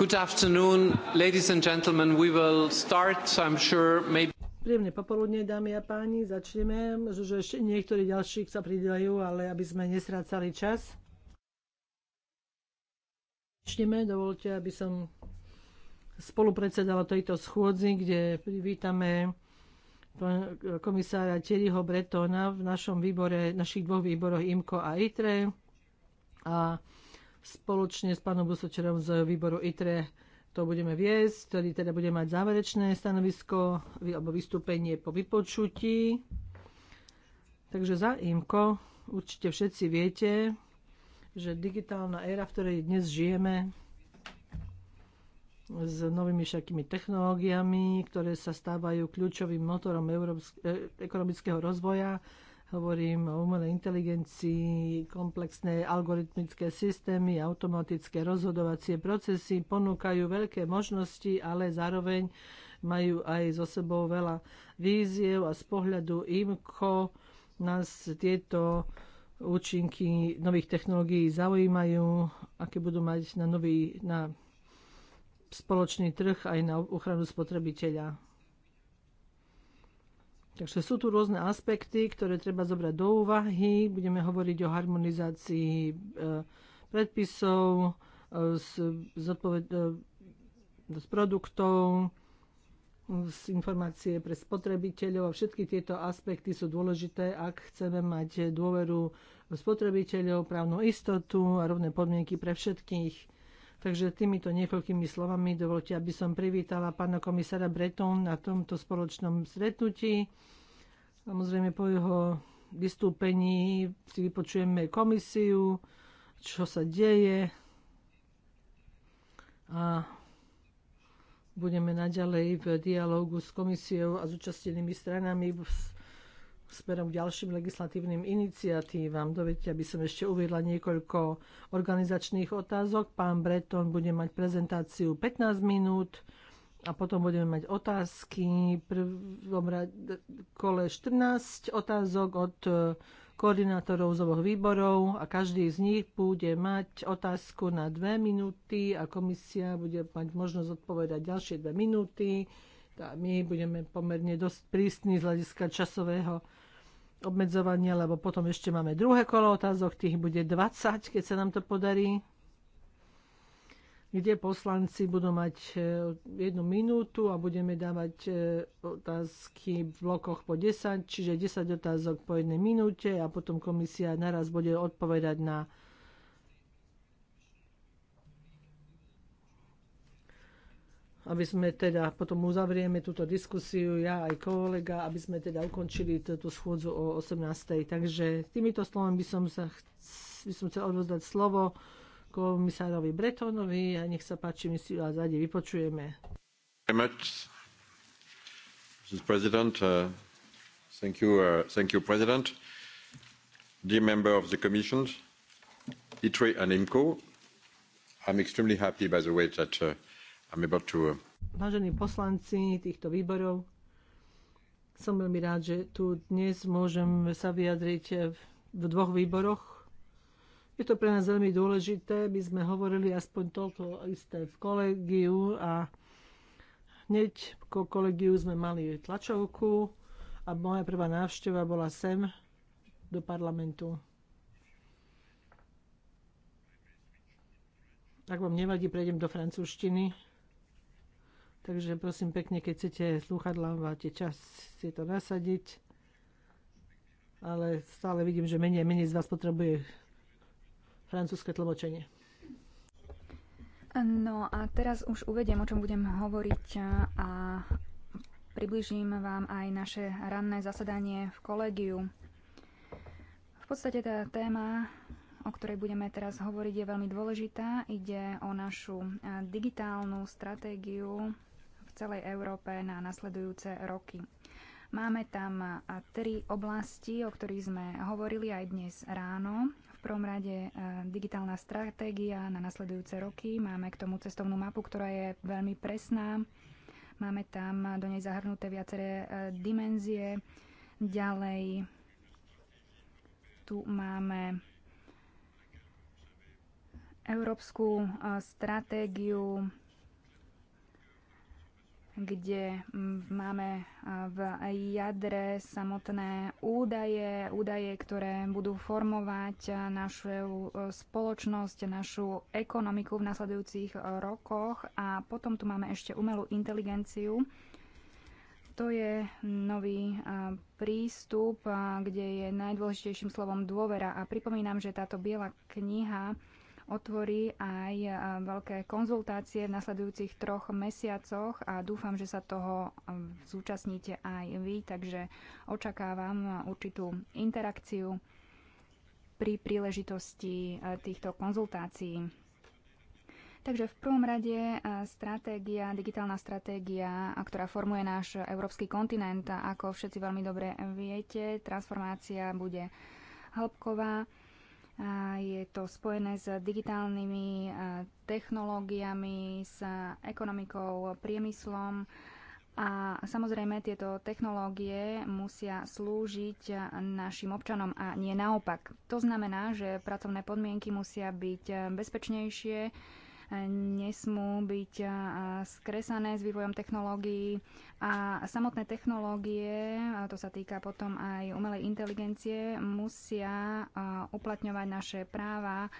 Good afternoon, ladies and gentlemen. We will start, I'm sure, maybe... Príjemné popoludne, dámy a páni, začneme. Možno, že ešte niektorí ďalší sa pridajú, ale aby sme nesrácali čas. Začneme, dovolte, aby som spolupredsedala tejto schôdzi, kde privítame komisára Thierryho Bretona v našom výbore, našich dvoch výboroch IMCO a ITRE. A Spoločne s pánom Busočerom z výboru ITRE to budeme viesť, ktorý teda bude mať záverečné stanovisko alebo vystúpenie po vypočutí. Takže za IMKO určite všetci viete, že digitálna éra, v ktorej dnes žijeme, s novými všakými technológiami, ktoré sa stávajú kľúčovým motorom e, ekonomického rozvoja, Hovorím o umelej inteligencii, komplexné algoritmické systémy, automatické rozhodovacie procesy ponúkajú veľké možnosti, ale zároveň majú aj so sebou veľa víziev a z pohľadu IMCO nás tieto účinky nových technológií zaujímajú, aké budú mať na, nový, na spoločný trh aj na ochranu spotrebiteľa. Takže sú tu rôzne aspekty, ktoré treba zobrať do úvahy. Budeme hovoriť o harmonizácii e, predpisov, z, e, s, odpoved, e, s produktov, z informácie pre spotrebiteľov a všetky tieto aspekty sú dôležité, ak chceme mať dôveru spotrebiteľov, právnu istotu a rovné podmienky pre všetkých. Takže týmito niekoľkými slovami dovolte, aby som privítala pána komisára Breton na tomto spoločnom stretnutí. Samozrejme po jeho vystúpení si vypočujeme komisiu, čo sa deje a budeme naďalej v dialógu s komisiou a zúčastnenými stranami smerom k ďalším legislatívnym iniciatívam. Dovedte, aby som ešte uviedla niekoľko organizačných otázok. Pán Breton bude mať prezentáciu 15 minút a potom budeme mať otázky. prvom kole 14 otázok od eh, koordinátorov z oboch výborov a každý z nich bude mať otázku na dve minúty a komisia bude mať možnosť odpovedať ďalšie dve minúty. my budeme pomerne dosť prísni z hľadiska časového obmedzovania, lebo potom ešte máme druhé kolo otázok, tých bude 20, keď sa nám to podarí kde poslanci budú mať eh, jednu minútu a budeme dávať eh, otázky v blokoch po 10, čiže 10 otázok po jednej minúte a potom komisia naraz bude odpovedať na aby sme teda potom uzavrieme túto diskusiu, ja aj kolega, aby sme teda ukončili túto schôdzu o 18. Takže týmito slovami by som, sa, chc- by som chcel odvozdať slovo komisárovi Bretonovi a nech sa páči, my si vás radi vypočujeme. Much, uh, thank you, uh, thank you, President. Dear member of the Commission, ITRE and IMCO, I'm extremely happy, by the way, that uh, Vážení poslanci týchto výborov, som veľmi rád, že tu dnes môžem sa vyjadriť v dvoch výboroch. Je to pre nás veľmi dôležité, my sme hovorili aspoň toľko isté v kolegiu a hneď po kolegiu sme mali tlačovku a moja prvá návšteva bola sem do parlamentu. Ak vám nevadí, prejdem do francúzštiny. Takže prosím pekne, keď chcete slúchadla, máte čas si to nasadiť. Ale stále vidím, že menej, menej z vás potrebuje francúzske tlmočenie. No a teraz už uvediem, o čom budem hovoriť a približím vám aj naše ranné zasadanie v kolegiu. V podstate tá téma, o ktorej budeme teraz hovoriť, je veľmi dôležitá. Ide o našu digitálnu stratégiu v celej Európe na nasledujúce roky. Máme tam tri oblasti, o ktorých sme hovorili aj dnes ráno. V prvom rade e, digitálna stratégia na nasledujúce roky. Máme k tomu cestovnú mapu, ktorá je veľmi presná. Máme tam do nej zahrnuté viaceré e, dimenzie. Ďalej tu máme európsku e, stratégiu kde máme v jadre samotné údaje, údaje, ktoré budú formovať našu e, spoločnosť, našu ekonomiku v nasledujúcich e, rokoch. A potom tu máme ešte umelú inteligenciu. To je nový prístup, kde je najdôležitejším slovom dôvera. A pripomínam, že táto biela kniha otvorí aj veľké konzultácie v nasledujúcich troch mesiacoch a dúfam, že sa toho zúčastníte aj vy, takže očakávam určitú interakciu pri príležitosti týchto konzultácií. Takže v prvom rade stratégia, digitálna stratégia, ktorá formuje náš európsky kontinent, ako všetci veľmi dobre viete, transformácia bude hĺbková je to spojené s digitálnymi technológiami, s ekonomikou, priemyslom. A samozrejme tieto technológie musia slúžiť našim občanom a nie naopak. To znamená, že pracovné podmienky musia byť bezpečnejšie, nesmú byť skresané s vývojom technológií a samotné technológie, to sa týka potom aj umelej inteligencie, musia uplatňovať naše práva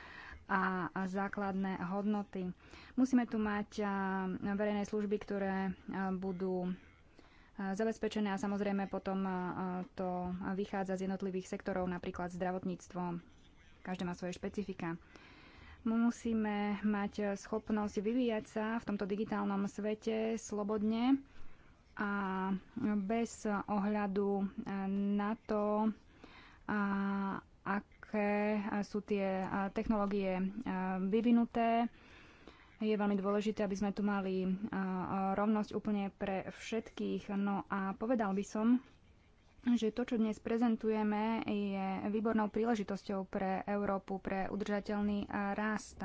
a základné hodnoty. Musíme tu mať verejné služby, ktoré budú zabezpečené a samozrejme potom to vychádza z jednotlivých sektorov, napríklad zdravotníctvo. Každé má svoje špecifika. Musíme mať schopnosť vyvíjať sa v tomto digitálnom svete slobodne a bez ohľadu na to, aké sú tie technológie vyvinuté. Je veľmi dôležité, aby sme tu mali rovnosť úplne pre všetkých. No a povedal by som, že to, čo dnes prezentujeme, je výbornou príležitosťou pre Európu, pre udržateľný rast,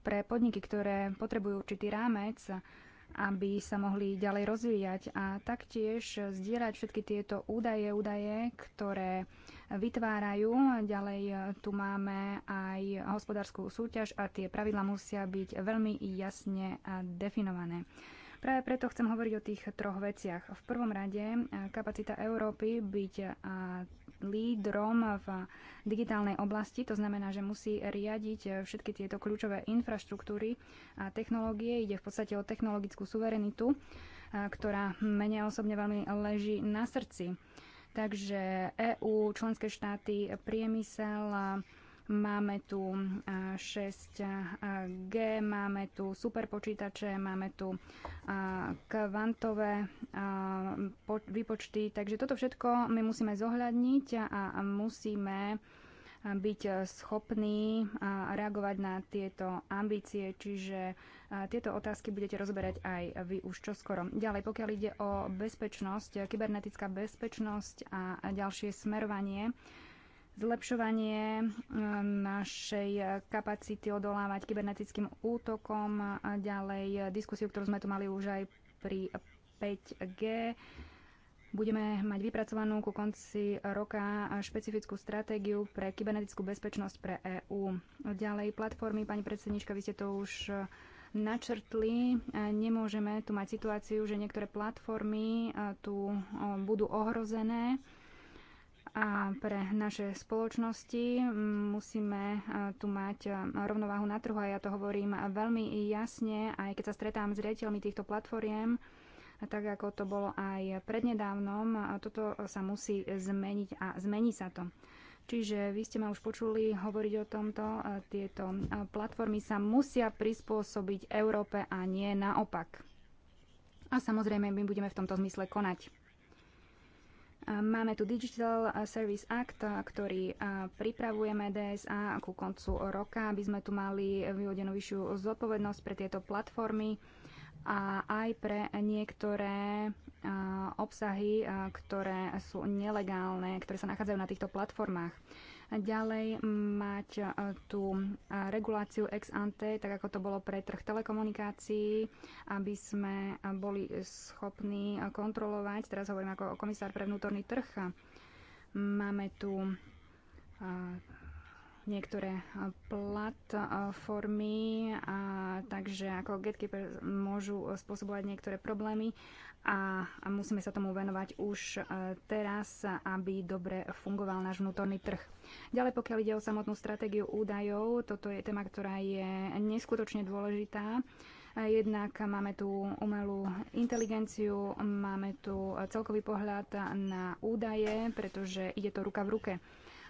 pre podniky, ktoré potrebujú určitý rámec, aby sa mohli ďalej rozvíjať a taktiež zdieľať všetky tieto údaje, údaje, ktoré vytvárajú. Ďalej tu máme aj hospodárskú súťaž a tie pravidla musia byť veľmi jasne definované. Práve preto chcem hovoriť o tých troch veciach. V prvom rade kapacita Európy byť lídrom v digitálnej oblasti, to znamená, že musí riadiť e, všetky tieto kľúčové infraštruktúry a technológie. Ide v podstate o technologickú suverenitu, ktorá mene osobne veľmi leží na srdci. Takže EÚ, členské štáty, priemysel, Máme tu 6G, máme tu superpočítače, máme tu kvantové výpočty. Takže toto všetko my musíme zohľadniť a musíme byť schopní reagovať na tieto ambície, čiže tieto otázky budete rozberať aj vy už čoskoro. Ďalej, pokiaľ ide o bezpečnosť, kybernetická bezpečnosť a ďalšie smerovanie, zlepšovanie eh, našej eh, kapacity odolávať kybernetickým útokom a ďalej eh, diskusiu, ktorú sme tu mali už aj pri 5G. Budeme mať vypracovanú ku konci roka špecifickú stratégiu pre kybernetickú bezpečnosť pre EÚ. Ďalej platformy, pani predsednička, vy ste to už načrtli. Nemôžeme tu mať situáciu, že niektoré platformy tu budú ohrozené a pre naše spoločnosti. Musíme e, tu mať e, rovnováhu na trhu a ja to hovorím veľmi jasne, aj keď sa stretám s riaditeľmi týchto platformiem, tak ako to bolo aj prednedávnom, e, toto sa musí zmeniť a zmení sa to. Čiže vy ste ma už počuli hovoriť o tomto. Tieto platformy sa musia prispôsobiť Európe a nie naopak. A samozrejme, my budeme v tomto zmysle konať. Máme tu Digital Service Act, ktorý pripravujeme DSA ku koncu roka, aby sme tu mali vyvodenú vyššiu zodpovednosť pre tieto platformy a aj pre niektoré obsahy, ktoré sú nelegálne, ktoré sa nachádzajú na týchto platformách ďalej mať e, tú e, reguláciu ex ante, tak ako to bolo pre trh telekomunikácií, aby sme e, boli schopní kontrolovať, teraz hovorím ako komisár pre vnútorný trh, máme tu niektoré eh, platformy, eh, a takže ako gatekeeper môžu eh, spôsobovať niektoré problémy a, a musíme sa tomu venovať už teraz, aby dobre fungoval náš vnútorný trh. Ďalej, pokiaľ ide o samotnú stratégiu údajov, toto je téma, ktorá je neskutočne dôležitá. Jednak máme tu umelú inteligenciu, máme tu celkový pohľad na údaje, pretože ide to ruka v ruke.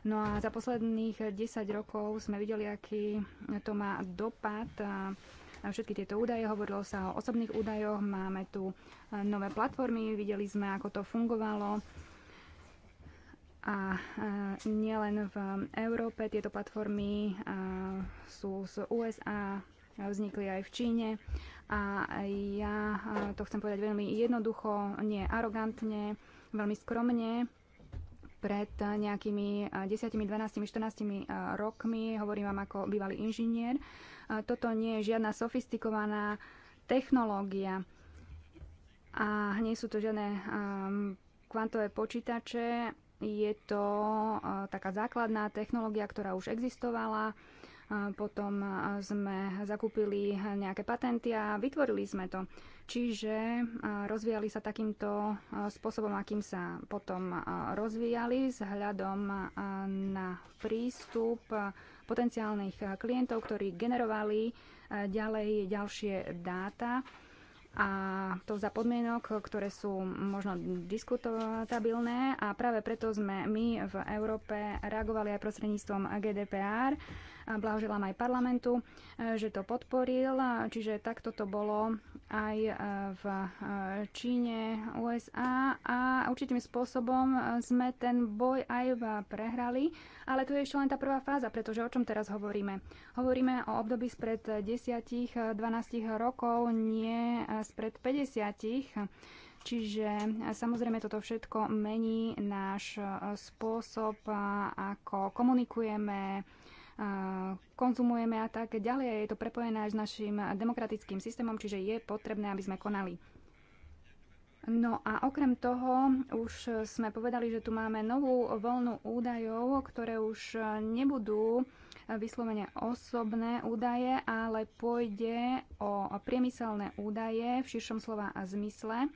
No a za posledných 10 rokov sme videli, aký to má dopad na všetky tieto údaje. Hovorilo sa o osobných údajoch, máme tu e, nové platformy, videli sme, ako to fungovalo. A e, nielen v Európe, tieto platformy e, sú z USA, vznikli aj v Číne. A ja to chcem povedať veľmi jednoducho, nie arogantne, veľmi skromne pred nejakými 10, 12, 14 rokmi, hovorím vám ako bývalý inžinier. Toto nie je žiadna sofistikovaná technológia a nie sú to žiadne kvantové počítače, je to taká základná technológia, ktorá už existovala potom sme zakúpili nejaké patenty a vytvorili sme to. Čiže rozvíjali sa takýmto spôsobom, akým sa potom rozvíjali, s hľadom na prístup potenciálnych klientov, ktorí generovali ďalej ďalšie dáta a to za podmienok, ktoré sú možno diskutabilné a práve preto sme my v Európe reagovali aj prostredníctvom GDPR Blahoželám aj parlamentu, e, že to podporil, čiže takto to bolo aj e, v e, Číne, USA a určitým spôsobom sme ten boj aj prehrali, ale tu je ešte len tá prvá fáza, pretože o čom teraz hovoríme? Hovoríme o období spred 10-12 rokov, nie spred 50 Čiže samozrejme toto všetko mení náš spôsob, ako komunikujeme, konzumujeme a tak ďalej. Je to prepojené aj s našim demokratickým systémom, čiže je potrebné, aby sme konali. No a okrem toho už sme povedali, že tu máme novú voľnu údajov, ktoré už nebudú vyslovene osobné údaje, ale pôjde o priemyselné údaje v širšom slova a zmysle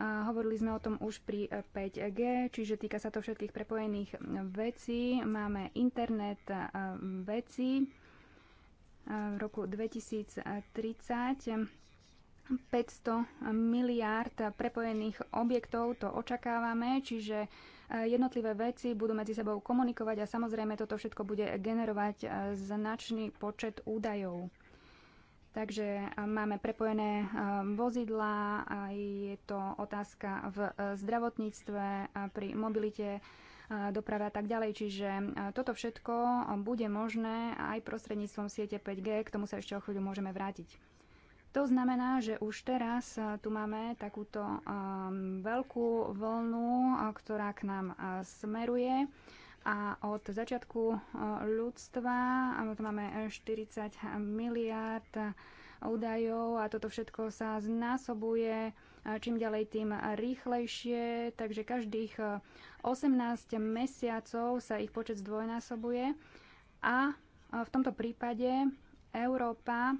Hovorili sme o tom už pri 5G, e, čiže týka sa to všetkých prepojených vecí. Máme internet e, vecí e, v roku 2030 500 miliárd prepojených objektov, to očakávame, čiže jednotlivé veci budú medzi sebou komunikovať a samozrejme toto všetko bude generovať značný počet údajov. Takže eh, máme prepojené eh, vozidla, je to otázka v eh, zdravotníctve, pri mobilite, doprave a tak ďalej. Čiže toto všetko bude možné aj prostredníctvom siete 5G, k tomu sa ešte o chvíľu môžeme vrátiť. To znamená, že už teraz tu máme takúto veľkú vlnu, ktorá k nám smeruje a od začiatku e, ľudstva, to máme 40 miliárd údajov a toto všetko sa znásobuje e, čím ďalej tým rýchlejšie, takže každých 18 e, mesiacov sa ich počet zdvojnásobuje a v tomto prípade Európa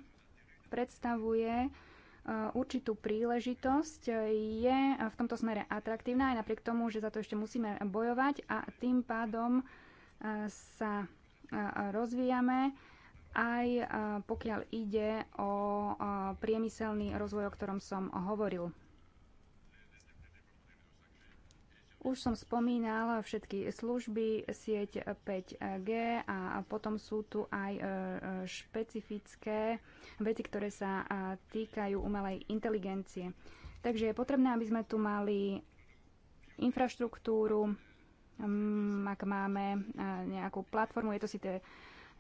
predstavuje Eh, určitú príležitosť, eh, je v tomto smere atraktívna aj napriek tomu, že za to ešte musíme bojovať a tým pádom eh, sa rozvíjame aj pokiaľ ide o priemyselný rozvoj, o ktorom som hovoril. Už som spomínala všetky služby, sieť 5G a potom sú tu aj e, e, špecifické veci, ktoré sa e, týkajú umelej inteligencie. Takže je potrebné, aby sme tu mali infraštruktúru, mm, ak máme nejakú platformu, je to síce,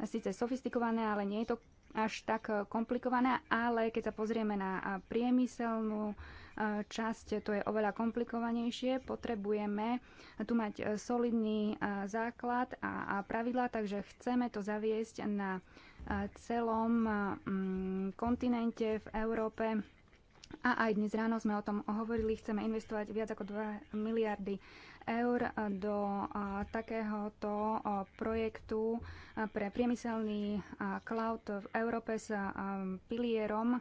síce sofistikované, ale nie je to až tak eh, komplikované, ale keď sa pozrieme na eh, priemyselnú eh, časť, to je oveľa komplikovanejšie. Potrebujeme tu mať solidný základ a pravidla, takže chceme to zaviesť na celom mm, kontinente v Európe. A aj dnes ráno sme o tom hovorili, chceme investovať viac ako 2 miliardy eur do takéhoto projektu pre priemyselný cloud v Európe s pilierom,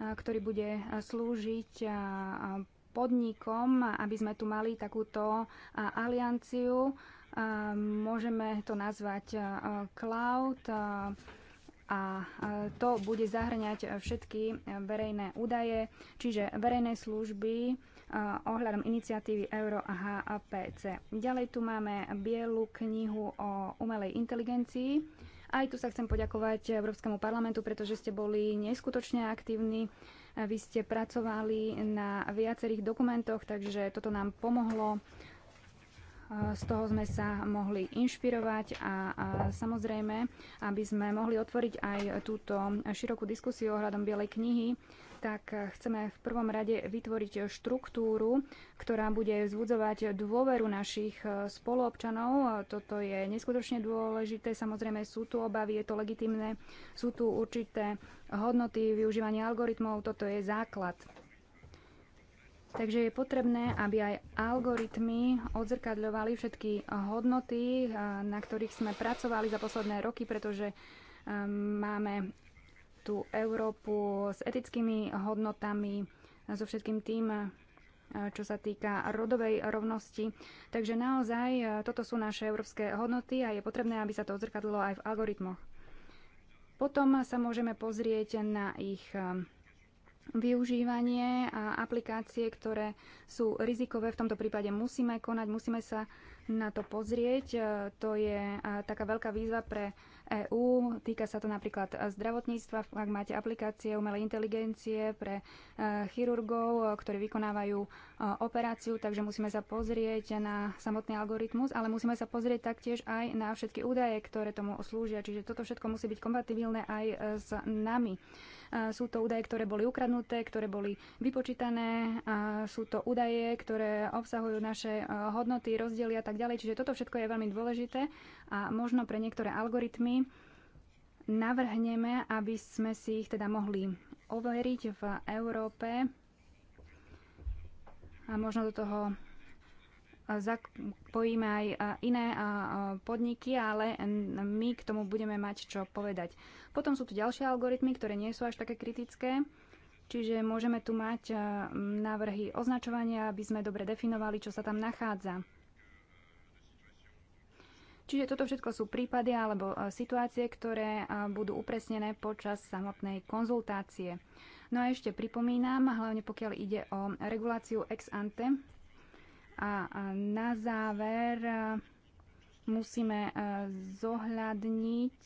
ktorý bude slúžiť podnikom, aby sme tu mali takúto alianciu. Môžeme to nazvať cloud a to bude zahrňať všetky verejné údaje, čiže verejné služby, Eh, ohľadom iniciatívy Euro a HAPC. Ďalej tu máme bielu knihu o umelej inteligencii. Aj tu sa chcem poďakovať Európskemu parlamentu, pretože ste boli neskutočne aktívni. Eh, vy ste pracovali na viacerých dokumentoch, takže toto nám pomohlo. Eh, z toho sme sa mohli inšpirovať a, a samozrejme, aby sme mohli otvoriť aj túto širokú diskusiu ohľadom Bielej knihy, tak eh, chceme v prvom rade vytvoriť eh, štruktúru, ktorá bude zvudzovať dôveru našich eh, spoluobčanov. Toto je neskutočne dôležité. Samozrejme sú tu obavy, je to legitimné, sú tu určité hodnoty využívania algoritmov, toto je základ. Takže je potrebné, aby aj algoritmy odzrkadľovali všetky hodnoty, na ktorých sme pracovali za posledné roky, pretože máme tú Európu s etickými hodnotami, so všetkým tým, eh, čo sa týka rodovej rovnosti. Takže naozaj eh, toto sú naše európske hodnoty a je potrebné, aby sa to odzrkadlo aj v algoritmoch. Potom sa môžeme pozrieť na ich eh, využívanie a aplikácie, ktoré sú rizikové. V tomto prípade musíme konať, musíme sa na to pozrieť. To je taká veľká výzva pre EÚ. Týka sa to napríklad zdravotníctva, ak máte aplikácie umelej inteligencie pre e, chirurgov, e, ktorí vykonávajú operáciu, takže musíme sa pozrieť na samotný algoritmus, ale musíme sa pozrieť taktiež aj na všetky údaje, ktoré tomu slúžia. Čiže toto všetko musí byť kompatibilné aj e, s nami. E, sú to údaje, ktoré boli ukradnuté, ktoré boli vypočítané, sú to údaje, ktoré obsahujú naše e, hodnoty, rozdiely a tak ďalej. Čiže toto všetko je veľmi dôležité a možno pre niektoré algoritmy navrhneme, aby sme si ich teda mohli overiť v Európe a možno do toho zapojíme aj iné podniky, ale my k tomu budeme mať čo povedať. Potom sú tu ďalšie algoritmy, ktoré nie sú až také kritické, čiže môžeme tu mať návrhy označovania, aby sme dobre definovali, čo sa tam nachádza. Čiže toto všetko sú prípady alebo situácie, ktoré budú upresnené počas samotnej konzultácie. No a ešte pripomínam, hlavne pokiaľ ide o reguláciu ex ante. A na záver musíme zohľadniť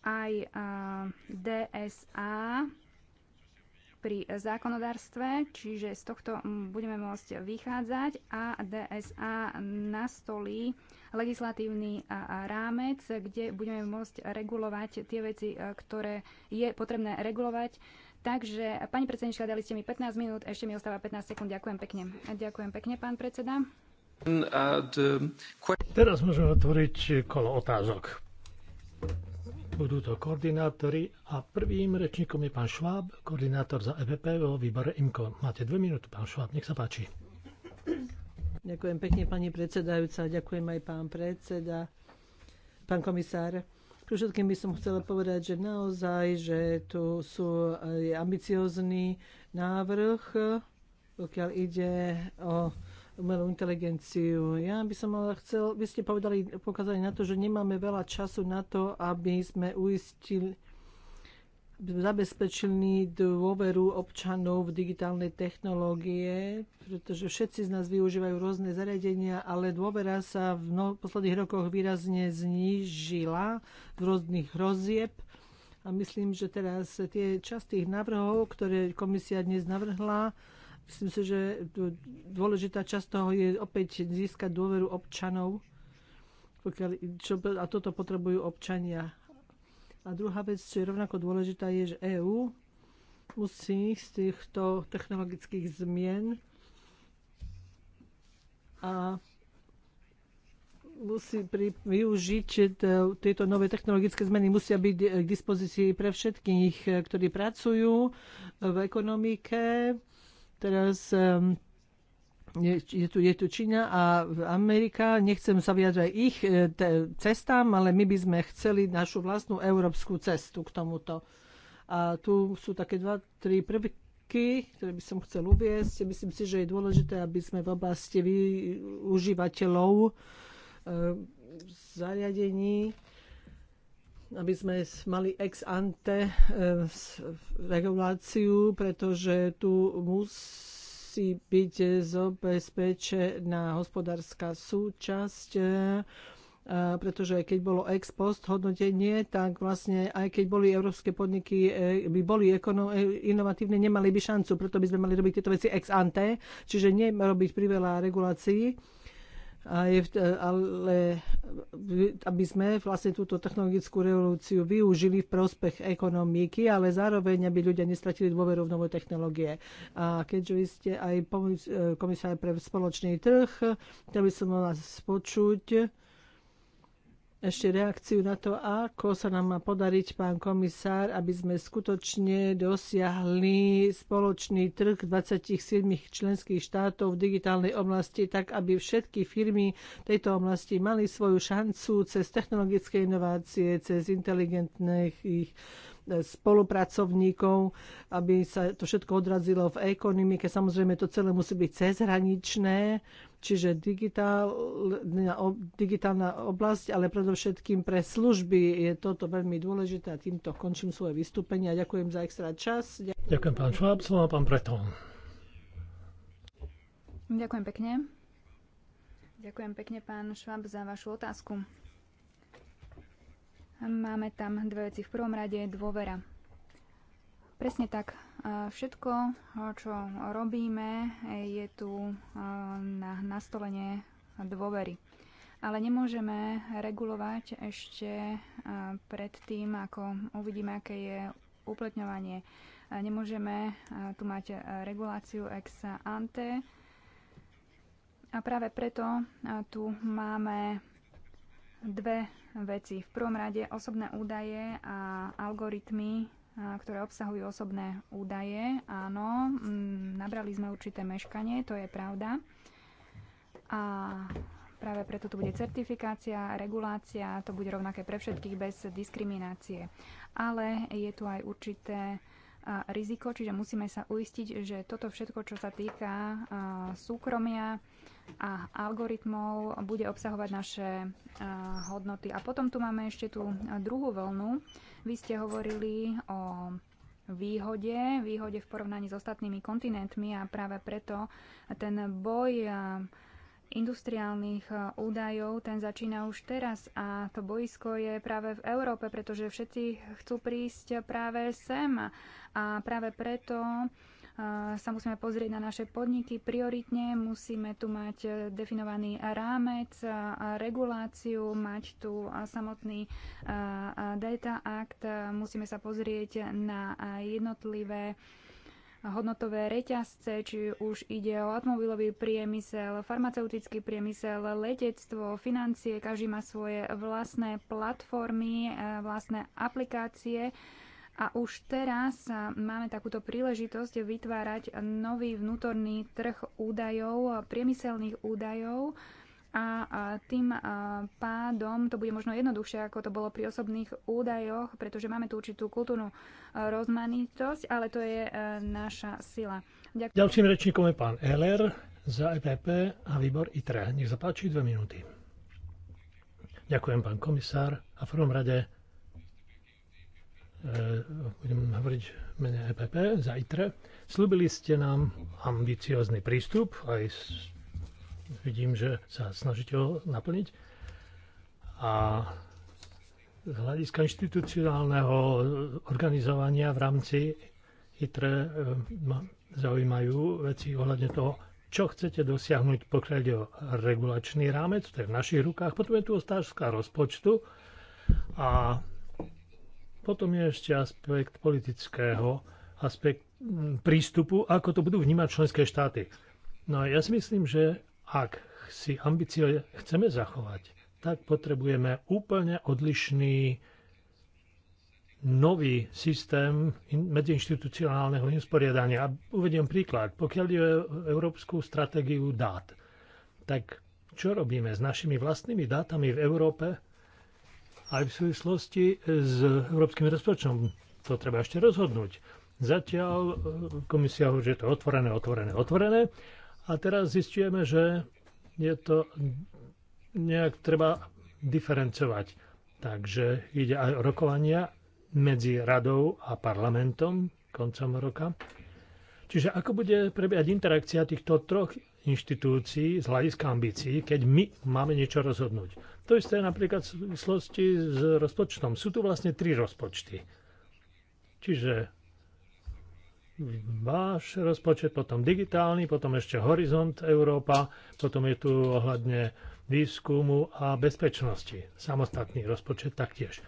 aj DSA pri zákonodárstve, čiže z tohto budeme môcť vychádzať a DSA nastolí legislatívny rámec, kde budeme môcť regulovať tie veci, ktoré je potrebné regulovať Takže, pani predsednička, dali ste mi 15 minút, ešte mi ostáva 15 sekúnd. Ďakujem pekne. Ďakujem pekne, pán predseda. Teraz môžeme otvoriť kolo otázok. Budú to koordinátori a prvým rečníkom je pán Šváb, koordinátor za EPP vo výbore IMKO. Máte dve minúty, pán Šváb, nech sa páči. Ďakujem pekne, pani predsedajúca, ďakujem aj pán predseda, pán komisár. Pre všetkým by som chcela povedať, že naozaj, že tu sú ambiciózny návrh, pokiaľ ide o umelú inteligenciu. Ja by som ale chcel, vy ste povedali, pokázali na to, že nemáme veľa času na to, aby sme uistili, zabezpečili dôveru občanov v digitálne technológie, pretože všetci z nás využívajú rôzne zariadenia, ale dôvera sa v no, posledných rokoch výrazne znížila z rôznych hrozieb. A myslím, že teraz tie častých návrhov, ktoré komisia dnes navrhla, myslím si, že dôležitá časť toho je opäť získať dôveru občanov, pokiaľ, čo, a toto potrebujú občania. A druhá vec, čo je rovnako dôležitá, je, že EÚ musí z týchto technologických zmien a musí pri, využiť e, tieto nové technologické zmeny, musia byť e, k dispozícii pre všetkých, e, ktorí pracujú v ekonomike. Teraz je, je, tu, je tu Čína a Amerika. Nechcem sa vyjadrať ich e, te, cestám, ale my by sme chceli našu vlastnú európsku cestu k tomuto. A tu sú také dva, tri prvky, ktoré by som chcel uviesť. Myslím si, že je dôležité, aby sme v oblasti využívateľov e, zariadení aby sme mali ex ante e, reguláciu, pretože tu musí musí byť zabezpečená hospodárska súčasť e, pretože aj keď bolo ex post hodnotenie, tak vlastne aj keď boli európske podniky, e, by boli e, inovatívne, nemali by šancu, preto by sme mali robiť tieto veci ex ante, čiže nerobiť priveľa regulácií a je, ale aby sme vlastne túto technologickú revolúciu využili v prospech ekonomiky, ale zároveň, aby ľudia nestratili dôveru v nové technológie. A keďže vy ste aj e, komisár pre spoločný trh, chcel by som vás počuť, ešte reakciu na to, ako sa nám má podariť, pán komisár, aby sme skutočne dosiahli spoločný trh 27 členských štátov v digitálnej oblasti, tak aby všetky firmy tejto oblasti mali svoju šancu cez technologické inovácie, cez inteligentných ich spolupracovníkov, aby sa to všetko odrazilo v ekonomike. Samozrejme, to celé musí byť cezhraničné, čiže digitálna, digitálna oblasť, ale predovšetkým pre služby je toto veľmi dôležité a týmto končím svoje vystúpenie a ďakujem za extra čas. Ďakujem, ďakujem pán Šváb, slovo pán Breton. Ďakujem pekne. Ďakujem pekne, pán Šváb, za vašu otázku. Máme tam dve veci. V prvom rade je dôvera. Presne tak. Všetko, čo robíme, je tu na nastolenie dôvery. Ale nemôžeme regulovať ešte pred tým, ako uvidíme, aké je upletňovanie. Nemôžeme tu mať reguláciu ex ante. A práve preto tu máme dve veci. V prvom rade osobné údaje a algoritmy, ktoré obsahujú osobné údaje. Áno, mm, nabrali sme určité meškanie, to je pravda. A práve preto tu bude certifikácia, regulácia, to bude rovnaké pre všetkých bez diskriminácie. Ale je tu aj určité a riziko, čiže musíme sa uistiť, že toto všetko, čo sa týka súkromia a algoritmov, bude obsahovať naše hodnoty. A potom tu máme ešte tú druhú vlnu. Vy ste hovorili o výhode, výhode v porovnaní s ostatnými kontinentmi a práve preto ten boj industriálnych eh, údajov, ten začína už teraz a to boisko je práve v Európe, pretože všetci chcú prísť práve sem a práve preto eh, sa musíme pozrieť na naše podniky prioritne, musíme tu mať eh, definovaný rámec, reguláciu, mať tu samotný Data Act, musíme sa pozrieť na jednotlivé hodnotové reťazce, či už ide o automobilový priemysel, farmaceutický priemysel, letectvo, financie. Každý má svoje vlastné platformy, e, vlastné aplikácie. A už teraz e, máme takúto príležitosť vytvárať nový vnútorný trh údajov, priemyselných údajov, a tým pádom to bude možno jednoduchšie, ako to bolo pri osobných údajoch, pretože máme tú určitú kultúrnu rozmanitosť, ale to je naša sila. Ďakujem. Ďalším rečníkom je pán Eller za EPP a výbor ITRE. Nech zapáči dve minúty. Ďakujem, pán komisár. A v prvom rade e, budem hovoriť mene EPP za ITRE. Slúbili ste nám ambiciózny prístup aj s vidím, že sa snažíte ho naplniť. A z hľadiska inštitucionálneho organizovania v rámci ITRE eh, ma zaujímajú veci ohľadne toho, čo chcete dosiahnuť, pokiaľ ide o regulačný rámec, to je v našich rukách, potom je tu otázka rozpočtu a potom je ešte aspekt politického, aspekt prístupu, ako to budú vnímať členské štáty. No a ja si myslím, že ak si ambície chceme zachovať, tak potrebujeme úplne odlišný nový systém medziinstitucionálneho usporiadania. A uvediem príklad. Pokiaľ je európsku stratégiu dát, tak čo robíme s našimi vlastnými dátami v Európe aj v súvislosti s európskym rozpočtom? To treba ešte rozhodnúť. Zatiaľ e, komisia hovorí, že to je otvorené, otvorené, otvorené, a teraz zistujeme, že je to nejak treba diferencovať. Takže ide aj o rokovania medzi radou a parlamentom koncom roka. Čiže ako bude prebiehať interakcia týchto troch inštitúcií z hľadiska ambícií, keď my máme niečo rozhodnúť. To isté napríklad v súvislosti s rozpočtom. Sú tu vlastne tri rozpočty. Čiže váš rozpočet, potom digitálny, potom ešte Horizont Európa, potom je tu ohľadne výskumu a bezpečnosti. Samostatný rozpočet taktiež.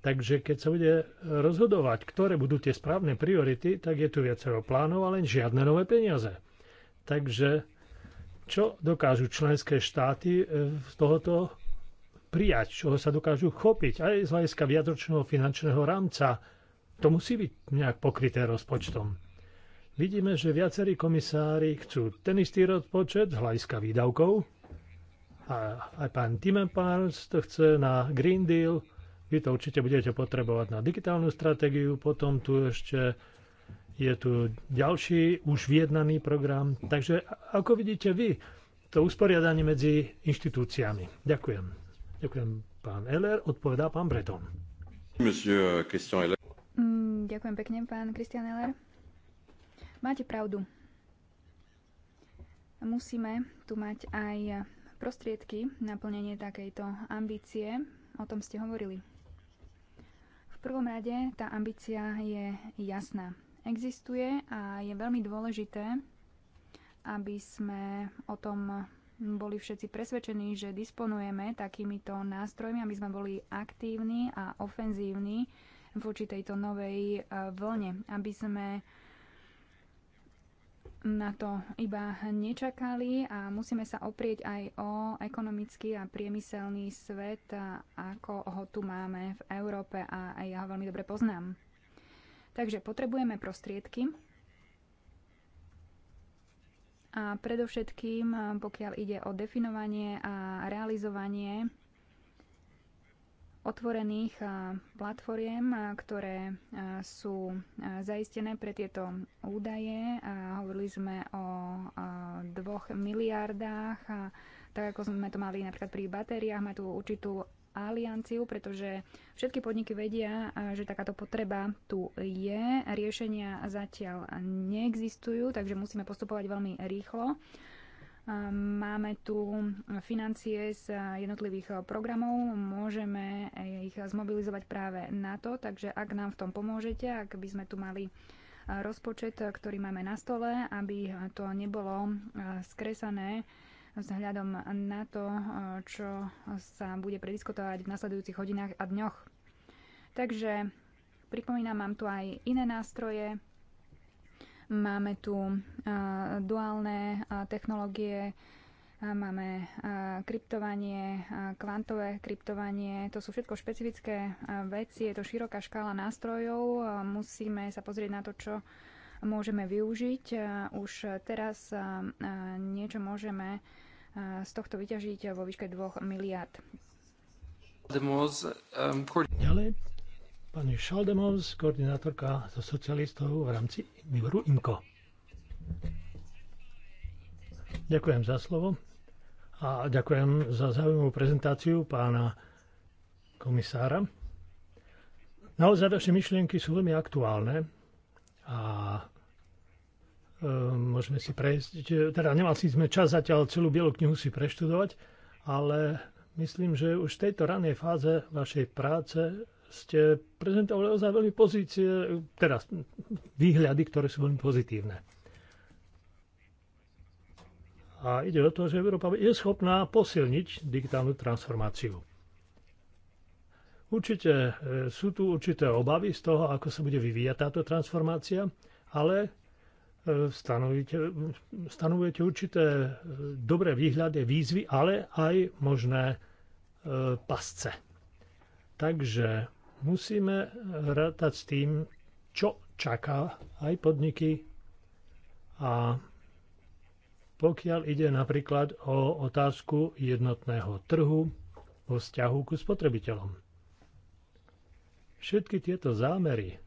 Takže keď sa bude rozhodovať, ktoré budú tie správne priority, tak je tu viacero plánov, ale žiadne nové peniaze. Takže čo dokážu členské štáty eh, z tohoto prijať, čoho sa dokážu chopiť aj z hľadiska viadročného finančného rámca, to musí byť nejak pokryté rozpočtom. Vidíme, že viacerí komisári chcú ten istý rozpočet hľadiska výdavkov. A aj pán Timmermans to chce na Green Deal. Vy to určite budete potrebovať na digitálnu stratégiu. Potom tu ešte je tu ďalší už vyjednaný program. Takže ako vidíte vy, to usporiadanie medzi inštitúciami. Ďakujem. Ďakujem pán Eller, odpovedá pán Breton. Monsieur Christian euh, Eller. Ďakujem pekne, pán Kristian Eller. Máte pravdu. Musíme tu mať aj prostriedky na plnenie takejto ambície. O tom ste hovorili. V prvom rade tá ambícia je jasná. Existuje a je veľmi dôležité, aby sme o tom boli všetci presvedčení, že disponujeme takýmito nástrojmi, aby sme boli aktívni a ofenzívni voči tejto novej e, vlne, aby sme na to iba nečakali a musíme sa oprieť aj o ekonomický a priemyselný svet, ako ho tu máme v Európe a aj ja ho veľmi dobre poznám. Takže potrebujeme prostriedky a predovšetkým, pokiaľ ide o definovanie a realizovanie otvorených platformiem, ktoré sú zaistené pre tieto údaje. Hovorili sme o dvoch miliardách, tak ako sme to mali napríklad pri batériách, má tu určitú alianciu, pretože všetky podniky vedia, že takáto potreba tu je. Riešenia zatiaľ neexistujú, takže musíme postupovať veľmi rýchlo. Máme tu financie z jednotlivých programov, môžeme ich zmobilizovať práve na to, takže ak nám v tom pomôžete, ak by sme tu mali rozpočet, ktorý máme na stole, aby to nebolo skresané vzhľadom na to, čo sa bude prediskutovať v nasledujúcich hodinách a dňoch. Takže pripomínam, mám tu aj iné nástroje, Máme tu duálne technológie, máme kryptovanie, kvantové kryptovanie. To sú všetko špecifické veci, je to široká škála nástrojov. Musíme sa pozrieť na to, čo môžeme využiť. Už teraz niečo môžeme z tohto vyťažiť vo výške 2 miliard. Ďalej pani Šaldemons, koordinátorka so socialistov v rámci výboru IMKO. Ďakujem za slovo a ďakujem za zaujímavú prezentáciu pána komisára. Naozaj vaše myšlienky sú veľmi aktuálne a e, môžeme si prejsť, teda nemali sme čas zatiaľ celú bielu knihu si preštudovať, ale myslím, že už v tejto ranej fáze vašej práce ste prezentovali ozaj veľmi pozície, teda výhľady, ktoré sú veľmi pozitívne. A ide o to, že Európa je schopná posilniť digitálnu transformáciu. Určite e, sú tu určité obavy z toho, ako sa bude vyvíjať táto transformácia, ale e, stanovujete, stanovujete určité e, dobré výhľady, výzvy, ale aj možné pasce. Takže musíme rátať s tým, čo čaká aj podniky a pokiaľ ide napríklad o otázku jednotného trhu vo vzťahu ku spotrebiteľom. Všetky tieto zámery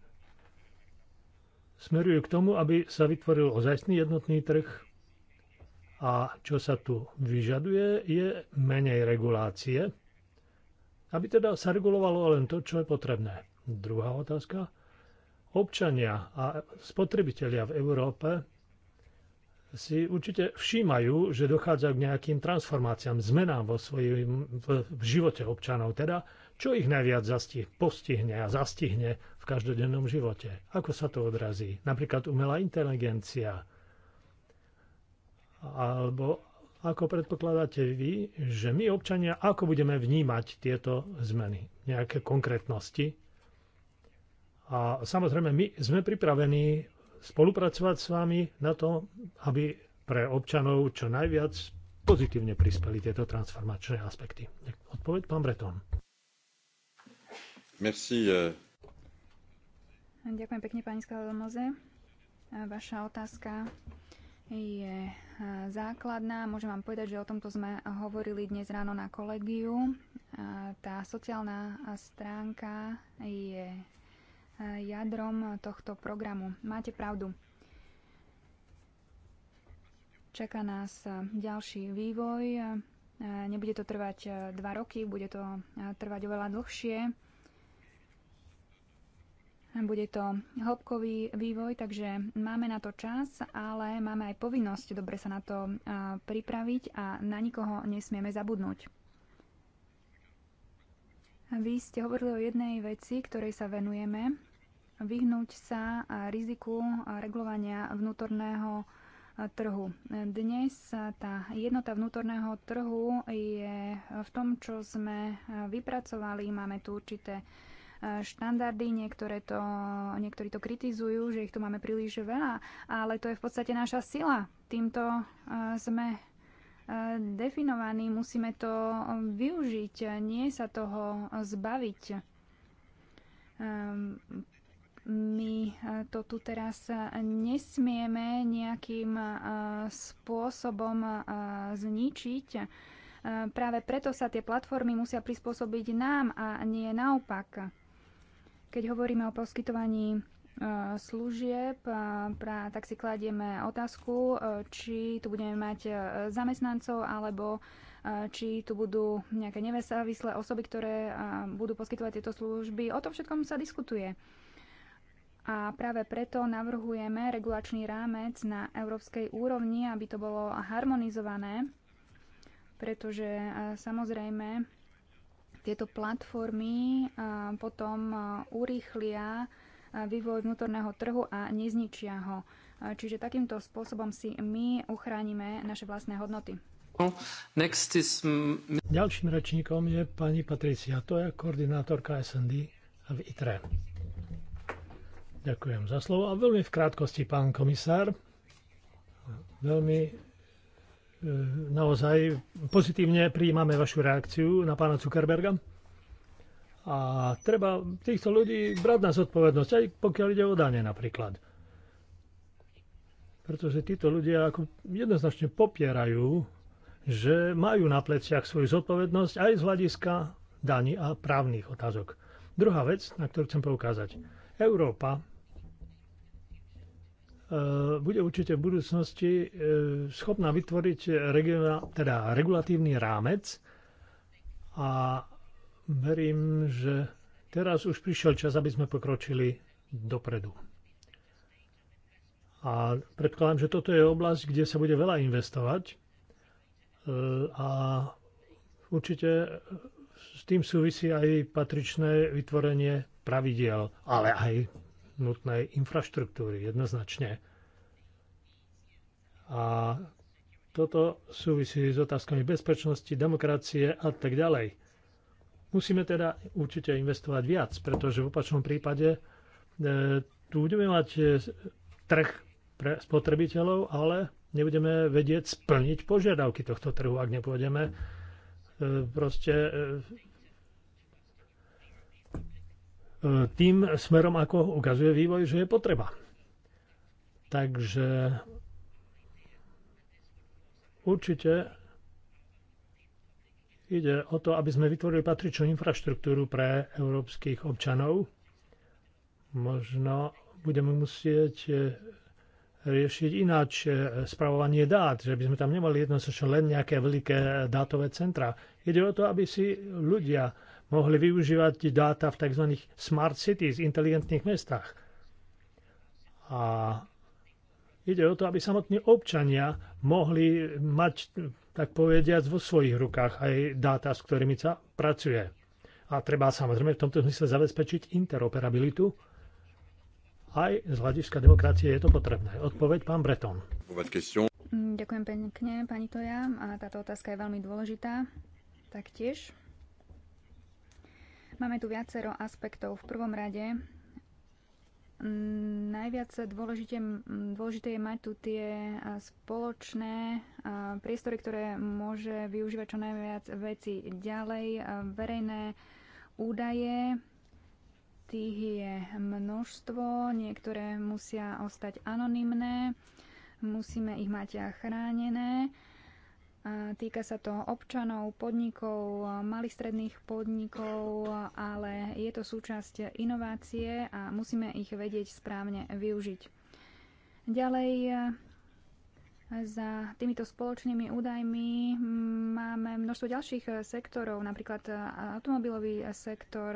smerujú k tomu, aby sa vytvoril ozajstný jednotný trh a čo sa tu vyžaduje, je menej regulácie, aby teda sa regulovalo len to, čo je potrebné. Druhá otázka. Občania a spotrebitelia v Európe si určite všímajú, že dochádza k nejakým transformáciám, zmenám vo svojim, v, v živote občanov. Teda, čo ich najviac zastih, postihne a zastihne v každodennom živote? Ako sa to odrazí? Napríklad umelá inteligencia alebo ako predpokladáte vy, že my občania, ako budeme vnímať tieto zmeny, nejaké konkrétnosti. A samozrejme, my sme pripravení spolupracovať s vami na to, aby pre občanov čo najviac pozitívne prispeli tieto transformačné aspekty. Odpoveď pán Breton. Merci. Eh. Ďakujem pekne, pani Skaladomoze. Vaša otázka je e, základná. Môžem vám povedať, že o tomto sme hovorili dnes ráno na kolegiu. E, tá sociálna stránka je e, jadrom tohto programu. Máte pravdu. Čaká nás ďalší vývoj. Nebude to trvať dva roky, bude to trvať oveľa dlhšie. Bude to hĺbkový vývoj, takže máme na to čas, ale máme aj povinnosť dobre sa na to pripraviť a na nikoho nesmieme zabudnúť. Vy ste hovorili o jednej veci, ktorej sa venujeme. Vyhnúť sa riziku regulovania vnútorného trhu. Dnes tá jednota vnútorného trhu je v tom, čo sme vypracovali. Máme tu určité štandardy, niektoré to, niektorí to kritizujú, že ich tu máme príliš veľa, ale to je v podstate naša sila. Týmto e, sme e, definovaní, musíme to využiť, nie sa toho zbaviť. Ehm, my e, to tu teraz nesmieme nejakým spôsobom zničiť. Práve preto sa tie platformy musia prispôsobiť nám a nie naopak. Keď hovoríme o poskytovaní e, služieb, tak si kladieme otázku, e, či tu budeme mať e, zamestnancov alebo či tu budú nejaké nevesávislé osoby, ktoré budú poskytovať tieto služby. O tom všetkom sa diskutuje. A práve preto navrhujeme regulačný rámec na európskej úrovni, aby to bolo harmonizované, pretože samozrejme tieto platformy potom urýchlia vývoj vnútorného trhu a nezničia ho. Čiže takýmto spôsobom si my uchránime naše vlastné hodnoty. Next is... Ďalším rečníkom je pani Patricia, to je koordinátorka SND v ITRE. Ďakujem za slovo a veľmi v krátkosti, pán komisár. Veľmi E, naozaj pozitívne prijímame vašu reakciu na pána Zuckerberga. A treba týchto ľudí brať na zodpovednosť, aj pokiaľ ide o dane napríklad. Pretože títo ľudia ako jednoznačne popierajú, že majú na pleciach svoju zodpovednosť aj z hľadiska daní a právnych otázok. Druhá vec, na ktorú chcem poukázať. Európa Eh, bude určite v budúcnosti eh, schopná vytvoriť teda regulatívny rámec a verím, že teraz už prišiel čas, aby sme pokročili dopredu. A predkladám, že toto je oblasť, kde sa bude veľa investovať eh, a určite s tým súvisí aj patričné vytvorenie pravidiel, ale aj nutnej infraštruktúry jednoznačne. A toto súvisí s otázkami bezpečnosti, demokracie a tak ďalej. Musíme teda určite investovať viac, pretože v opačnom prípade e, tu budeme mať e, trh pre spotrebiteľov, ale nebudeme vedieť splniť požiadavky tohto trhu, ak nepôjdeme e, proste e, e tým smerom, ako ukazuje vývoj, že je potreba. Takže Určite ide o to, aby sme vytvorili patričnú infraštruktúru pre európskych občanov. Možno budeme musieť eh, riešiť ináč eh, spravovanie dát, že by sme tam nemali jednoznačne len nejaké veľké eh, dátové centra. Ide o to, aby si ľudia mohli využívať dáta v tzv. smart cities, inteligentných mestách. A Ide o to, aby samotní občania mohli mať, tak povediať, vo svojich rukách aj dáta, s ktorými sa pracuje. A treba samozrejme v tomto zmysle zabezpečiť interoperabilitu. Aj z hľadiska demokracie je to potrebné. Odpoveď pán Breton. Ďakujem pekne, pani Toja. A táto otázka je veľmi dôležitá. Taktiež. Máme tu viacero aspektov. V prvom rade Mm, najviac dôležité, mm, dôležité je mať tu tie spoločné priestory, ktoré môže využívať čo najviac veci ďalej. Verejné údaje, tých je množstvo, niektoré musia ostať anonymné, musíme ich mať chránené Týka sa to občanov, podnikov, malých stredných podnikov, ale je to súčasť inovácie a musíme ich vedieť správne využiť. Ďalej za týmito spoločnými údajmi máme množstvo ďalších sektorov, napríklad e, automobilový sektor.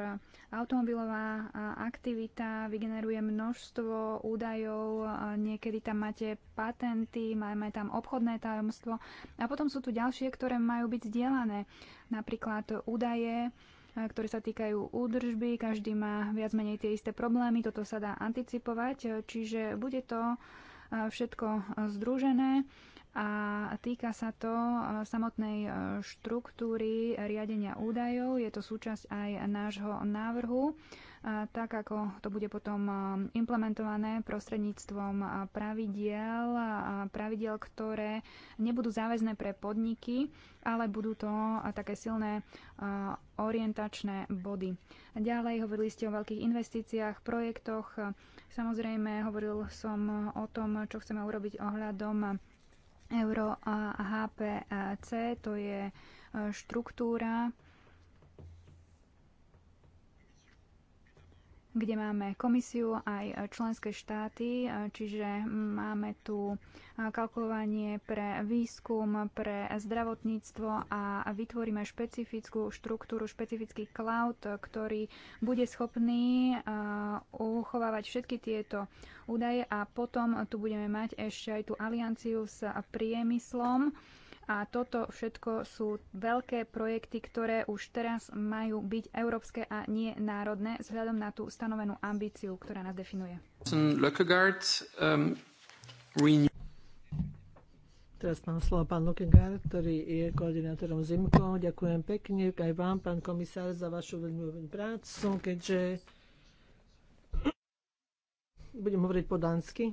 Automobilová e, aktivita vygeneruje množstvo údajov, e, niekedy tam máte patenty, máme tam obchodné tajomstvo a potom sú tu ďalšie, ktoré majú byť zdieľané, napríklad údaje, ktoré sa týkajú údržby, každý má viac menej tie isté problémy, toto sa dá anticipovať, čiže bude to všetko e, združené a týka sa to e, samotnej e, štruktúry riadenia údajov. Je to súčasť aj nášho návrhu, e, tak ako to bude potom implementované prostredníctvom pravidiel, pravidiel, ktoré nebudú záväzné pre podniky, ale budú to také silné orientačné body. Ďalej hovorili ste o veľkých investíciách, projektoch. Samozrejme, hovoril som o tom, čo chceme urobiť ohľadom Euro a HPC, to je e, štruktúra, kde máme komisiu aj členské štáty, e, čiže máme tu e, kalkulovanie pre výskum, pre zdravotníctvo a vytvoríme špecifickú štruktúru, špecifický cloud, ktorý bude schopný e, uchovávať všetky tieto údaje a potom tu budeme mať ešte aj tú alianciu s priemyslom, a toto všetko sú veľké projekty, ktoré už teraz majú byť európske a nie národné, vzhľadom na tú stanovenú ambíciu, ktorá nás definuje. Um, teraz mám slovo pán Lokegaard, ktorý je koordinátorom ZIMKO. Ďakujem pekne aj vám, pán komisár, za vašu veľmi prácu, keďže budem hovoriť po dánsky.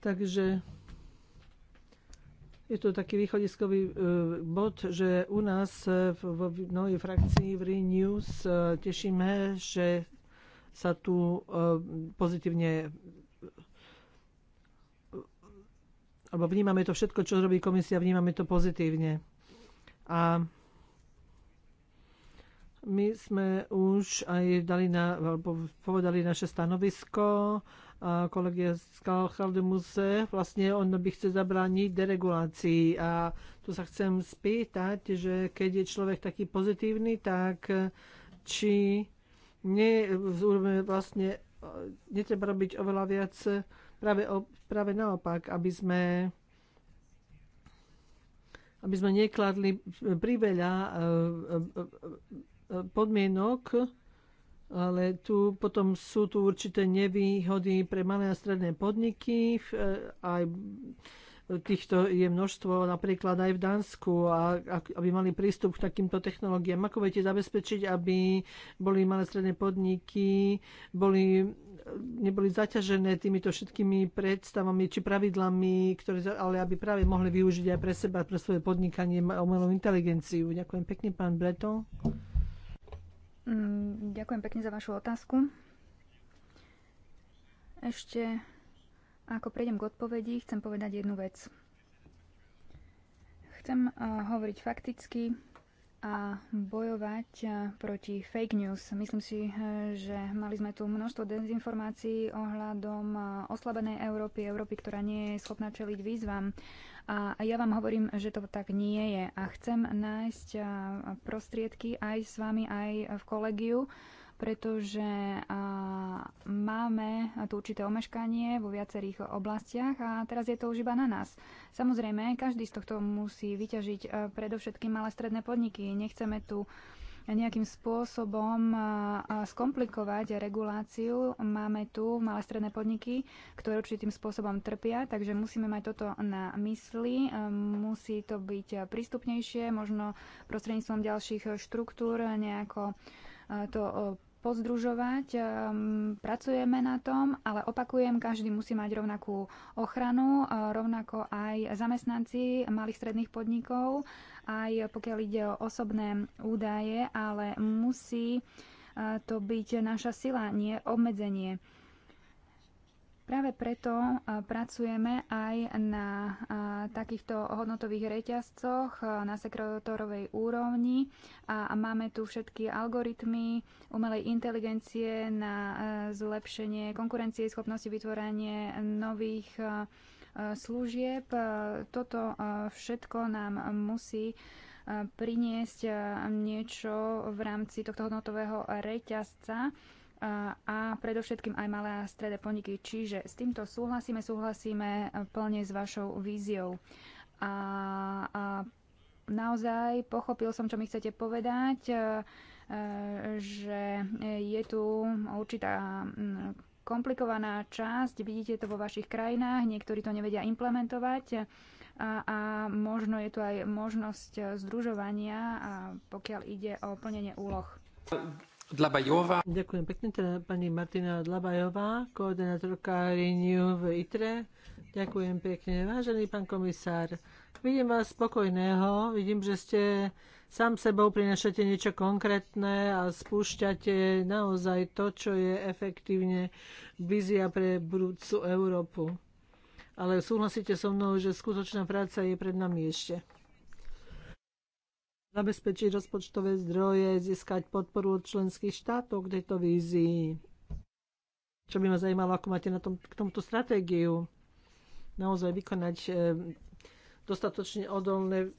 Takže je to taký východiskový e, bod, že u nás e, v novej frakcii v Renews e, tešíme, že sa tu pozitívne alebo vnímame to všetko, čo robí komisia, vnímame to pozitívne. A my sme už aj dali na, alebo povedali naše stanovisko a kolegia z muse vlastne on by chce zabrániť deregulácii. A tu sa chcem spýtať, že keď je človek taký pozitívny, tak či nie, vlastne netreba robiť oveľa viac práve, práve naopak, aby sme aby sme nekladli priveľa eh, eh, eh, podmienok ale tu potom sú tu určité nevýhody pre malé a stredné podniky. E, aj týchto je množstvo napríklad aj v Dánsku, a, aby mali prístup k takýmto technológiám. Ako viete zabezpečiť, aby boli malé stredné podniky, boli, neboli zaťažené týmito všetkými predstavami či pravidlami, ktoré, ale aby práve mohli využiť aj pre seba, pre svoje podnikanie umelú inteligenciu. Ďakujem pekne, pán Breton. Mm, ďakujem pekne za vašu otázku. Ešte ako prejdem k odpovedi, chcem povedať jednu vec. Chcem eh, hovoriť fakticky a bojovať eh, proti fake news. Myslím si, eh, že mali sme tu množstvo dezinformácií ohľadom oslabenej Európy, Európy, ktorá nie je schopná čeliť výzvam. A ja vám hovorím, že to tak nie je. A chcem nájsť prostriedky aj s vami, aj v kolegiu, pretože máme tu určité omeškanie vo viacerých oblastiach a teraz je to už iba na nás. Samozrejme, každý z tohto musí vyťažiť predovšetkým malé stredné podniky. Nechceme tu nejakým spôsobom skomplikovať reguláciu. Máme tu malé stredné podniky, ktoré určitým spôsobom trpia, takže musíme mať toto na mysli. E, musí to byť prístupnejšie, možno prostredníctvom ďalších štruktúr nejako e, to pozdružovať. Ehm, pracujeme na tom, ale opakujem, každý musí mať rovnakú ochranu, eh, rovnako aj zamestnanci malých stredných podnikov, aj pokiaľ ide o osobné údaje, ale musí eh, to byť naša sila, nie obmedzenie. Práve preto pracujeme aj na takýchto hodnotových reťazcoch na sekretorovej úrovni a máme tu všetky algoritmy umelej inteligencie na zlepšenie konkurencie, schopnosti vytvorenie nových služieb. Toto všetko nám musí priniesť niečo v rámci tohto hodnotového reťazca a predovšetkým aj malé a stredné podniky. Čiže s týmto súhlasíme, súhlasíme plne s vašou víziou. A, a naozaj pochopil som, čo mi chcete povedať, e, že je tu určitá komplikovaná časť, vidíte to vo vašich krajinách, niektorí to nevedia implementovať a, a možno je tu aj možnosť združovania, a pokiaľ ide o plnenie úloh. Dlabajová. Ďakujem pekne, teda pani Martina Dlabajová, koordinátorka Renew v ITRE. Ďakujem pekne. Vážený pán komisár, vidím vás spokojného, vidím, že ste sám sebou prinašate niečo konkrétne a spúšťate naozaj to, čo je efektívne vízia pre budúcu Európu. Ale súhlasíte so mnou, že skutočná práca je pred nami ešte zabezpečiť rozpočtové zdroje, získať podporu od členských štátov k tejto vízii. Čo by ma zajímalo, ako máte na tom, k tomuto stratégiu naozaj vykonať e, dostatočne odolné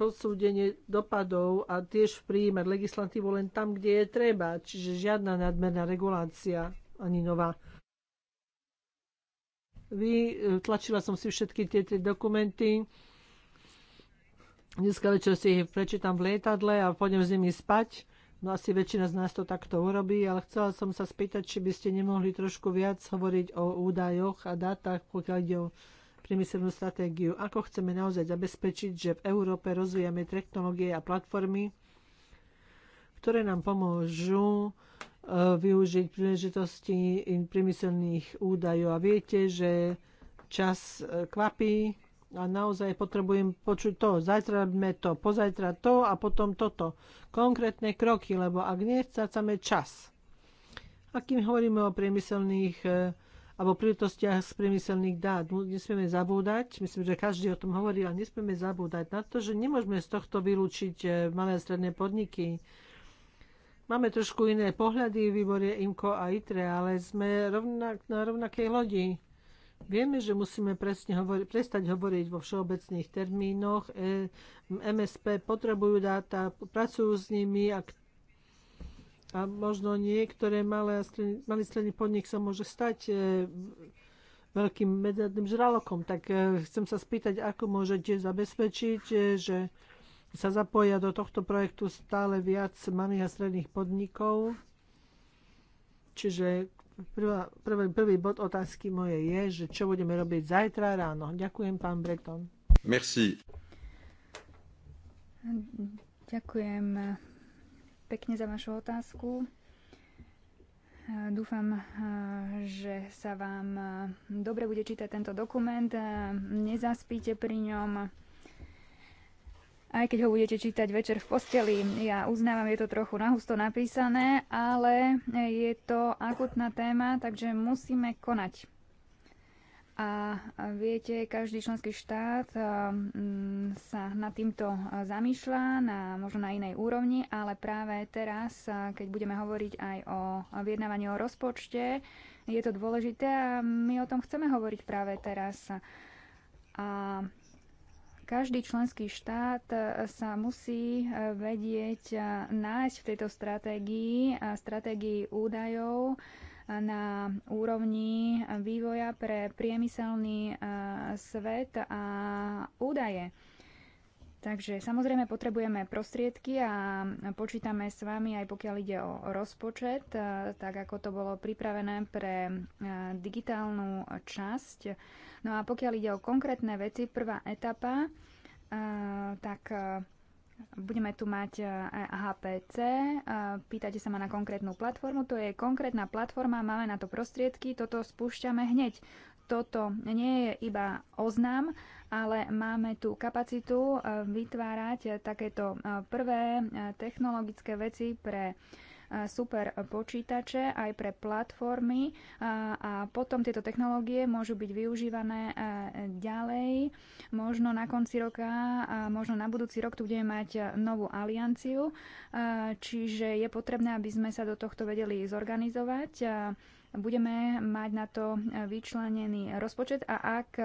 posúdenie dopadov a tiež prijímať legislatívu len tam, kde je treba, čiže žiadna nadmerná regulácia ani nová. tlačila som si všetky tie, tie dokumenty, dneska večer si ich prečítam v lietadle a pôjdem s nimi spať. No asi väčšina z nás to takto urobí, ale chcela som sa spýtať, či by ste nemohli trošku viac hovoriť o údajoch a dátach, pokiaľ ide o priemyselnú stratégiu. Ako chceme naozaj zabezpečiť, že v Európe rozvíjame technológie a platformy, ktoré nám pomôžu e, využiť príležitosti priemyselných údajov. A viete, že čas e, kvapí, a naozaj potrebujem počuť to. Zajtra sme to, pozajtra to a potom toto. Konkrétne kroky, lebo ak nie, strácame čas. A kým hovoríme o priemyselných e, alebo príležitostiach z priemyselných dát. Nesmieme zabúdať, myslím, že každý o tom hovorí, ale nesmieme zabúdať na to, že nemôžeme z tohto vylúčiť e, malé a stredné podniky. Máme trošku iné pohľady v výbore IMCO a ITRE, ale sme rovnak, na rovnakej lodi. Vieme, že musíme presne prestať hovoriť vo všeobecných termínoch. E- MSP potrebujú dáta, pracujú s nimi a, a možno niektoré malé a stredný, malý stredný podnik sa môže stať e- veľkým medzárodným žralokom. Tak e- chcem sa spýtať, ako môžete zabezpečiť, e- že sa zapoja do tohto projektu stále viac malých a stredných podnikov, čiže prvá, prvý, prvý bod otázky moje je, že čo budeme robiť zajtra ráno. Ďakujem, pán Breton. Merci. Ďakujem pekne za vašu otázku. Dúfam, že sa vám dobre bude čítať tento dokument. Nezaspíte pri ňom aj keď ho budete čítať večer v posteli. Ja uznávam, je to trochu nahusto napísané, ale je to akutná téma, takže musíme konať. A viete, každý členský štát um, sa nad týmto zamýšľa, na, možno na inej úrovni, ale práve teraz, uh, keď budeme hovoriť aj o vyjednávaní o rozpočte, je to dôležité a my o tom chceme hovoriť práve teraz. A každý členský štát e, sa musí e, vedieť e, nájsť v tejto stratégii, stratégii údajov na úrovni vývoja pre priemyselný svet a údaje. Takže samozrejme potrebujeme prostriedky a počítame s vami aj pokiaľ ide o rozpočet, e, tak ako to bolo pripravené pre e, digitálnu časť. No a pokiaľ ide o konkrétne veci, prvá etapa, e, tak budeme tu mať HPC, pýtate sa ma na konkrétnu platformu, to je konkrétna platforma, máme na to prostriedky, toto spúšťame hneď. Toto nie je iba oznám, ale máme tu kapacitu eh, vytvárať takéto eh, prvé eh, technologické veci pre super počítače aj pre platformy a potom tieto technológie môžu byť využívané ďalej. Možno na konci roka a možno na budúci rok tu budeme mať novú alianciu, čiže je potrebné, aby sme sa do tohto vedeli zorganizovať budeme mať na to e, vyčlenený rozpočet a ak e,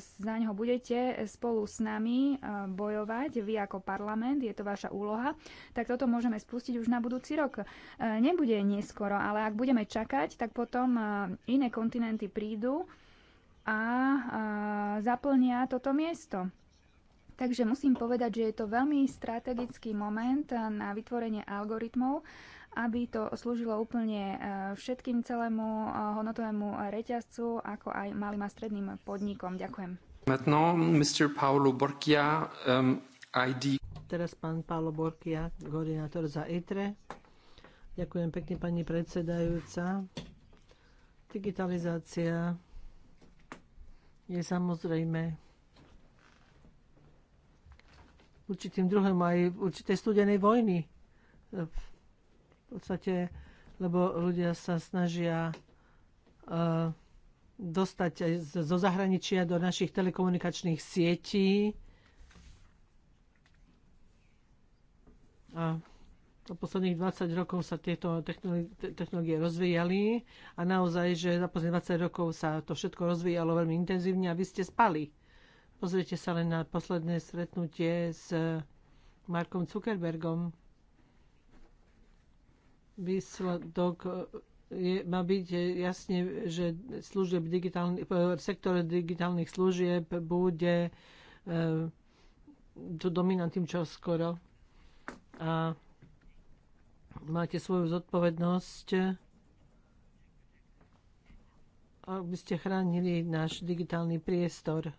za neho budete spolu s nami e, bojovať, vy ako parlament, je to vaša úloha, tak toto môžeme spustiť už na budúci rok. Nebude neskoro, ale ak budeme čakať, tak potom iné kontinenty prídu a zaplnia toto miesto. Takže musím povedať, že je to veľmi strategický moment na vytvorenie algoritmov, aby to slúžilo úplne e, všetkým celému e, hodnotovému reťazcu, ako aj malým a stredným podnikom. Ďakujem. um, Teraz pán Paolo Borkia, koordinátor za ITRE. Ďakujem pekne, pani predsedajúca. Digitalizácia je samozrejme určitým druhom aj určitej studenej vojny v v podstate, lebo ľudia sa snažia uh, dostať aj zo zahraničia do našich telekomunikačných sietí. A za posledných 20 rokov sa tieto technológie rozvíjali a naozaj, že za posledných 20 rokov sa to všetko rozvíjalo veľmi intenzívne a vy ste spali. Pozrite sa len na posledné stretnutie s eh, Markom Zuckerbergom výsledok eh, je, má byť eh, jasne, že služieb digitálny, v eh, sektore digitálnych služieb bude e, tu dominantným skoro. A máte svoju zodpovednosť, aby ste chránili náš digitálny priestor.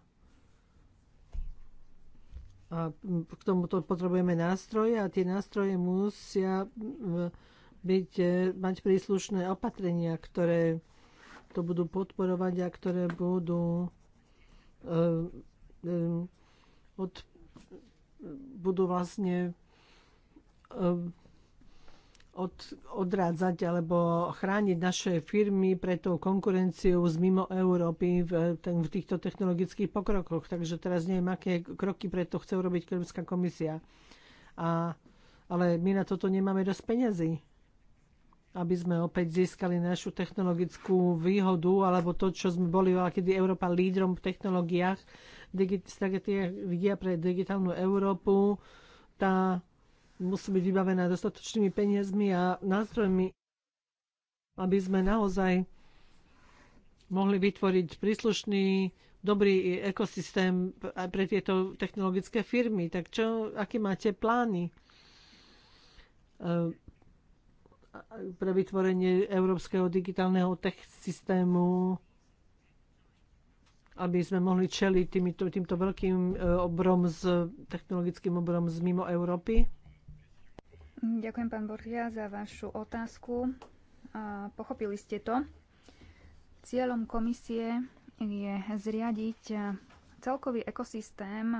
A mm, k tomuto potrebujeme nástroje a tie nástroje musia e, byť, e, mať príslušné opatrenia, ktoré to budú podporovať a ktoré budú uh, um, od, budú vlastne uh, od, odrádzať alebo chrániť naše firmy pred tou konkurenciou z mimo Európy v, ten, v týchto technologických pokrokoch. Takže teraz neviem, aké kroky preto chce urobiť Európska komisia. A, ale my na toto nemáme dosť peňazí aby sme opäť získali našu technologickú výhodu, alebo to, čo sme boli kedy Európa lídrom v technológiách, stratégia pre digitálnu Európu, tá musí byť vybavená dostatočnými peniazmi a nástrojmi, aby sme naozaj mohli vytvoriť príslušný dobrý ekosystém aj pre tieto technologické firmy. Tak čo, aké máte plány? Ehm, pre vytvorenie európskeho digitálneho tech systému, aby sme mohli čeliť týmto, týmto veľkým e, obrom, z, technologickým obrom z mimo Európy? Ďakujem, pán Borgia, za vašu otázku. Pochopili ste to. Cieľom komisie je zriadiť celkový ekosystém,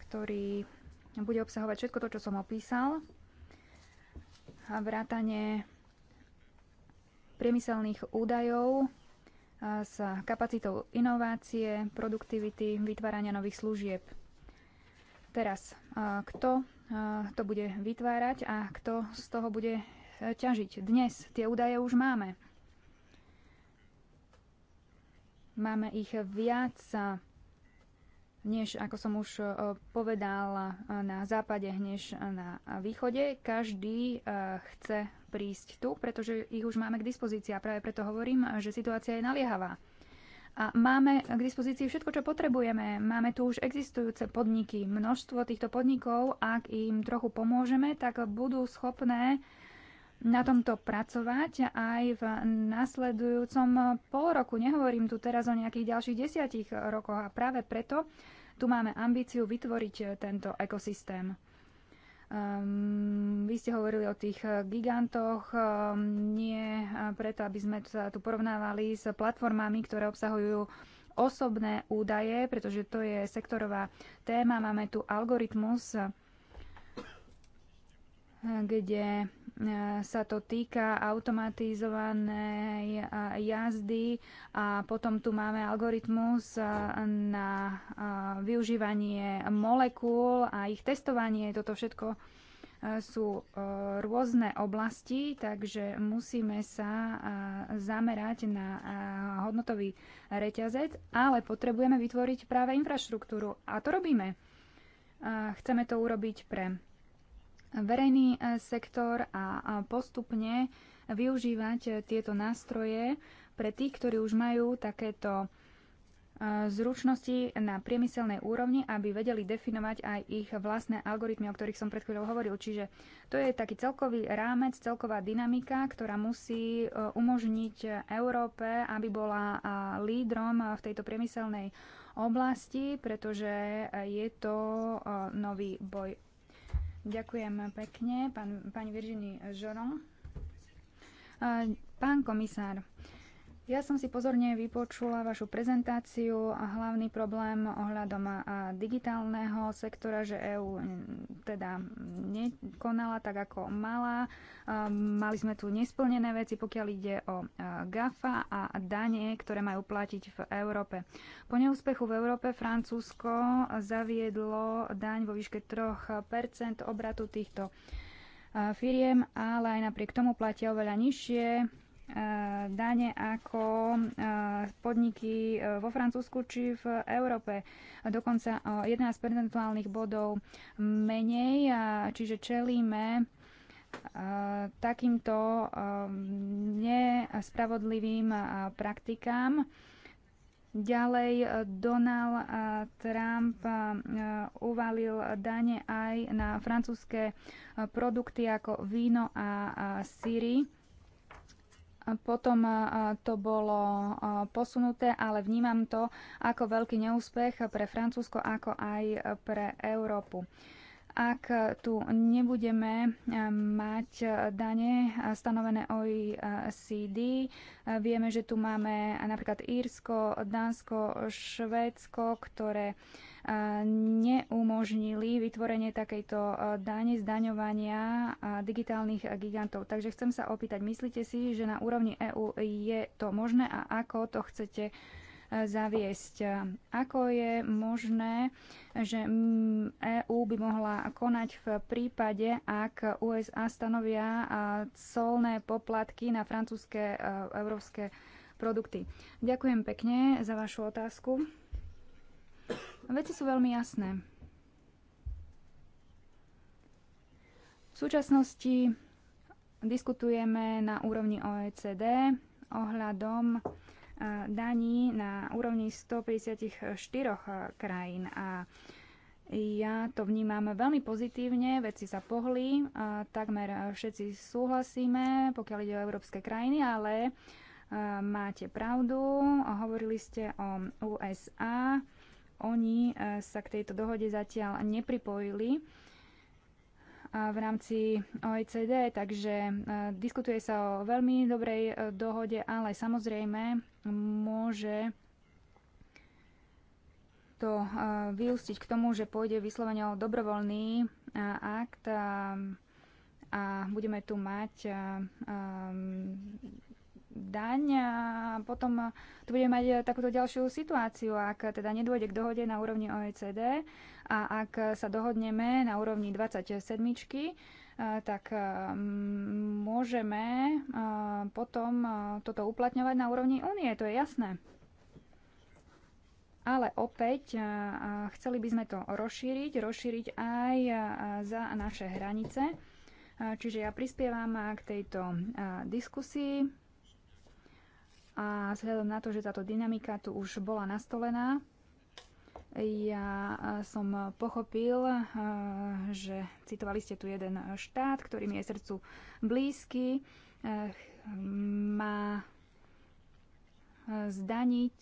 ktorý bude obsahovať všetko to, čo som opísal, vrátane priemyselných údajov s kapacitou inovácie, produktivity, vytvárania nových služieb. Teraz, kto to bude vytvárať a kto z toho bude e, ťažiť? Dnes tie údaje už máme. Máme ich viac než, ako som už e, povedala, e, na západe, než na východe. Každý e, chce prísť tu, pretože ich už máme k dispozícii a práve preto hovorím, že situácia je naliehavá. A máme k dispozícii všetko, čo potrebujeme. Máme tu už existujúce podniky. Množstvo týchto podnikov, ak im trochu pomôžeme, tak budú schopné na tomto pracovať aj v nasledujúcom pol roku. Nehovorím tu teraz o nejakých ďalších desiatich rokoch a práve preto tu máme ambíciu vytvoriť tento ekosystém. Ehm, vy ste hovorili o tých gigantoch, ehm, nie preto, aby sme sa tu porovnávali s platformami, ktoré obsahujú osobné údaje, pretože to je sektorová téma. Máme tu algoritmus, kde e, sa to týka automatizovanej e, jazdy a potom tu máme algoritmus e, na využívanie molekúl a ich testovanie. Toto všetko sú rôzne oblasti, takže musíme sa zamerať na hodnotový reťazec, ale potrebujeme vytvoriť práve infraštruktúru a to robíme. Chceme to urobiť pre verejný e, sektor a postupne využívať e, tieto nástroje pre tých, ktorí už majú takéto e, zručnosti na priemyselnej úrovni, aby vedeli definovať aj ich vlastné algoritmy, o ktorých som pred chvíľou hovoril. Čiže to je taký celkový rámec, celková dynamika, ktorá musí umožniť Európe, aby bola lídrom v tejto priemyselnej oblasti, pretože je to nový boj Ďakujem pekne, pán, pani Virginie Joron. Pán komisár, ja som si pozorne vypočula vašu prezentáciu a hlavný problém ohľadom digitálneho sektora, že EÚ mm, teda nekonala tak, ako mala. Mali sme tu nesplnené veci, pokiaľ ide o GAFA a dane, ktoré majú platiť v Európe. Po neúspechu v Európe Francúzsko zaviedlo daň vo výške 3 obratu týchto firiem, ale aj napriek tomu platia oveľa nižšie Eh, dane ako eh, podniky eh, vo Francúzsku či v Európe. Dokonca 11 percentuálnych bodov menej, čiže čelíme takýmto nespravodlivým praktikám. Ďalej Donald Trump uvalil dane aj na francúzske produkty ako víno a síry potom to bolo posunuté, ale vnímam to ako veľký neúspech pre Francúzsko, ako aj pre Európu ak tu nebudeme eh, mať eh, dane eh, stanovené OECD, vieme, že tu máme napríklad Írsko, Dánsko, Švédsko, ktoré neumožnili vytvorenie takejto dane zdaňovania digitálnych gigantov. Takže chcem sa opýtať, myslíte si, že na úrovni EÚ je to možné a ako to chcete zaviesť. Ako je možné, že EÚ by mohla konať v prípade, ak USA stanovia colné poplatky na francúzske európske produkty? Ďakujem pekne za vašu otázku. Veci sú veľmi jasné. V súčasnosti diskutujeme na úrovni OECD ohľadom daní na úrovni 154 eh, krajín a ja to vnímam veľmi pozitívne, veci sa pohli, a takmer všetci súhlasíme, pokiaľ ide o európske krajiny, ale eh, máte pravdu, hovorili ste o USA, oni eh, sa k tejto dohode zatiaľ nepripojili v rámci OECD, takže diskutuje sa o veľmi dobrej dohode, ale samozrejme môže to vyústiť k tomu, že pôjde vyslovene o dobrovoľný akt a budeme tu mať daň a potom tu budeme mať takúto ďalšiu situáciu, ak teda nedôjde k dohode na úrovni OECD a ak sa dohodneme na úrovni 27 tak môžeme potom toto uplatňovať na úrovni únie, to je jasné. Ale opäť chceli by sme to rozšíriť, rozšíriť aj za naše hranice. Čiže ja prispievam k tejto diskusii a vzhľadom na to, že táto dynamika tu už bola nastolená, ja som pochopil, že citovali ste tu jeden štát, ktorý mi je srdcu blízky, má zdaniť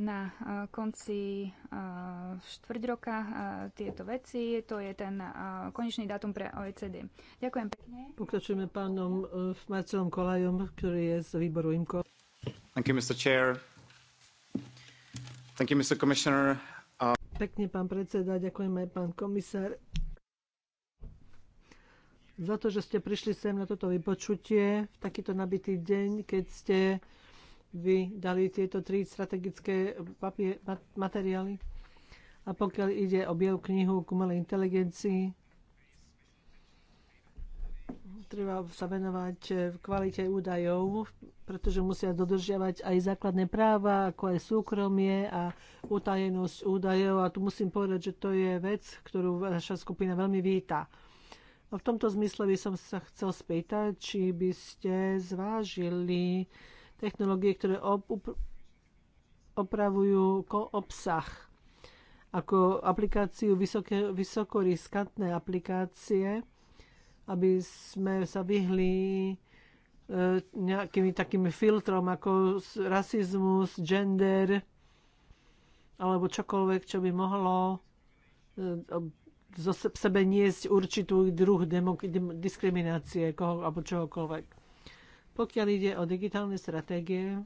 na konci štvrť roka tieto veci. To je ten konečný dátum pre OECD. Ďakujem pekne. Pokračujeme pánom e, Marcelom Kolajom, ktorý je z výboru IMCO. Thank you, Mr. Chair. Thank you, Mr. Commissioner. Uh... Pekne, pán predseda, ďakujem aj pán komisár za to, že ste prišli sem na toto vypočutie v takýto nabitý deň, keď ste vy dali tieto tri strategické papie, materiály. A pokiaľ ide o bielu knihu k umelej inteligencii, treba sa venovať eh, v kvalite údajov, pretože musia dodržiavať aj základné práva, ako aj súkromie a utajenosť údajov. A tu musím povedať, že to je vec, ktorú naša skupina veľmi víta. A v tomto zmysle by som sa chcel spýtať, či by ste zvážili technológie, ktoré opravujú obsah ako aplikáciu vysoké, vysokoriskantné aplikácie, aby sme sa vyhli e, nejakými takými filtrom ako rasizmus, gender alebo čokoľvek, čo by mohlo e, zo sebe niesť určitú druh diskriminácie koho, alebo čohokoľvek. Pokiaľ ide o digitálne stratégie,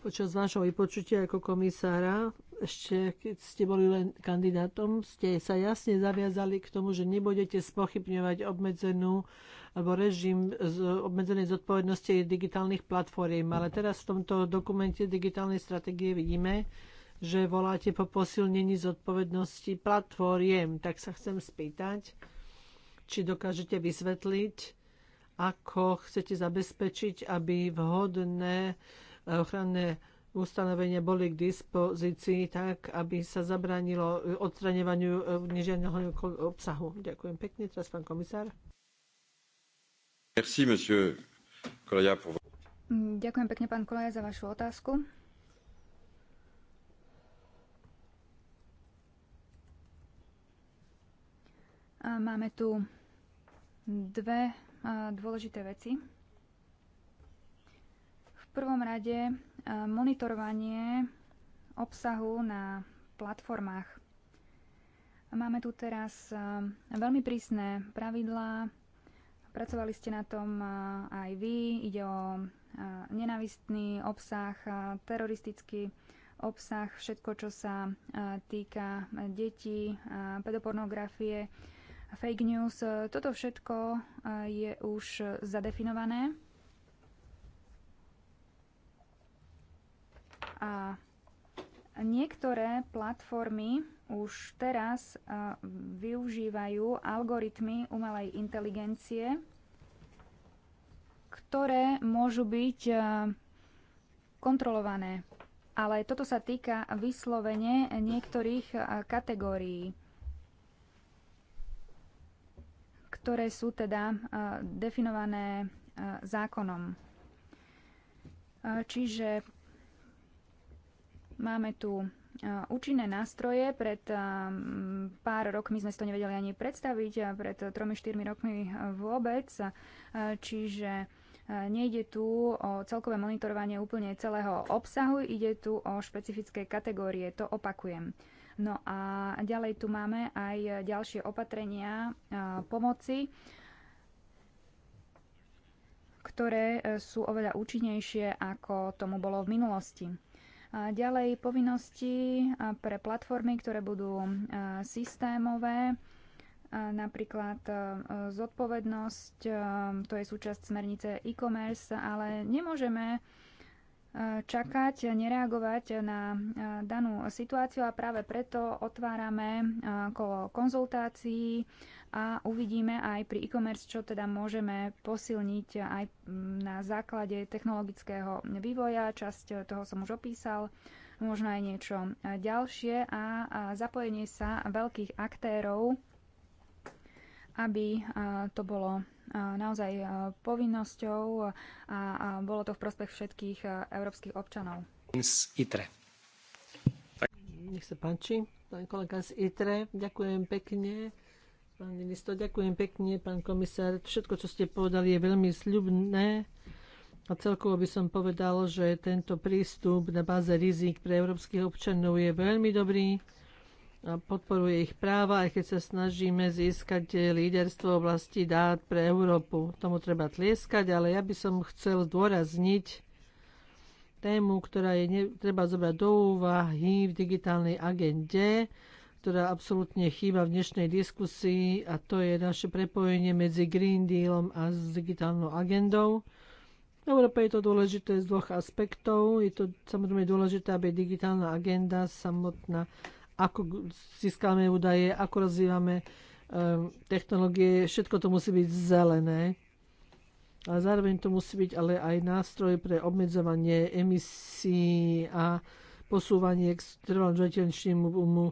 počas vášho vypočutia ako komisára ešte keď ste boli len kandidátom, ste sa jasne zaviazali k tomu, že nebudete spochybňovať obmedzenú alebo režim z obmedzenej zodpovednosti digitálnych platform. Ale teraz v tomto dokumente digitálnej stratégie vidíme, že voláte po posilnení zodpovednosti platform. Tak sa chcem spýtať, či dokážete vysvetliť, ako chcete zabezpečiť, aby vhodné eh, ochranné ustanovenia boli k dispozícii tak, aby sa zabránilo odstraňovaniu e, nežiadneho obsahu. Ďakujem pekne. Teraz pán komisár. Merci, monsieur Kolaja. Ďakujem pekne, pán Kolaja, za vašu otázku. Máme tu dve dôležité veci. V prvom rade E, monitorovanie obsahu na platformách. Máme tu teraz e, veľmi prísne pravidlá. Pracovali ste na tom e, aj vy. Ide o nenavistný obsah, teroristický obsah, všetko, čo sa týka detí, pedopornografie, fake news. Toto všetko je už zadefinované A niektoré platformy už teraz e, využívajú algoritmy umelej inteligencie, ktoré môžu byť e, kontrolované. Ale toto sa týka vyslovene niektorých e, kategórií, ktoré sú teda definované zákonom. Čiže Máme tu e, účinné nástroje. Pred e, pár rokmi sme si to nevedeli ani predstaviť, a pred 3-4 rokmi e, vôbec. Čiže nejde tu o celkové monitorovanie úplne celého obsahu, ide tu o špecifické kategórie, to opakujem. No a ďalej tu máme aj ďalšie opatrenia pomoci, ktoré sú oveľa účinnejšie, ako tomu bolo v minulosti. Ďalej povinnosti pre platformy, ktoré budú systémové, napríklad zodpovednosť, to je súčasť smernice e-commerce, ale nemôžeme čakať, nereagovať na eh, danú situáciu a práve preto otvárame eh, kolo konzultácií a uvidíme aj pri e-commerce, čo teda môžeme posilniť aj mm, na základe technologického vývoja. Časť toho som už opísal, možno aj niečo eh, ďalšie a zapojenie sa veľkých aktérov, aby to bolo naozaj e, povinnosťou a bolo to v prospech všetkých e, európskych občanov. Z ITRE. Nech sa páči, pán kolega z ITRE, ďakujem pekne. Pán minister, ďakujem pekne, pán komisár. Všetko, čo ste povedali, je veľmi sľubné. A celkovo by som povedal, že tento prístup na báze rizik pre európskych občanov je veľmi dobrý a podporuje ich práva, aj keď sa snažíme získať líderstvo oblasti dát pre Európu. Tomu treba tlieskať, ale ja by som chcel zdôrazniť tému, ktorá je ne, treba zobrať do úvahy v digitálnej agende, ktorá absolútne chýba v dnešnej diskusii a to je naše prepojenie medzi Green Dealom a s digitálnou agendou. V Európe je to dôležité z dvoch aspektov. Je to samozrejme dôležité, aby digitálna agenda samotná ako získame údaje, ako rozvíjame eh, technológie, všetko to musí byť zelené. Ale zároveň to musí byť ale aj nástroj pre obmedzovanie emisí a posúvanie k trvalodržateľnému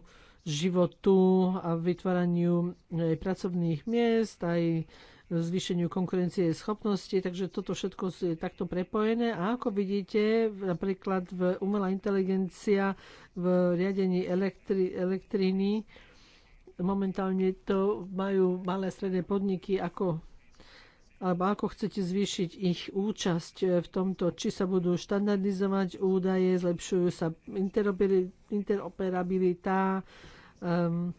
životu a vytváraniu aj eh, pracovných miest, aj zvýšeniu konkurencie schopnosti, takže toto všetko je takto prepojené. A ako vidíte, napríklad v umelá inteligencia v riadení elektri, elektriny, momentálne to majú malé stredné podniky ako alebo ako chcete zvýšiť ich účasť eh, v tomto, či sa budú štandardizovať údaje, zlepšujú sa interoperabilita, um,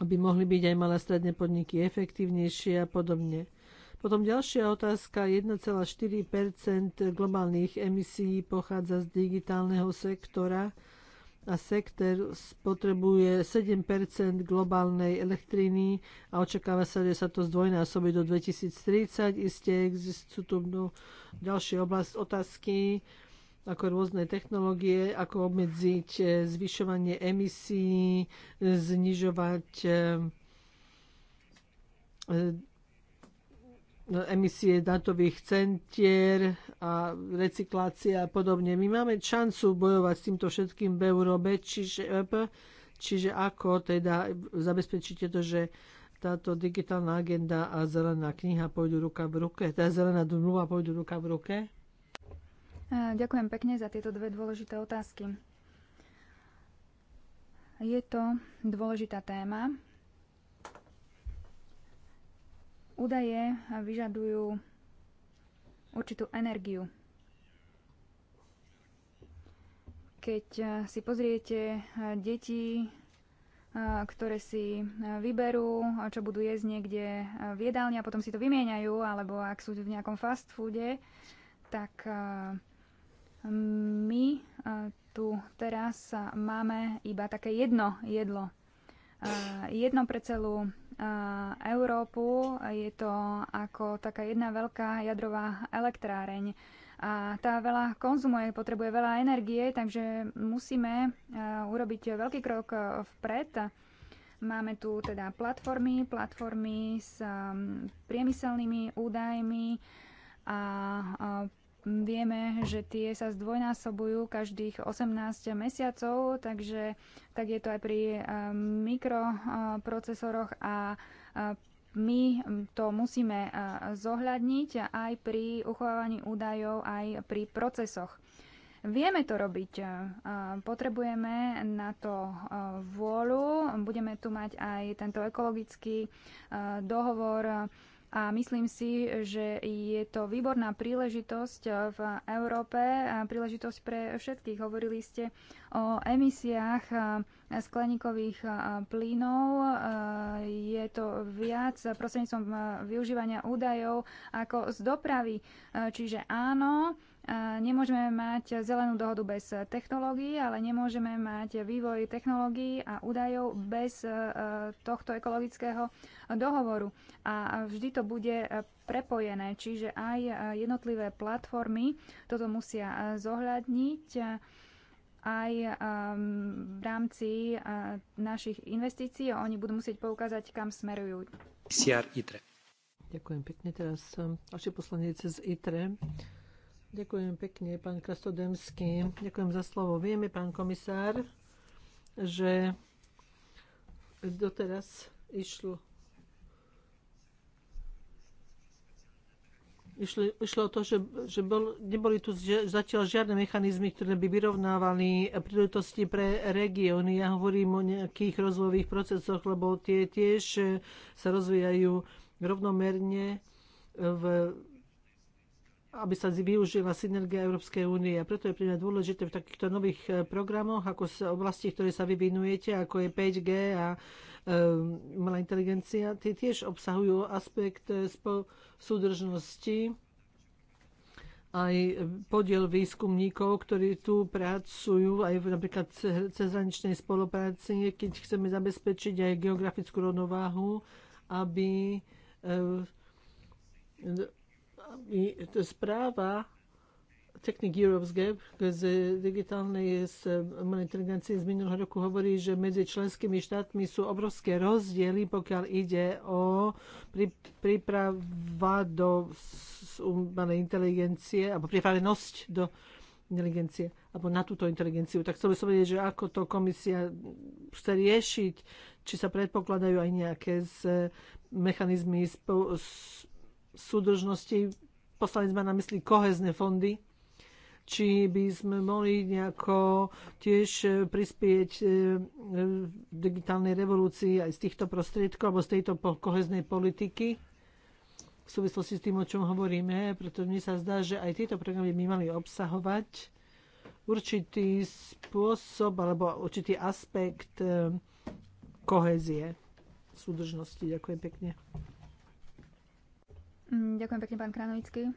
aby mohli byť aj malé stredné podniky efektívnejšie a podobne. Potom ďalšia otázka. 1,4 globálnych emisí pochádza z digitálneho sektora a sektor spotrebuje 7 globálnej elektriny a očakáva sa, že sa to zdvojnásobí do 2030. Isté existujú tu ďalšie oblasti otázky ako rôzne technológie, ako obmedziť e, zvyšovanie emisí, e, znižovať e, no, emisie datových centier a recyklácia a podobne. My máme šancu bojovať s týmto všetkým v Európe, čiže, čiže ako teda zabezpečíte to, že táto digitálna agenda a zelená kniha pôjdu ruka v ruke, tá zelená dmluva pôjdu ruka v ruke? Eh, ďakujem pekne za tieto dve dôležité otázky. Je to dôležitá téma. Údaje vyžadujú určitú energiu. Keď eh, si pozriete eh, deti, ktoré si vyberú, čo budú jesť niekde v jedálni a potom si to vymieňajú, alebo ak sú v nejakom fast foode, tak my e, tu teraz máme iba také jedno jedlo. E, jedno pre celú e, Európu. Je to ako taká jedna veľká jadrová elektráreň. A tá veľa konzumuje, potrebuje veľa energie, takže musíme urobiť veľký krok vpred. Máme tu teda platformy, platformy s priemyselnými údajmi a Vieme, že tie sa zdvojnásobujú každých 18 mesiacov, takže tak je to aj pri eh, mikroprocesoroch a eh, my to musíme eh, zohľadniť aj pri uchovávaní údajov, aj pri procesoch. Vieme to robiť, potrebujeme na to vôľu, budeme tu mať aj tento ekologický dohovor a myslím si, že je to výborná príležitosť e, v Európe, príležitosť pre všetkých. Hovorili ste o emisiách e, skleníkových e, plynov. Je to viac prostredníctvom využívania údajov ako z dopravy. Čiže áno, Nemôžeme mať zelenú dohodu bez technológií, ale nemôžeme mať vývoj technológií a údajov bez e, tohto ekologického dohovoru. A vždy to bude prepojené, čiže aj jednotlivé platformy toto musia e, zohľadniť e, aj v rámci našich investícií. Oni budú musieť poukázať, kam smerujú. Ďakujem pekne. Teraz ďalší poslanec z ITRE. Ďakujem pekne, pán Krastodemský. Ďakujem za slovo. Vieme, pán komisár, že doteraz išlo Išlo, išlo o to, že, že bol, neboli tu zatiaľ žiadne mechanizmy, ktoré by vyrovnávali príležitosti pre regióny. Ja hovorím o nejakých rozvojových procesoch, lebo tie tiež sa rozvíjajú rovnomerne v aby sa využila synergia Európskej únie. A preto je pre mňa dôležité v takýchto nových e, programoch, ako sa oblasti, ktoré sa vyvinujete, ako je 5G a e, um, malá inteligencia, tie tiež obsahujú aspekt e, súdržnosti aj podiel výskumníkov, ktorí tu pracujú aj v napríklad cezhraničnej spolupráci, keď chceme zabezpečiť aj geografickú rovnováhu, aby um, správa Technik Europe's Gap e, z digitálnej z monitorovacie z minulého roku hovorí, že medzi členskými štátmi sú obrovské rozdiely, pokiaľ ide o príprava do umelej inteligencie alebo pripravenosť do inteligencie alebo na túto inteligenciu. Tak chcel by som vedieť, že ako to komisia chce riešiť, či sa predpokladajú aj nejaké z e, mechanizmy spo, súdržnosti, poslali sme na mysli kohezné fondy, či by sme mohli nejako tiež e, prispieť e, e, v digitálnej revolúcii aj z týchto prostriedkov alebo z tejto koheznej politiky v súvislosti s tým, o čom hovoríme, pretože mne sa zdá, že aj tieto programy by mali obsahovať určitý spôsob alebo určitý aspekt kohezie súdržnosti. Ďakujem pekne. Mm, ďakujem pekne, pán Kranovický,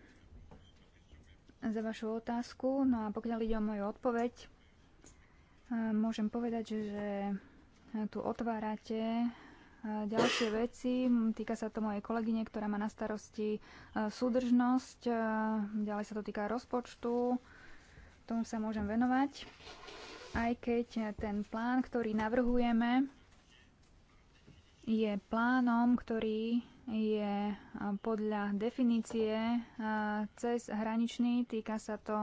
za vašu otázku. No a pokiaľ ide o moju odpoveď, e, môžem povedať, že tu otvárate e, ďalšie veci. Týka sa to mojej kolegyne, ktorá má na starosti e, súdržnosť. Ďalej sa to týka rozpočtu. Tomu sa môžem venovať. Aj keď ten plán, ktorý navrhujeme, je plánom, ktorý je podľa definície cez hraničný, týka sa to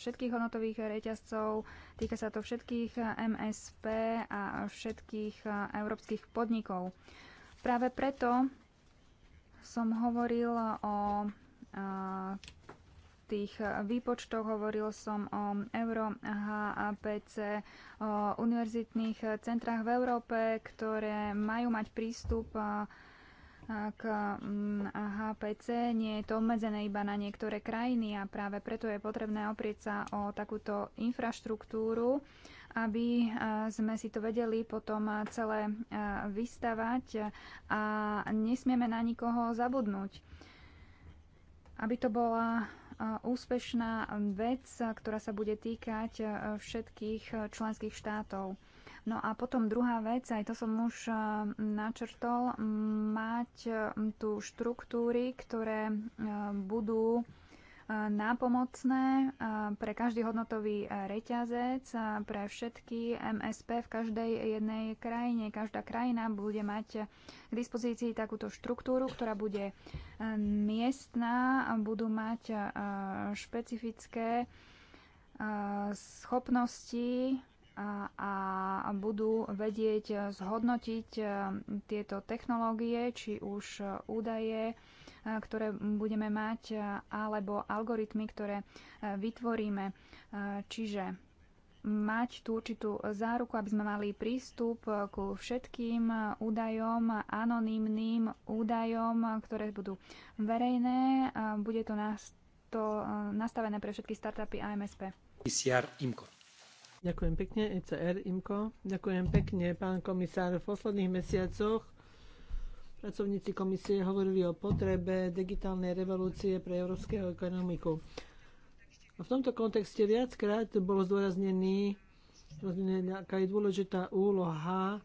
všetkých hodnotových reťazcov, týka sa to všetkých MSP a všetkých európskych podnikov. Práve preto som hovoril o tých výpočtoch, hovoril som o Euro HAPC, o univerzitných centrách v Európe, ktoré majú mať prístup k mm, HPC nie je to obmedzené iba na niektoré krajiny a práve preto je potrebné oprieť sa o takúto infraštruktúru, aby e, sme si to vedeli potom e, celé e, vystavať a nesmieme na nikoho zabudnúť. Aby to bola úspešná vec, ktorá sa bude týkať všetkých členských štátov. No a potom druhá vec, aj to som už eh, načrtol, mať hm, tu štruktúry, ktoré eh, budú eh, nápomocné pre každý hodnotový reťazec, pre všetky MSP v každej jednej krajine. Každá krajina bude mať k dispozícii takúto štruktúru, ktorá bude miestná, budú mať špecifické schopnosti a budú vedieť zhodnotiť e, tieto technológie, či už údaje, e, ktoré budeme mať, e, alebo algoritmy, ktoré vytvoríme. Čiže mať tú určitú záruku, aby sme mali prístup ku všetkým údajom, anonymným údajom, ktoré budú verejné. Bude to nastavené pre všetky startupy a MSP. IMCO. Ďakujem pekne, ECR, IMKO. Ďakujem pekne, pán komisár. V posledných mesiacoch pracovníci komisie hovorili o potrebe digitálnej revolúcie pre európskeho ekonomiku. A v tomto kontexte viackrát bolo zdôraznený, aká je dôležitá úloha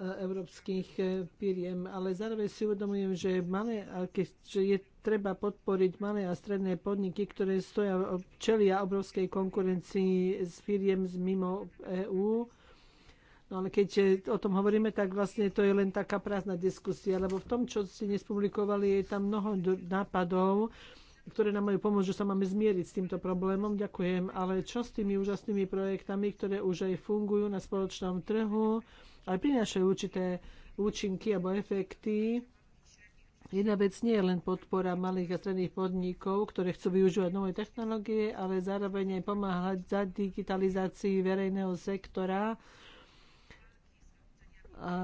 európskych eh, firiem, ale zároveň si uvedomujem, že, malé, že je treba podporiť malé a stredné podniky, ktoré stoja, čelia obrovskej konkurencii s firiem z mimo EÚ. No ale keď eh, o tom hovoríme, tak vlastne to je len taká prázdna diskusia, lebo v tom, čo ste nespublikovali, je tam mnoho nápadov, ktoré nám majú pomôcť, že sa máme zmieriť s týmto problémom. Ďakujem. Ale čo s tými úžasnými projektami, ktoré už aj fungujú na spoločnom trhu? ale prinášajú určité účinky alebo efekty. Jedna vec nie je len podpora malých a stredných podnikov, ktoré chcú využívať nové technológie, ale zároveň aj pomáhať za digitalizácii verejného sektora a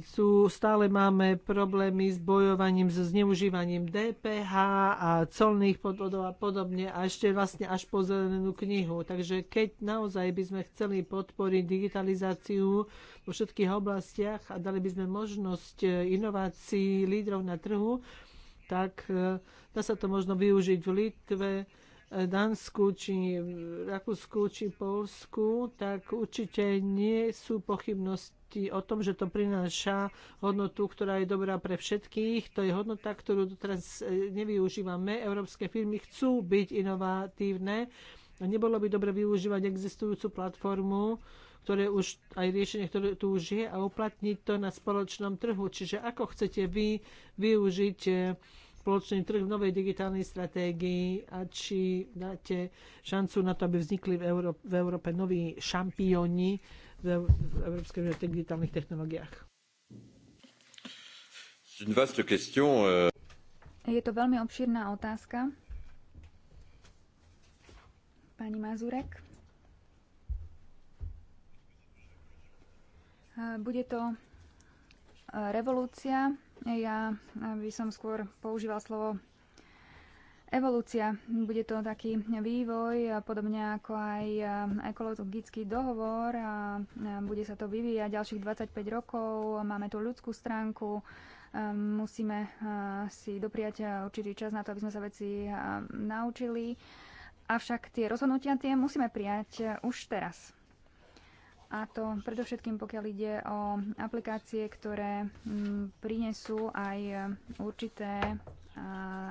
sú, stále máme problémy s bojovaním, so zneužívaním DPH a colných podvodov a podobne a ešte vlastne až po zelenú knihu. Takže keď naozaj by sme chceli podporiť digitalizáciu vo všetkých oblastiach a dali by sme možnosť e, inovácií lídrov na trhu, tak e, dá sa to možno využiť v Litve, e, Dánsku, či Rakúsku, či Polsku, tak určite nie sú pochybnosti o tom, že to prináša hodnotu, ktorá je dobrá pre všetkých. To je hodnota, ktorú teraz e, nevyužívame. Európske firmy chcú byť inovatívne. Nebolo by dobre využívať existujúcu platformu, ktoré už aj riešenie, ktoré tu už je a uplatniť to na spoločnom trhu. Čiže ako chcete vy využiť e, spoločný trh v novej digitálnej stratégii a či dáte šancu na to, aby vznikli v, Euró- v Európe noví šampióni v, Európskej v digitálnych technológiách? Euh. Je to veľmi obširná otázka. Pani Mazurek. Bude to e, revolúcia ja eh, by som skôr používal slovo evolúcia. Bude to taký vývoj, eh, podobne ako aj eh, ekologický dohovor. A bude sa to vyvíjať ďalších 25 rokov. Máme tu ľudskú stránku. Musíme si dopriať určitý čas na to, aby sme sa veci naučili. Avšak tie rozhodnutia tie musíme prijať už teraz a to predovšetkým pokiaľ ide o aplikácie, ktoré mm, prinesú aj eh, určité eh,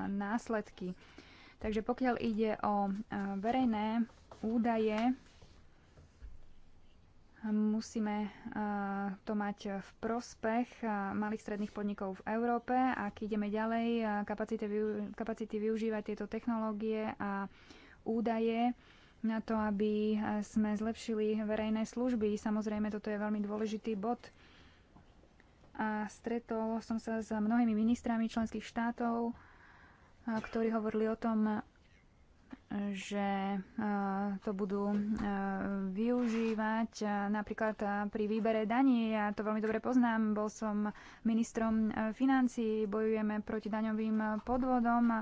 následky. Takže pokiaľ ide o eh, verejné údaje, musíme to mať v prospech malých stredných podnikov v Európe. Ak ideme ďalej, kapacity, využívať tieto technológie a údaje, na to, aby eh, sme zlepšili verejné služby. Samozrejme, toto je veľmi dôležitý bod. A stretol som sa s mnohými ministrami členských štátov, eh, ktorí hovorili o tom, že eh, to budú využívať napríklad pri výbere daní. Ja to veľmi dobre poznám, bol som ministrom financí bojujeme proti daňovým podvodom a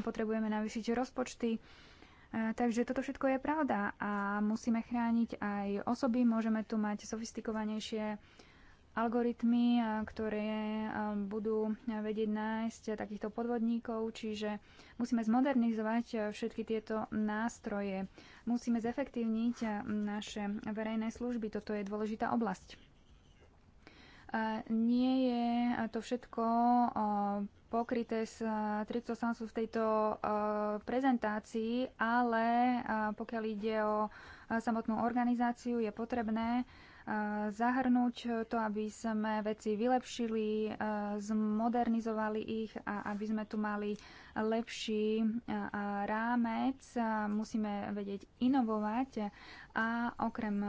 potrebujeme navýšiť rozpočty. Takže toto všetko je pravda a musíme chrániť aj osoby, môžeme tu mať sofistikovanejšie algoritmy, ktoré budú vedieť nájsť takýchto podvodníkov, čiže musíme zmodernizovať všetky tieto nástroje. Musíme zefektívniť naše verejné služby, toto je dôležitá oblasť. Nie je to všetko pokryté s eh, tryptosansu v tejto eh, prezentácii, ale eh, pokiaľ ide o samotnú organizáciu, je potrebné zahrnúť to, aby sme veci vylepšili, zmodernizovali ich a aby sme tu mali lepší rámec. Musíme vedieť inovovať a okrem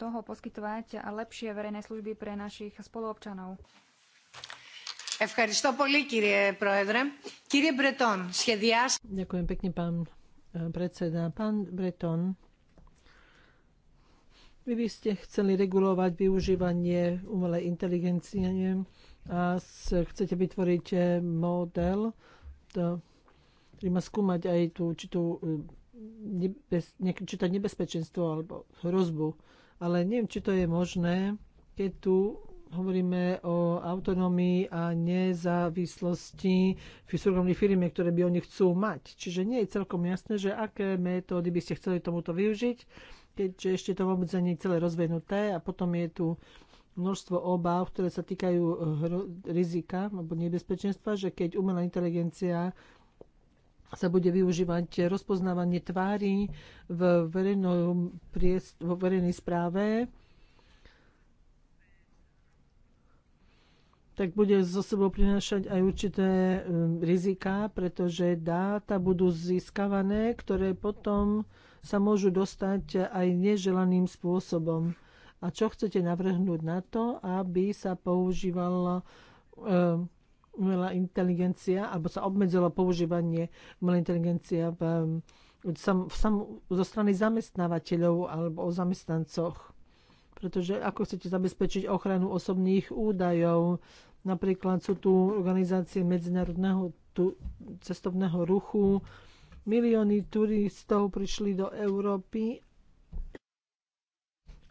toho poskytovať lepšie verejné služby pre našich spoluobčanov. Ďakujem pekne, pán predseda. Pán Breton, vy by ste chceli regulovať využívanie umelej inteligencie a chcete vytvoriť e, model, ktorý má skúmať aj tú určitú e, nebez, nebezpečenstvo alebo hrozbu. Ale neviem, či to je možné, keď tu hovoríme o autonómii a nezávislosti v súkromných firmy, ktoré by oni chcú mať. Čiže nie je celkom jasné, že aké metódy by ste chceli tomuto využiť, keďže ešte to vôbec nie je celé rozvinuté a potom je tu množstvo obáv, ktoré sa týkajú eh, rizika alebo nebezpečenstva, že keď umelá inteligencia sa bude využívať rozpoznávanie tvári v, verejnom, verejnej správe, tak bude zo sebou prinášať aj určité um, rizika, pretože dáta budú získavané, ktoré potom sa môžu dostať aj neželaným spôsobom. A čo chcete navrhnúť na to, aby sa používala um, umelá inteligencia, alebo sa obmedzilo používanie umelej inteligencia v, um, v, v zo strany zamestnávateľov alebo o zamestnancoch? pretože ako chcete zabezpečiť ochranu osobných údajov. Napríklad sú tu organizácie medzinárodného tu, cestovného ruchu. Milióny turistov prišli do Európy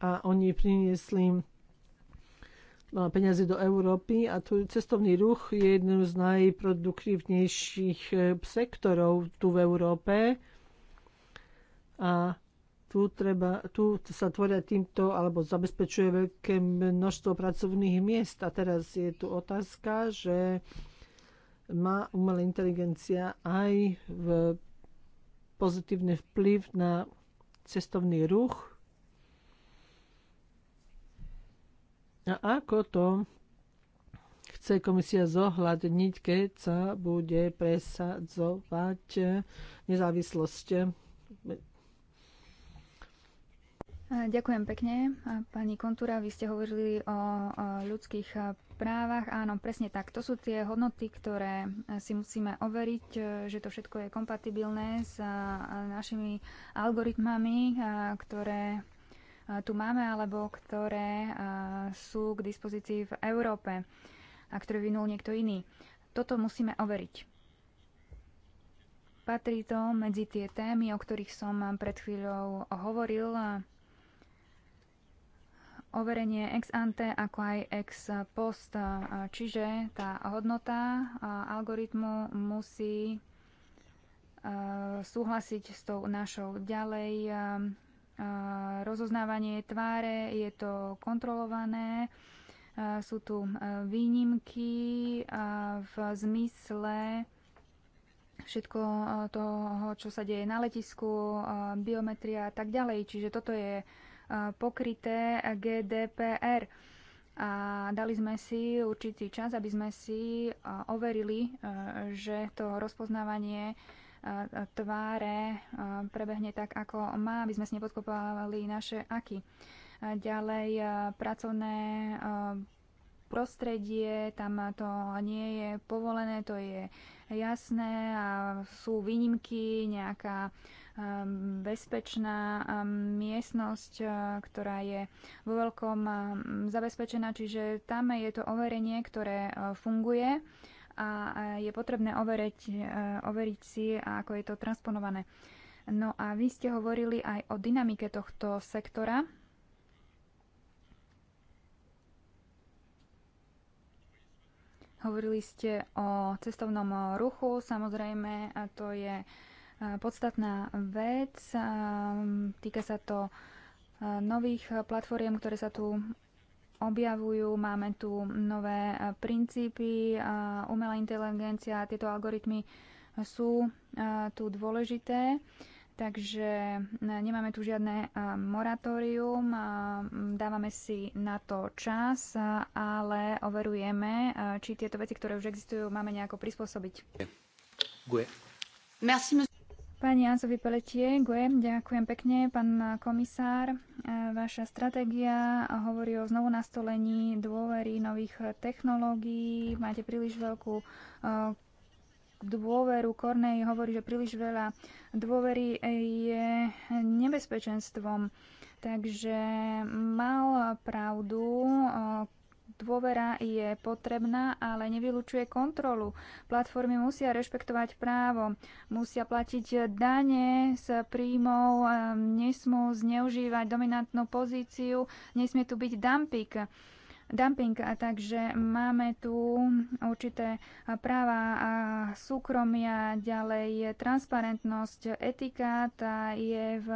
a oni priniesli eh, peniaze do Európy a tu cestovný ruch je jedným z najproduktívnejších eh, sektorov tu v Európe. A tu, treba, tu sa tvoria týmto alebo zabezpečuje veľké množstvo pracovných miest. A teraz je tu otázka, že má umelá inteligencia aj v pozitívny vplyv na cestovný ruch. A ako to chce komisia zohľadniť, keď sa bude presadzovať nezávislosť Ďakujem pekne. Pani Kontúra, vy ste hovorili o ľudských právach. Áno, presne tak. To sú tie hodnoty, ktoré e, si musíme overiť, e, že to všetko je kompatibilné s našimi algoritmami, ktoré tu máme, alebo ktoré sú k dispozícii v Európe a ktoré vynul niekto iný. Toto musíme overiť. Patrí to medzi tie témy, o ktorých som pred chvíľou hovoril overenie ex ante ako aj ex post. Čiže tá hodnota algoritmu musí súhlasiť s tou našou ďalej. Rozoznávanie tváre je to kontrolované. Sú tu e, výnimky v zmysle všetko e, toho, čo sa deje na letisku, biometria a tak ďalej. Čiže toto je pokryté GDPR. A dali sme si určitý čas, aby sme si overili, že to rozpoznávanie tváre prebehne tak, ako má, aby sme si nepodkopávali naše aky. Ďalej pracovné prostredie, tam to nie je povolené, to je jasné a sú výnimky, nejaká Ehm, bezpečná ehm, miestnosť, eh, ktorá je vo veľkom ehm, zabezpečená, čiže tam je to overenie, ktoré eh, funguje a je potrebné overiť, eh, overiť si, ako je to transponované. No a vy ste hovorili aj o dynamike tohto sektora. Hovorili ste o cestovnom ruchu, samozrejme, to je uh, podstatná vec. Týka sa to nových platform, ktoré sa tu objavujú. Máme tu nové princípy, umelá inteligencia, tieto algoritmy sú tu dôležité. Takže nemáme tu žiadne moratórium, dávame si na to čas, ale overujeme, či tieto veci, ktoré už existujú, máme nejako prispôsobiť. Merci, Pani Azovi Peletie, ďakujem pekne. Pán komisár, e, vaša stratégia hovorí o znovu nastolení dôvery nových technológií. Máte príliš veľkú e, dôveru. Kornej hovorí, že príliš veľa dôvery je nebezpečenstvom. Takže mal pravdu e, Dôvera je potrebná, ale nevylučuje kontrolu. Platformy musia rešpektovať právo, musia platiť dane z príjmov, nesmú zneužívať dominantnú pozíciu, nesmie tu byť dumping dumping, a takže máme tu určité práva a súkromia, ďalej je transparentnosť, etika, tá je v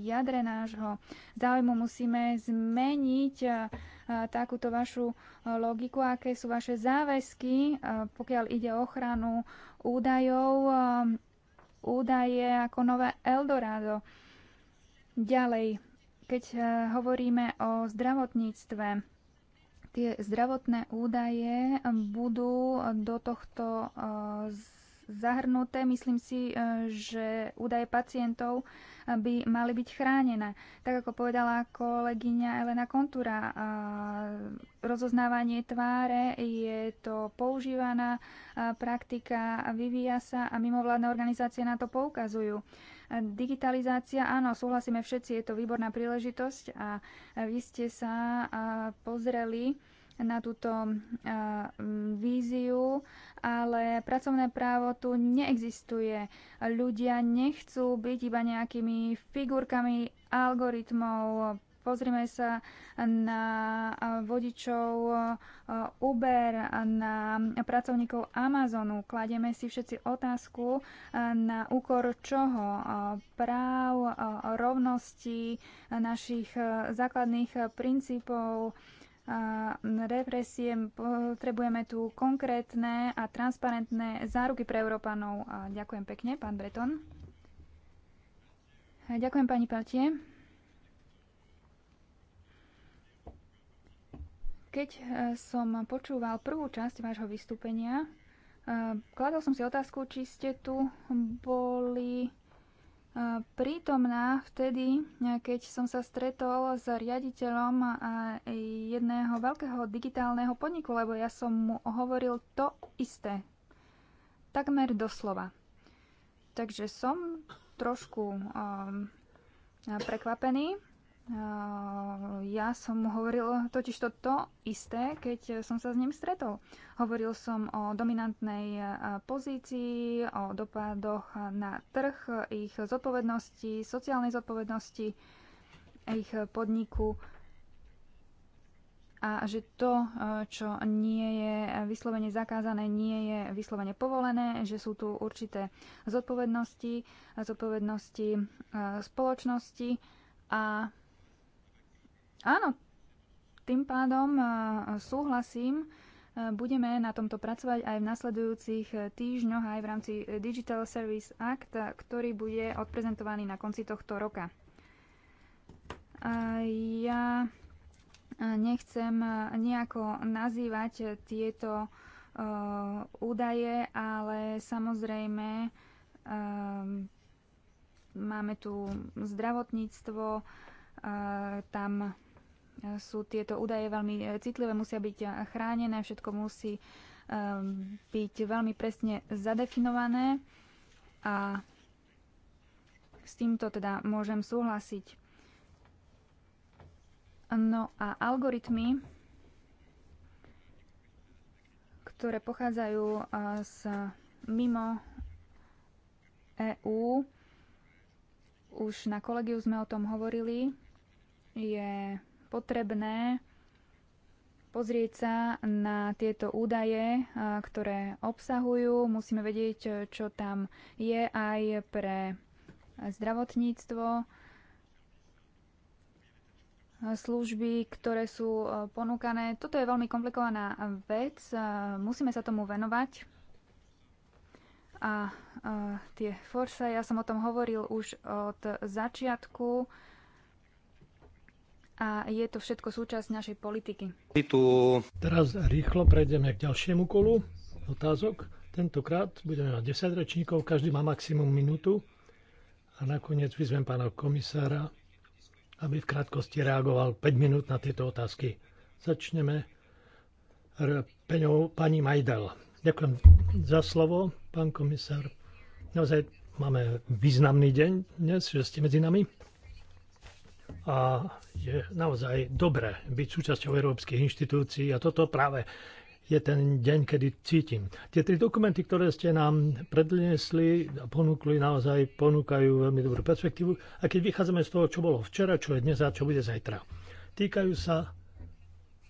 jadre nášho záujmu. Musíme zmeniť takúto vašu logiku, aké sú vaše záväzky, pokiaľ ide o ochranu údajov, údaje ako nové Eldorado. Ďalej, keď hovoríme o zdravotníctve, tie zdravotné údaje budú do tohto zahrnuté. Myslím si, e, že údaje pacientov e, by mali byť chránené. Tak ako povedala kolegyňa Elena Kontúra, e, rozoznávanie tváre je to používaná praktika, vyvíja sa a mimovládne organizácie na to poukazujú. Digitalizácia, áno, súhlasíme všetci, je to výborná príležitosť a vy ste sa pozreli na túto eh, víziu, ale pracovné právo tu neexistuje. Ľudia nechcú byť iba nejakými figurkami algoritmov. Pozrime sa na eh, vodičov eh, Uber, na pracovníkov Amazonu. Kladieme si všetci otázku, na úkor čoho? Práv, rovnosti, našich základných princípov, represie. Potrebujeme tu konkrétne a transparentné záruky pre Európanov. Ďakujem pekne, pán Breton. Ďakujem, pani Patie. Keď e, som počúval prvú časť vášho vystúpenia, e, kladol som si otázku, či ste tu boli prítomná vtedy, keď som sa stretol s riaditeľom jedného veľkého digitálneho podniku, lebo ja som mu hovoril to isté. Takmer doslova. Takže som trošku um, prekvapený Ehm, ja som hovoril totiž to, to isté, keď som sa s ním stretol. Hovoril som o dominantnej e, pozícii, o dopadoch na trh, ich zodpovednosti, sociálnej zodpovednosti ich podniku a že to, e, čo nie je vyslovene zakázané, nie je vyslovene povolené, že sú tu určité zodpovednosti, zodpovednosti e, spoločnosti a Áno, tým pádom e, súhlasím, e, budeme na tomto pracovať aj v nasledujúcich e, týždňoch aj v rámci Digital Service Act, ktorý bude odprezentovaný na konci tohto roka. Ja nechcem nejako nazývať tieto údaje, ale samozrejme máme tu zdravotníctvo, tam sú tieto údaje veľmi eh, citlivé, musia byť eh, chránené, všetko musí eh, byť veľmi presne zadefinované a s týmto teda môžem súhlasiť. No a algoritmy, ktoré pochádzajú z mimo EÚ, už na kolegiu sme o tom hovorili, je potrebné pozrieť sa na tieto údaje, ktoré obsahujú. Musíme vedieť, čo tam je aj pre zdravotníctvo, služby, ktoré sú ponúkané. Toto je veľmi komplikovaná vec. Musíme sa tomu venovať. A tie forsa, ja som o tom hovoril už od začiatku a je to všetko súčasť našej politiky. Teraz rýchlo prejdeme k ďalšiemu kolu otázok. Tentokrát budeme mať 10 rečníkov, každý má maximum minútu a nakoniec vyzvem pána komisára, aby v krátkosti reagoval 5 minút na tieto otázky. Začneme peňou pani Majdal. Ďakujem za slovo, pán komisár. Naozaj máme významný deň dnes, že ste medzi nami a je naozaj dobré byť súčasťou európskych inštitúcií a toto práve je ten deň, kedy cítim. Tie tri dokumenty, ktoré ste nám predniesli a ponúkli, naozaj ponúkajú veľmi dobrú perspektívu. A keď vychádzame z toho, čo bolo včera, čo je dnes a čo bude zajtra. Týkajú sa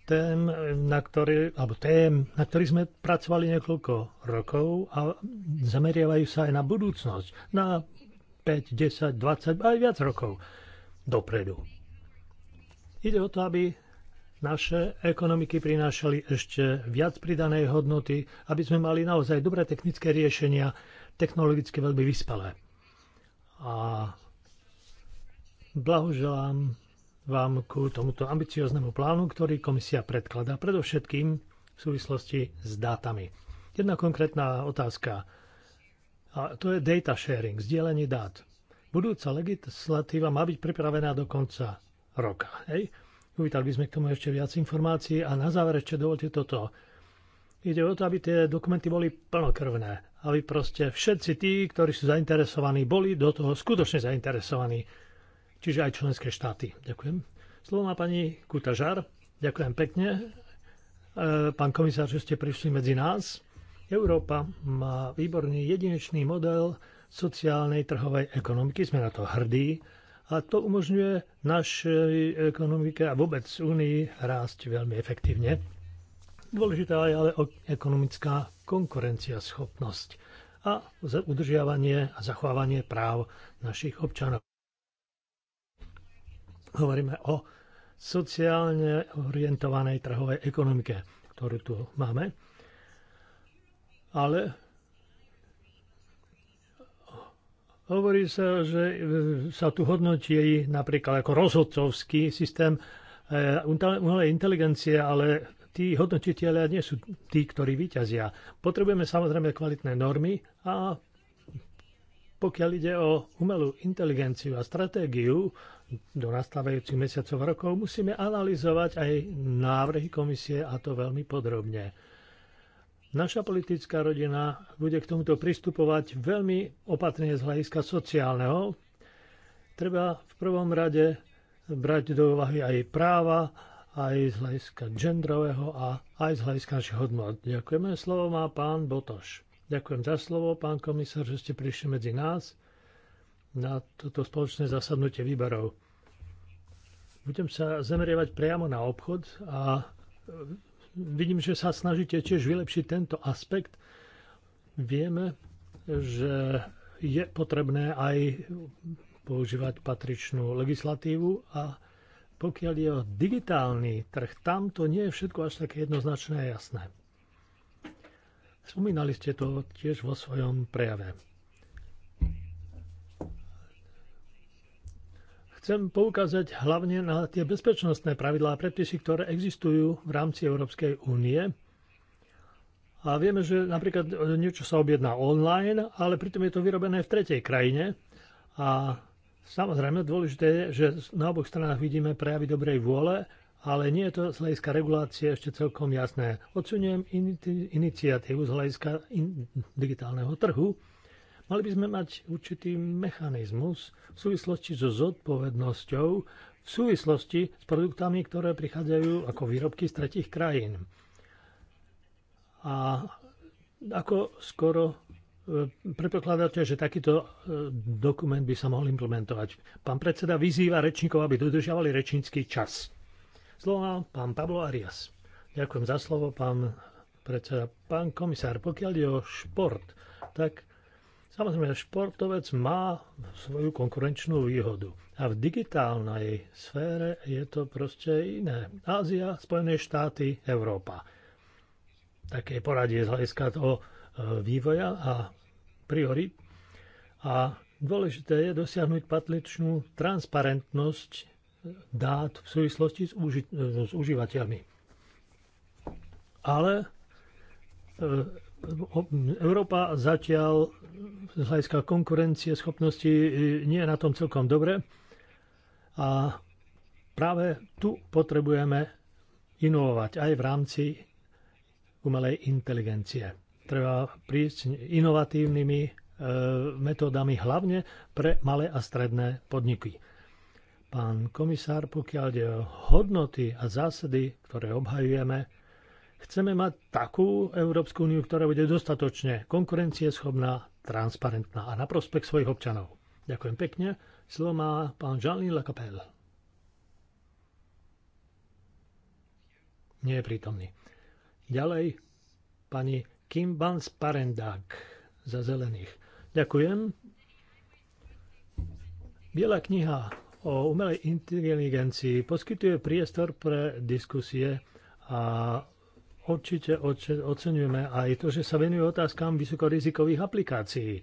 tém, na ktorý, alebo tém, na ktorých sme pracovali niekoľko rokov a zameriavajú sa aj na budúcnosť, na 5, 10, 20, aj viac rokov dopredu. Ide o to, aby naše ekonomiky prinášali ešte viac pridanej hodnoty, aby sme mali naozaj dobré technické riešenia, technologicky veľmi vyspelé. A blahoželám vám ku tomuto ambicioznému plánu, ktorý komisia predkladá predovšetkým v súvislosti s dátami. Jedna konkrétna otázka. A to je data sharing, zdieľanie dát budúca legislatíva má byť pripravená do konca roka. Hej? Uvítali by sme k tomu ešte viac informácií a na záver ešte dovolte toto. Ide o to, aby tie dokumenty boli plnokrvné. Aby proste všetci tí, ktorí sú zainteresovaní, boli do toho skutočne zainteresovaní. Čiže aj členské štáty. Ďakujem. Slovo má pani Kutažar. Ďakujem pekne. E, pán komisár, že ste prišli medzi nás. Európa má výborný jedinečný model sociálnej trhovej ekonomiky. Sme na to hrdí a to umožňuje našej ekonomike a vôbec Únii rásť veľmi efektívne. Dôležitá je ale ekonomická konkurenciaschopnosť a udržiavanie a zachovávanie práv našich občanov. Hovoríme o sociálne orientovanej trhovej ekonomike, ktorú tu máme. Ale Hovorí sa, že e, sa tu hodnotí napríklad ako rozhodcovský systém e, umelej inteligencie, ale tí hodnotiteľia nie sú tí, ktorí vyťazia. Potrebujeme samozrejme kvalitné normy a pokiaľ ide o umelú inteligenciu a stratégiu do nastávajúcich mesiacov a rokov, musíme analyzovať aj návrhy komisie a to veľmi podrobne. Naša politická rodina bude k tomuto pristupovať veľmi opatrne z hľadiska sociálneho. Treba v prvom rade brať do úvahy aj práva, aj z hľadiska genderového a aj z hľadiska našich hodnot. Ďakujeme. Slovo má pán Botoš. Ďakujem za slovo, pán komisár, že ste prišli medzi nás na toto spoločné zasadnutie výberov. Budem sa zameriavať priamo na obchod a vidím, že sa snažíte tiež vylepšiť tento aspekt. Vieme, že je potrebné aj používať patričnú legislatívu a pokiaľ je o digitálny trh, tam to nie je všetko až také jednoznačné a jasné. Spomínali ste to tiež vo svojom prejave. Chcem poukázať hlavne na tie bezpečnostné pravidlá a predpisy, ktoré existujú v rámci Európskej únie. A vieme, že napríklad niečo sa objedná online, ale pritom je to vyrobené v tretej krajine. A samozrejme dôležité je, že na oboch stranách vidíme prejavy dobrej vôle, ale nie je to z hľadiska regulácie ešte celkom jasné. Odsuniem iniciatívu z hľadiska digitálneho trhu, Mali by sme mať určitý mechanizmus v súvislosti so zodpovednosťou v súvislosti s produktami, ktoré prichádzajú ako výrobky z tretich krajín. A ako skoro e, predpokladáte, že takýto e, dokument by sa mohol implementovať? Pán predseda vyzýva rečníkov, aby dodržiavali rečnícky čas. Slova pán Pablo Arias. Ďakujem za slovo, pán predseda. Pán komisár, pokiaľ je o šport, tak Samozrejme, športovec má svoju konkurenčnú výhodu. A v digitálnej sfére je to proste iné. Ázia, Spojené štáty, Európa. Také poradie z hľadiska toho e, vývoja a priory. A dôležité je dosiahnuť patričnú transparentnosť dát v súvislosti s, uži- e, s užívateľmi. Ale e, Európa zatiaľ z hľadiska konkurencie schopnosti eh, nie je na tom celkom dobre a práve tu potrebujeme inovovať aj v rámci umelej inteligencie. Treba prísť inovatívnymi eh, metódami hlavne pre malé a stredné podniky. Pán komisár, pokiaľ ide o hodnoty a zásady, ktoré obhajujeme, Chceme mať takú Európsku úniu, ktorá bude dostatočne konkurencieschopná, transparentná a na prospech svojich občanov. Ďakujem pekne. Slovo má pán jean Lacapelle. Nie je prítomný. Ďalej pani Kim Bans Parendák za zelených. Ďakujem. Biela kniha o umelej inteligencii poskytuje priestor pre diskusie a Určite oceňujeme aj to, že sa venujú otázkam vysokorizikových aplikácií. E,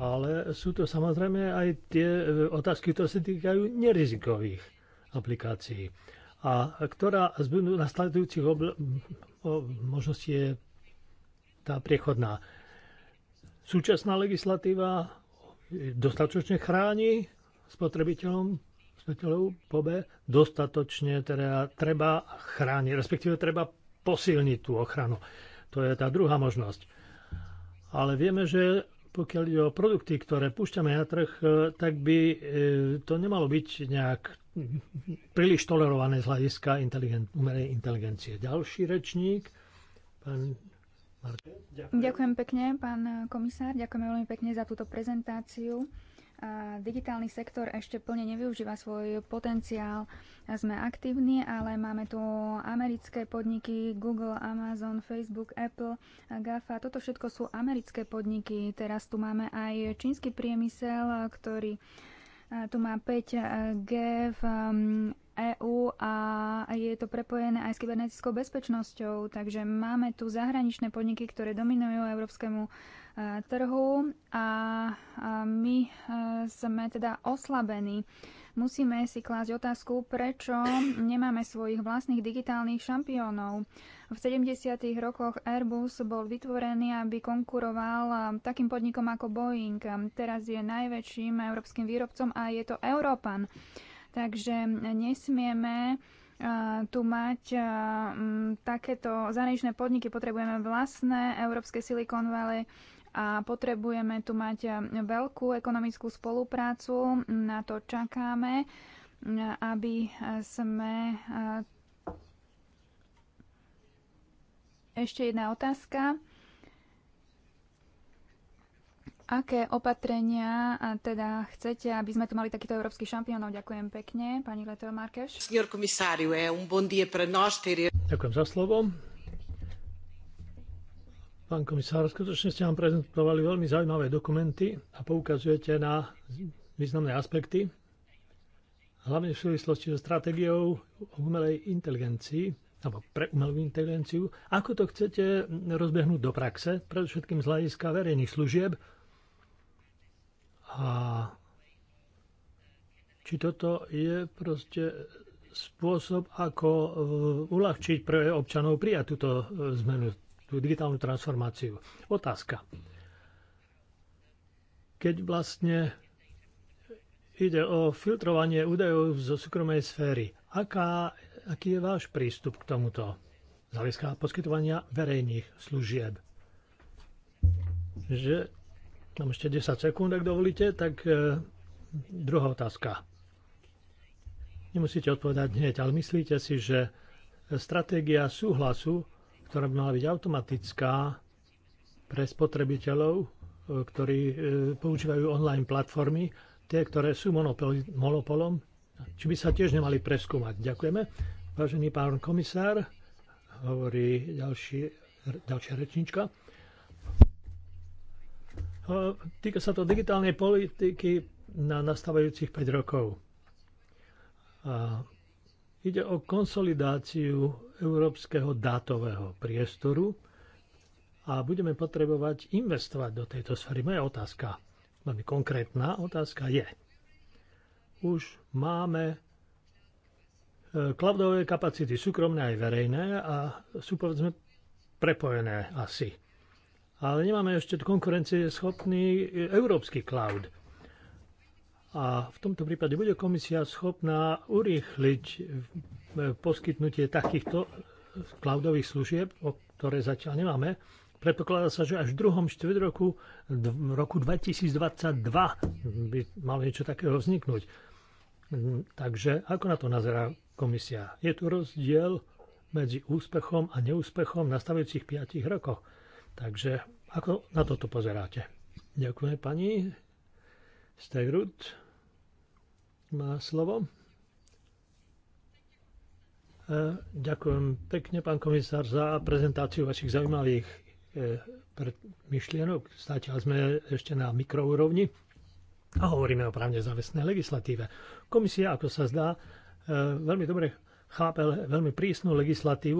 ale sú to samozrejme aj tie e, otázky, ktoré sa týkajú nerizikových aplikácií. A ktorá z nasledujúcich možností je tá priechodná. Súčasná legislatíva dostatočne chráni spotrebiteľom spotrebiteľov po B dostatočne teda treba chrániť, respektíve treba posilniť tú ochranu. To je tá druhá možnosť. Ale vieme, že pokiaľ ide o produkty, ktoré púšťame na trh, e, tak by e, to nemalo byť nejak príliš tolerované z hľadiska inteligent, umelej inteligencie. Ďalší rečník, pán Ďakujem. ďakujem pekne, pán komisár. Ďakujem veľmi pekne za túto prezentáciu a digitálny sektor ešte plne nevyužíva svoj potenciál. Sme aktívni, ale máme tu americké podniky, Google, Amazon, Facebook, Apple, GAFA. Toto všetko sú americké podniky. Teraz tu máme aj čínsky priemysel, ktorý tu má 5G v EÚ a je to prepojené aj s kybernetickou bezpečnosťou. Takže máme tu zahraničné podniky, ktoré dominujú európskemu trhu a my e, sme teda oslabení. Musíme si klásť otázku, prečo nemáme svojich vlastných digitálnych šampiónov. V 70. rokoch Airbus bol vytvorený, aby konkuroval e, takým podnikom ako Boeing. Teraz je najväčším európskym výrobcom a je to Európan. Takže nesmieme e, tu mať takéto zahraničné podniky, potrebujeme vlastné európske Silicon Valley a potrebujeme tu mať e, veľkú ekonomickú spoluprácu. Na to čakáme, e, aby e, sme. Ešte jedna otázka. Aké opatrenia teda chcete, aby sme tu mali takýto európsky šampiónov? Ďakujem pekne, pani Leto Markeš. Eh, Ďakujem za slovo. Pán komisár, skutočne ste nám prezentovali veľmi zaujímavé dokumenty a poukazujete na významné aspekty, hlavne v súvislosti so stratégiou umelej inteligencii, alebo pre umelú inteligenciu. Ako to chcete rozbehnúť do praxe, predovšetkým z hľadiska verejných služieb? A či toto je proste spôsob, ako uľahčiť pre občanov prijať túto zmenu digitálnu transformáciu. Otázka. Keď vlastne ide o filtrovanie údajov zo súkromnej sféry, aká, aký je váš prístup k tomuto z poskytovania verejných služieb? Že, mám ešte 10 sekúnd, ak dovolíte, tak e, druhá otázka. Nemusíte odpovedať hneď, ale myslíte si, že stratégia súhlasu ktorá by mala byť automatická pre spotrebiteľov, e, ktorí e, používajú online platformy, tie, ktoré sú monopolom, či by sa tiež nemali preskúmať. Ďakujeme. Vážený pán komisár, hovorí ďalší, ďalšia rečnička. Týka sa to digitálnej politiky na nastávajúcich 5 rokov. Ide o konsolidáciu európskeho dátového priestoru a budeme potrebovať investovať do tejto sféry. Moja otázka, veľmi konkrétna otázka je, už máme e, cloudové kapacity, súkromné aj verejné a sú povedzme prepojené asi. Ale nemáme ešte konkurencie schopný európsky cloud. A v tomto prípade bude komisia schopná urýchliť e, poskytnutie takýchto cloudových služieb, o ktoré zatiaľ nemáme. Predpokladá sa, že až v druhom štvrt roku, roku 2022 by malo niečo takého vzniknúť. Mm, takže ako na to nazerá komisia? Je tu rozdiel medzi úspechom a neúspechom nastavujúcich 5 rokoch. Takže ako na toto pozeráte? Ďakujem pani Stegrud má slovo. E, ďakujem pekne, pán komisár, za prezentáciu vašich zaujímavých e, myšlienok. Zatiaľ sme ešte na mikroúrovni a hovoríme o právne záväznej legislatíve. Komisia, ako sa zdá, e, veľmi dobre chápe veľmi prísnu legislatívu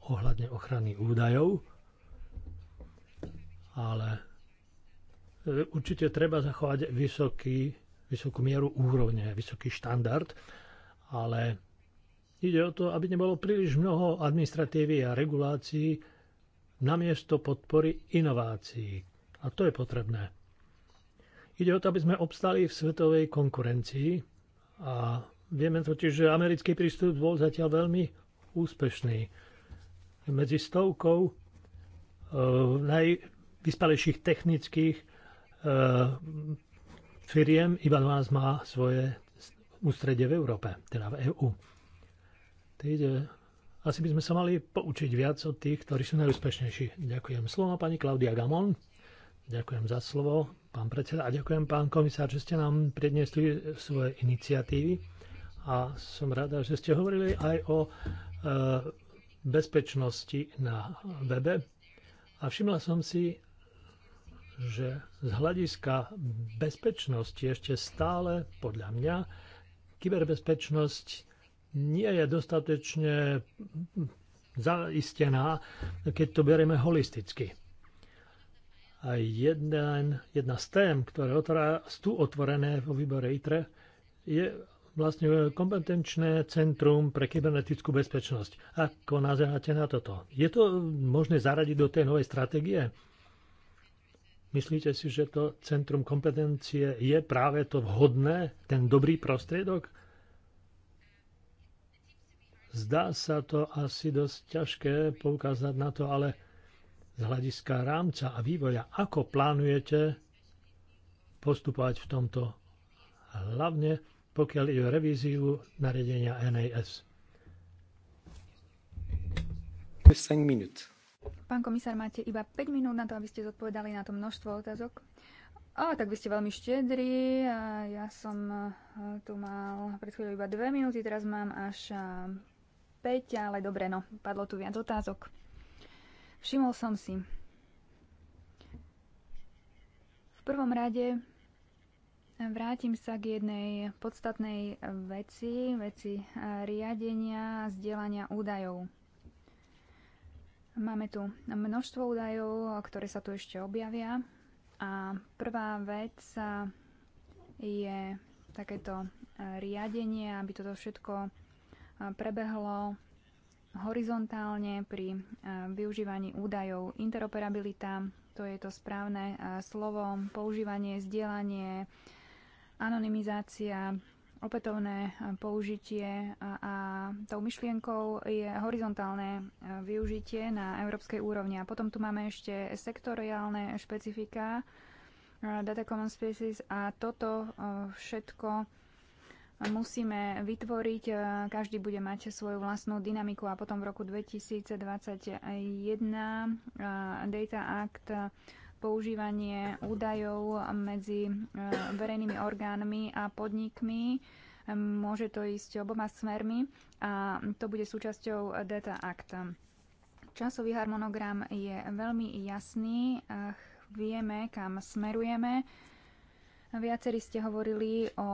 ohľadne ochrany údajov, ale určite treba zachovať vysoký vysokú mieru úrovne, vysoký štandard, ale ide o to, aby nebolo príliš mnoho administratívy a regulácií namiesto podpory inovácií. A to je potrebné. Ide o to, aby sme obstali v svetovej konkurencii a vieme totiž, že americký prístup bol zatiaľ veľmi úspešný. Medzi stovkou e, najvyspalejších technických e, firiem, iba 12 má svoje ústredie v Európe, teda v EÚ. asi by sme sa mali poučiť viac od tých, ktorí sú najúspešnejší. Ďakujem slovo pani Klaudia Gamon. Ďakujem za slovo, pán predseda, a ďakujem, pán komisár, že ste nám predniesli svoje iniciatívy. A som rada, že ste hovorili aj o e, bezpečnosti na webe. A všimla som si že z hľadiska bezpečnosti ešte stále, podľa mňa, kyberbezpečnosť nie je dostatečne zaistená, keď to berieme holisticky. A jeden, jedna z tém, ktoré otvára, sú otvorené vo výbore ITRE, je vlastne kompetenčné centrum pre kybernetickú bezpečnosť. Ako nazeráte na toto? Je to možné zaradiť do tej novej stratégie? Myslíte si, že to centrum kompetencie je práve to vhodné, ten dobrý prostriedok? Zdá sa to asi dosť ťažké poukázať na to, ale z hľadiska rámca a vývoja, ako plánujete postupovať v tomto, hlavne pokiaľ ide o revíziu nariadenia NAS. 5 minút. Pán komisár, máte iba 5 minút na to, aby ste zodpovedali na to množstvo otázok. A tak vy ste veľmi štedri. Ja som e, tu mal pred chvíľou iba 2 minúty, teraz mám až 5, e, ale dobre, no, padlo tu viac otázok. Všimol som si. V prvom rade Vrátim sa k jednej podstatnej veci, veci e, riadenia a zdieľania údajov. Máme tu množstvo údajov, ktoré sa tu ešte objavia. A prvá vec je takéto e, riadenie, aby toto všetko e, prebehlo horizontálne pri e, využívaní údajov. Interoperabilita, to je to správne slovo, používanie, zdieľanie, anonymizácia, opätovné eh, použitie a, a tou myšlienkou je horizontálne eh, využitie na európskej úrovni. A potom tu máme ešte sektoriálne špecifika eh, Data Common Spaces a toto všetko musíme vytvoriť. Každý bude mať svoju vlastnú dynamiku a potom v roku 2021 Data Act používanie údajov medzi e, verejnými orgánmi a podnikmi. Môže to ísť oboma smermi a to bude súčasťou Data Act. Časový harmonogram je veľmi jasný. Vieme, kam smerujeme. Viacerí ste hovorili o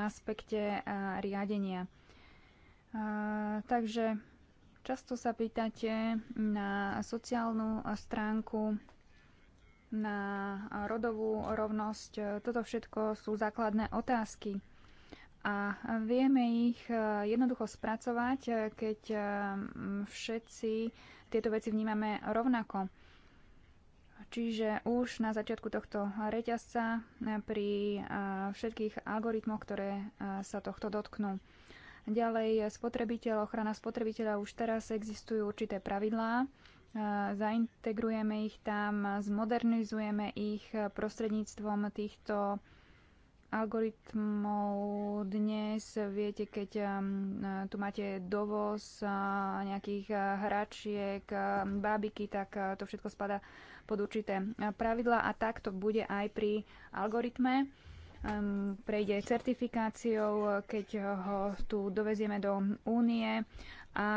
aspekte e, riadenia. E, takže často sa pýtate na sociálnu stránku na rodovú rovnosť. Toto všetko sú základné otázky. A vieme ich e, jednoducho spracovať, e, keď e, všetci tieto veci vnímame rovnako. Čiže už na začiatku tohto reťazca pri všetkých algoritmoch, ktoré sa tohto dotknú. Ďalej spotrebiteľ, ochrana spotrebiteľa, už teraz existujú určité pravidlá, zaintegrujeme ich tam, zmodernizujeme ich prostredníctvom týchto algoritmov dnes, viete, keď um, tu máte dovoz nejakých hračiek, bábiky, tak to všetko spada pod určité pravidla a tak to bude aj pri algoritme prejde certifikáciou, keď ho tu dovezieme do únie a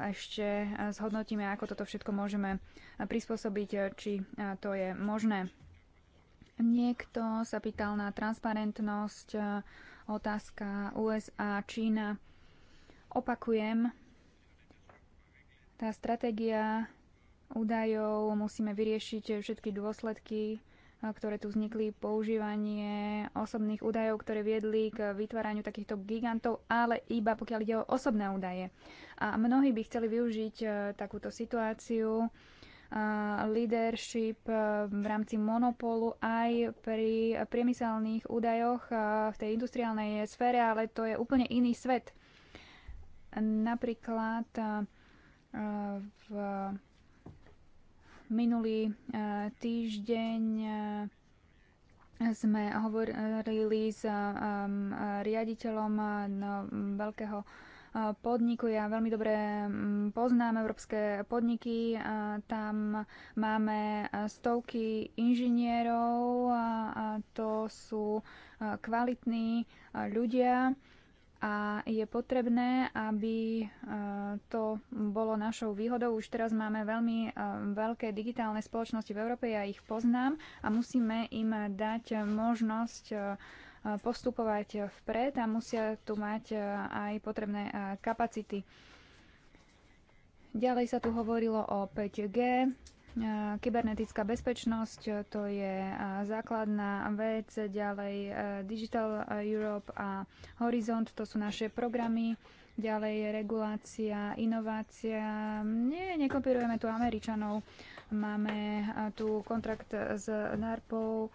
ešte zhodnotíme, ako toto všetko môžeme prispôsobiť, či eh, to je možné. Niekto sa pýtal na transparentnosť, eh, otázka USA, Čína. Opakujem, tá stratégia údajov musíme vyriešiť všetky dôsledky ktoré tu vznikli, používanie osobných údajov, ktoré viedli k vytváraniu takýchto gigantov, ale iba pokiaľ ide o osobné údaje. A mnohí by chceli využiť e, takúto situáciu, e, leadership e, v rámci monopolu aj pri priemyselných údajoch v tej industriálnej sfére, ale to je úplne iný svet. Napríklad v Minulý e, týždeň e, sme hovorili s e, riaditeľom no, veľkého podniku. Ja veľmi dobre mm, poznám európske podniky. Tam máme stovky inžinierov a to sú kvalitní ľudia a je potrebné, aby e, to bolo našou výhodou. Už teraz máme veľmi e, veľké digitálne spoločnosti v Európe, ja ich poznám a musíme im dať možnosť e, postupovať vpred a musia tu mať aj potrebné kapacity. Ďalej sa tu hovorilo o 5G, Kybernetická bezpečnosť, to je základná vec, ďalej Digital Europe a Horizont, to sú naše programy, ďalej regulácia, inovácia. Nie, nekopírujeme tu Američanov, máme tu kontrakt s NARPou,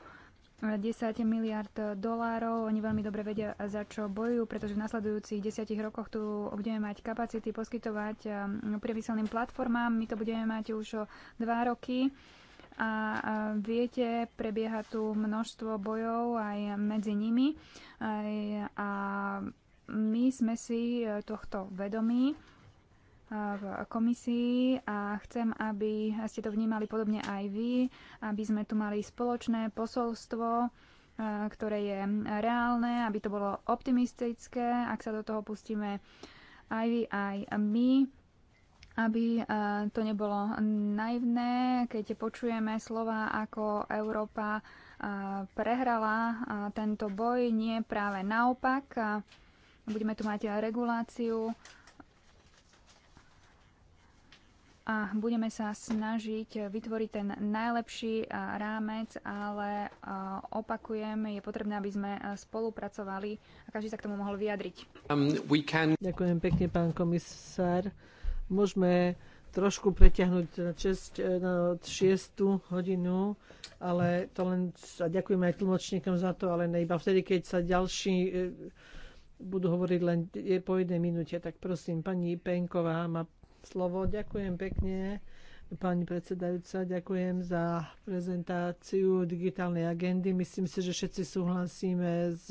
10 miliard dolárov. Oni veľmi dobre vedia, za čo bojujú, pretože v nasledujúcich 10 rokoch tu budeme mať kapacity poskytovať um, priemyselným platformám. My to budeme mať už o 2 roky. A viete, prebieha tu množstvo bojov aj medzi nimi. A my sme si eh, tohto vedomí v komisii a chcem, aby ste to vnímali podobne aj vy, aby sme tu mali spoločné posolstvo, ktoré je reálne, aby to bolo optimistické, ak sa do toho pustíme aj vy, aj my aby to nebolo naivné, keď počujeme slova ako Európa prehrala tento boj, nie práve naopak. Budeme tu mať reguláciu, a budeme sa snažiť vytvoriť ten najlepší rámec, ale opakujem, je potrebné, aby sme spolupracovali a každý sa k tomu mohol vyjadriť. Um, can... Ďakujem pekne, pán komisár. Môžeme trošku preťahnuť na, 6, e, na 6 hodinu, ale to len a ďakujem aj tlmočníkom za to, ale iba vtedy, keď sa ďalší e, budú hovoriť len po jednej minúte, tak prosím, pani Penková má slovo. Ďakujem pekne, pani predsedajúca. Ďakujem za prezentáciu digitálnej agendy. Myslím si, že všetci súhlasíme s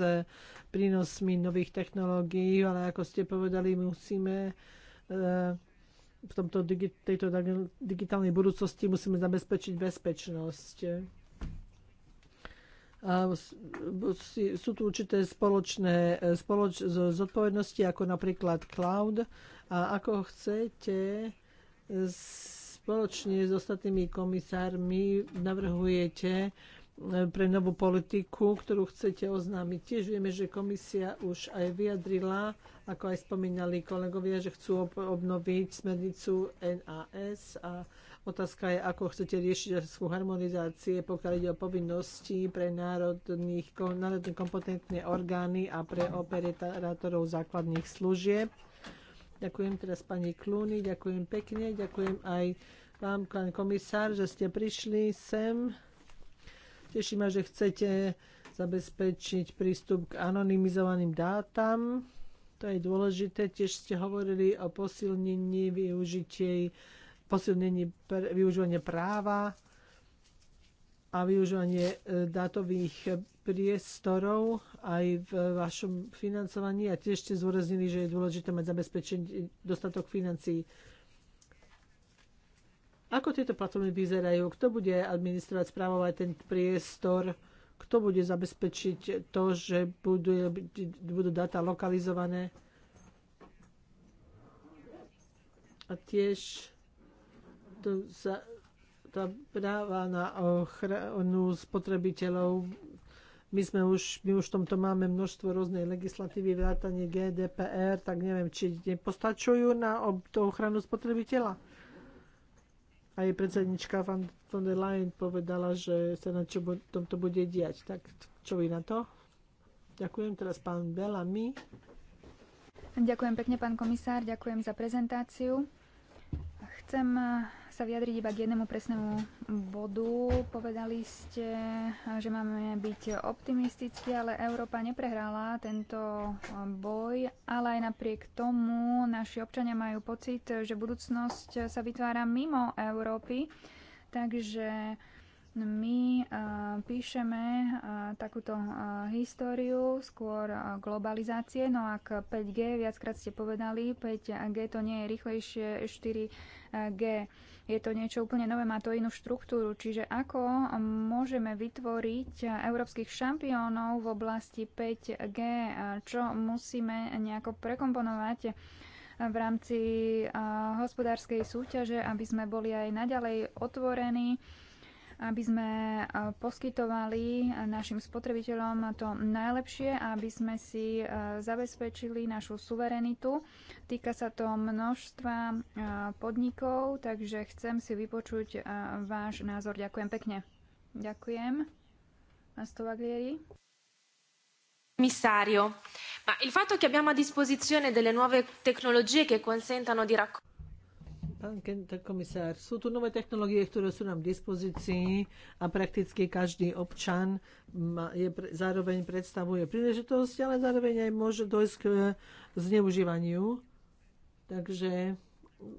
prínosmi nových technológií, ale ako ste povedali, musíme e, v tomto digi- tejto digitálnej budúcnosti musíme zabezpečiť bezpečnosť. A sú tu určité spoločné e, spoloč, zodpovednosti, ako napríklad cloud, a ako chcete spoločne s ostatnými komisármi navrhujete e, pre novú politiku, ktorú chcete oznámiť. Tiež vieme, že komisia už aj vyjadrila, ako aj spomínali kolegovia, že chcú obnoviť smernicu NAS a otázka je, ako chcete riešiť otázku harmonizácie, pokiaľ ide o povinnosti pre národných, národné kompetentné orgány a pre operátorov základných služieb Ďakujem teraz pani Klúny, ďakujem pekne, ďakujem aj vám, pán komisár, že ste prišli sem. Teší ma, že chcete zabezpečiť prístup k anonymizovaným dátam. To je dôležité. Tiež ste hovorili o posilnení posilnení posilnení využívania práva a využívanie e, dátových priestorov aj v vašom financovaní a tiež ste zúraznili, že je dôležité mať zabezpečený dostatok financií. Ako tieto platformy vyzerajú? Kto bude administrovať, správovať ten priestor? Kto bude zabezpečiť to, že budú, budú data lokalizované? A tiež to za? práva na ochranu spotrebiteľov. My, sme už, my už v tomto máme množstvo rôznej legislatívy, vrátanie GDPR, tak neviem, či nepostačujú na to ochranu spotrebiteľa. A jej predsednička van von der Leyen povedala, že sa na čo tomto bude diať. Tak čo vy na to? Ďakujem teraz pán my. Ďakujem pekne, pán komisár, ďakujem za prezentáciu. Chcem sa vyjadriť iba k jednému presnému bodu. Povedali ste, že máme byť optimistickí, ale Európa neprehrala tento boj, ale aj napriek tomu naši občania majú pocit, že budúcnosť sa vytvára mimo Európy. Takže my eh, píšeme eh, takúto eh, históriu skôr globalizácie, no ak 5G, viackrát ste povedali, 5G to nie je rýchlejšie, 4G je to niečo úplne nové, má to inú štruktúru. Čiže ako môžeme vytvoriť európskych šampiónov v oblasti 5G, čo musíme nejako prekomponovať v rámci hospodárskej súťaže, aby sme boli aj naďalej otvorení aby sme eh, poskytovali našim spotrebiteľom to najlepšie, aby sme si eh, zabezpečili našu suverenitu. Týka sa to množstva eh, podnikov, takže chcem si vypočuť váš názor. Ďakujem pekne. Ďakujem. Astovaglieri. Commissario, ma il fatto che abbiamo a disposizione delle nuove tecnologie che consentano di raccogliere Pán komisár, sú tu nové technológie, ktoré sú nám k dispozícii a prakticky každý občan je, zároveň predstavuje príležitosť, ale zároveň aj môže dojsť k eh, zneužívaniu. Takže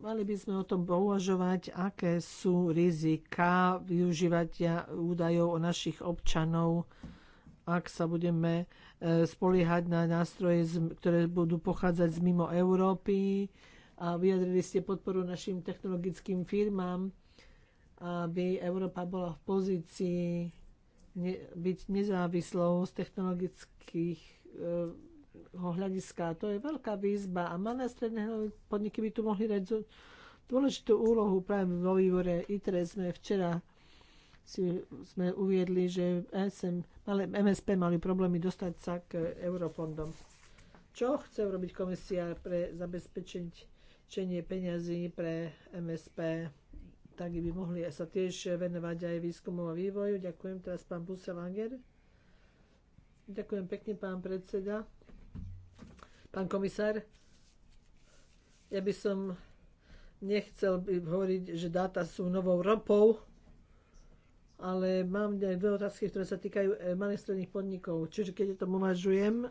mali by sme o tom pouvažovať, aké sú rizika využívať údajov o našich občanov, ak sa budeme eh, spoliehať na nástroje, ktoré budú pochádzať z mimo Európy a vyjadrili ste podporu našim technologickým firmám, aby Európa bola v pozícii ne, byť nezávislou z technologických e, hľadiska. To je veľká výzva a malé stredné podniky by tu mohli dať dôležitú úlohu práve vo vývore ITRE. Sme včera si sme uviedli, že SM, malé, MSP mali problémy dostať sa k eurofondom. Čo chce robiť komisia pre zabezpečenie čenie peňazí pre MSP, tak by mohli sa tiež venovať aj výskumu a vývoju. Ďakujem teraz pán Buselanger. Ďakujem pekne pán predseda. Pán komisár, ja by som nechcel by hovoriť, že dáta sú novou ropou, ale mám aj dve otázky, ktoré sa týkajú malých stredných podnikov. Čiže keď to považujem,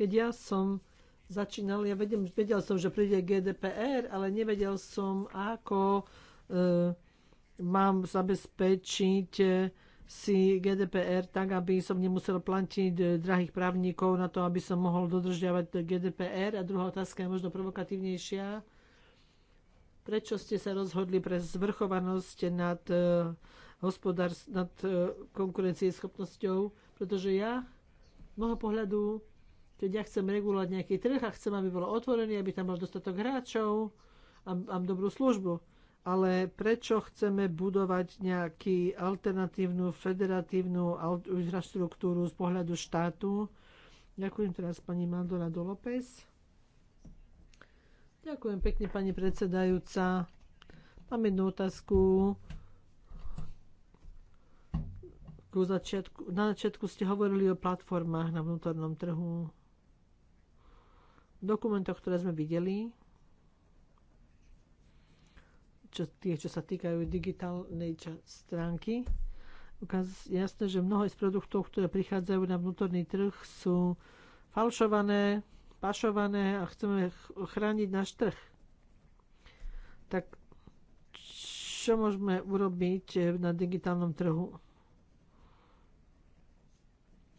Keď ja som začínal, ja vedel, vedel som, že príde GDPR, ale nevedel som, ako e, mám zabezpečiť e, si GDPR tak, aby som nemusel platiť e, drahých právnikov na to, aby som mohol dodržiavať GDPR. A druhá otázka je možno provokatívnejšia. Prečo ste sa rozhodli pre zvrchovanosť nad, eh, nad e, konkurencieschopnosťou? Pretože ja, z môjho pohľadu, keď ja chcem regulovať nejaký trh a chcem, aby bolo otvorený, aby tam bol dostatok hráčov a mám dobrú službu. Ale prečo chceme budovať nejakú alternatívnu, federatívnu infraštruktúru z pohľadu štátu? Ďakujem teraz pani Maldonado López. Ďakujem pekne, pani predsedajúca. Mám jednu otázku. Ku začiatku, na začiatku ste hovorili o platformách na vnútornom trhu dokumentoch, ktoré sme videli, čo, tie, čo sa týkajú digitálnej stránky, ukaz, jasné, že mnoho z produktov, ktoré prichádzajú na vnútorný trh, sú falšované, pašované a chceme chrániť náš trh. Tak čo môžeme urobiť eh, na digitálnom trhu?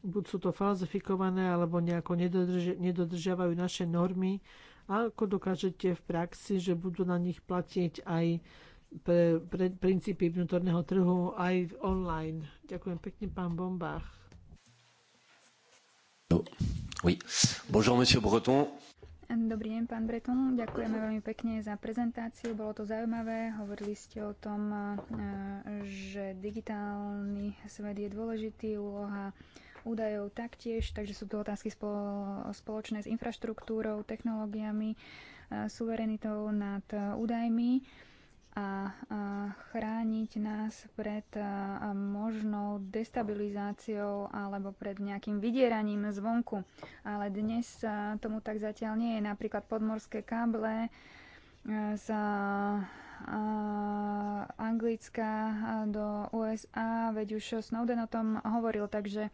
buď sú to falzifikované, alebo nejako nedodržiavajú naše normy. A ako dokážete v praxi, že budú na nich platiť aj pre, pre princípy vnútorného trhu aj online. Ďakujem pekne, pán Bombách. No, oui. Bonjour, monsieur Breton. Dobrý deň, pán Breton. Ďakujeme veľmi pekne za prezentáciu. Bolo to zaujímavé. Hovorili ste o tom, eh, že digitálny svet je dôležitý. Úloha údajov taktiež, takže sú tu otázky spoločné s infraštruktúrou, technológiami, suverenitou nad údajmi a chrániť nás pred možnou destabilizáciou alebo pred nejakým vydieraním zvonku. Ale dnes tomu tak zatiaľ nie je. Napríklad podmorské káble z Anglicka do USA, veď už Snowden o tom hovoril, takže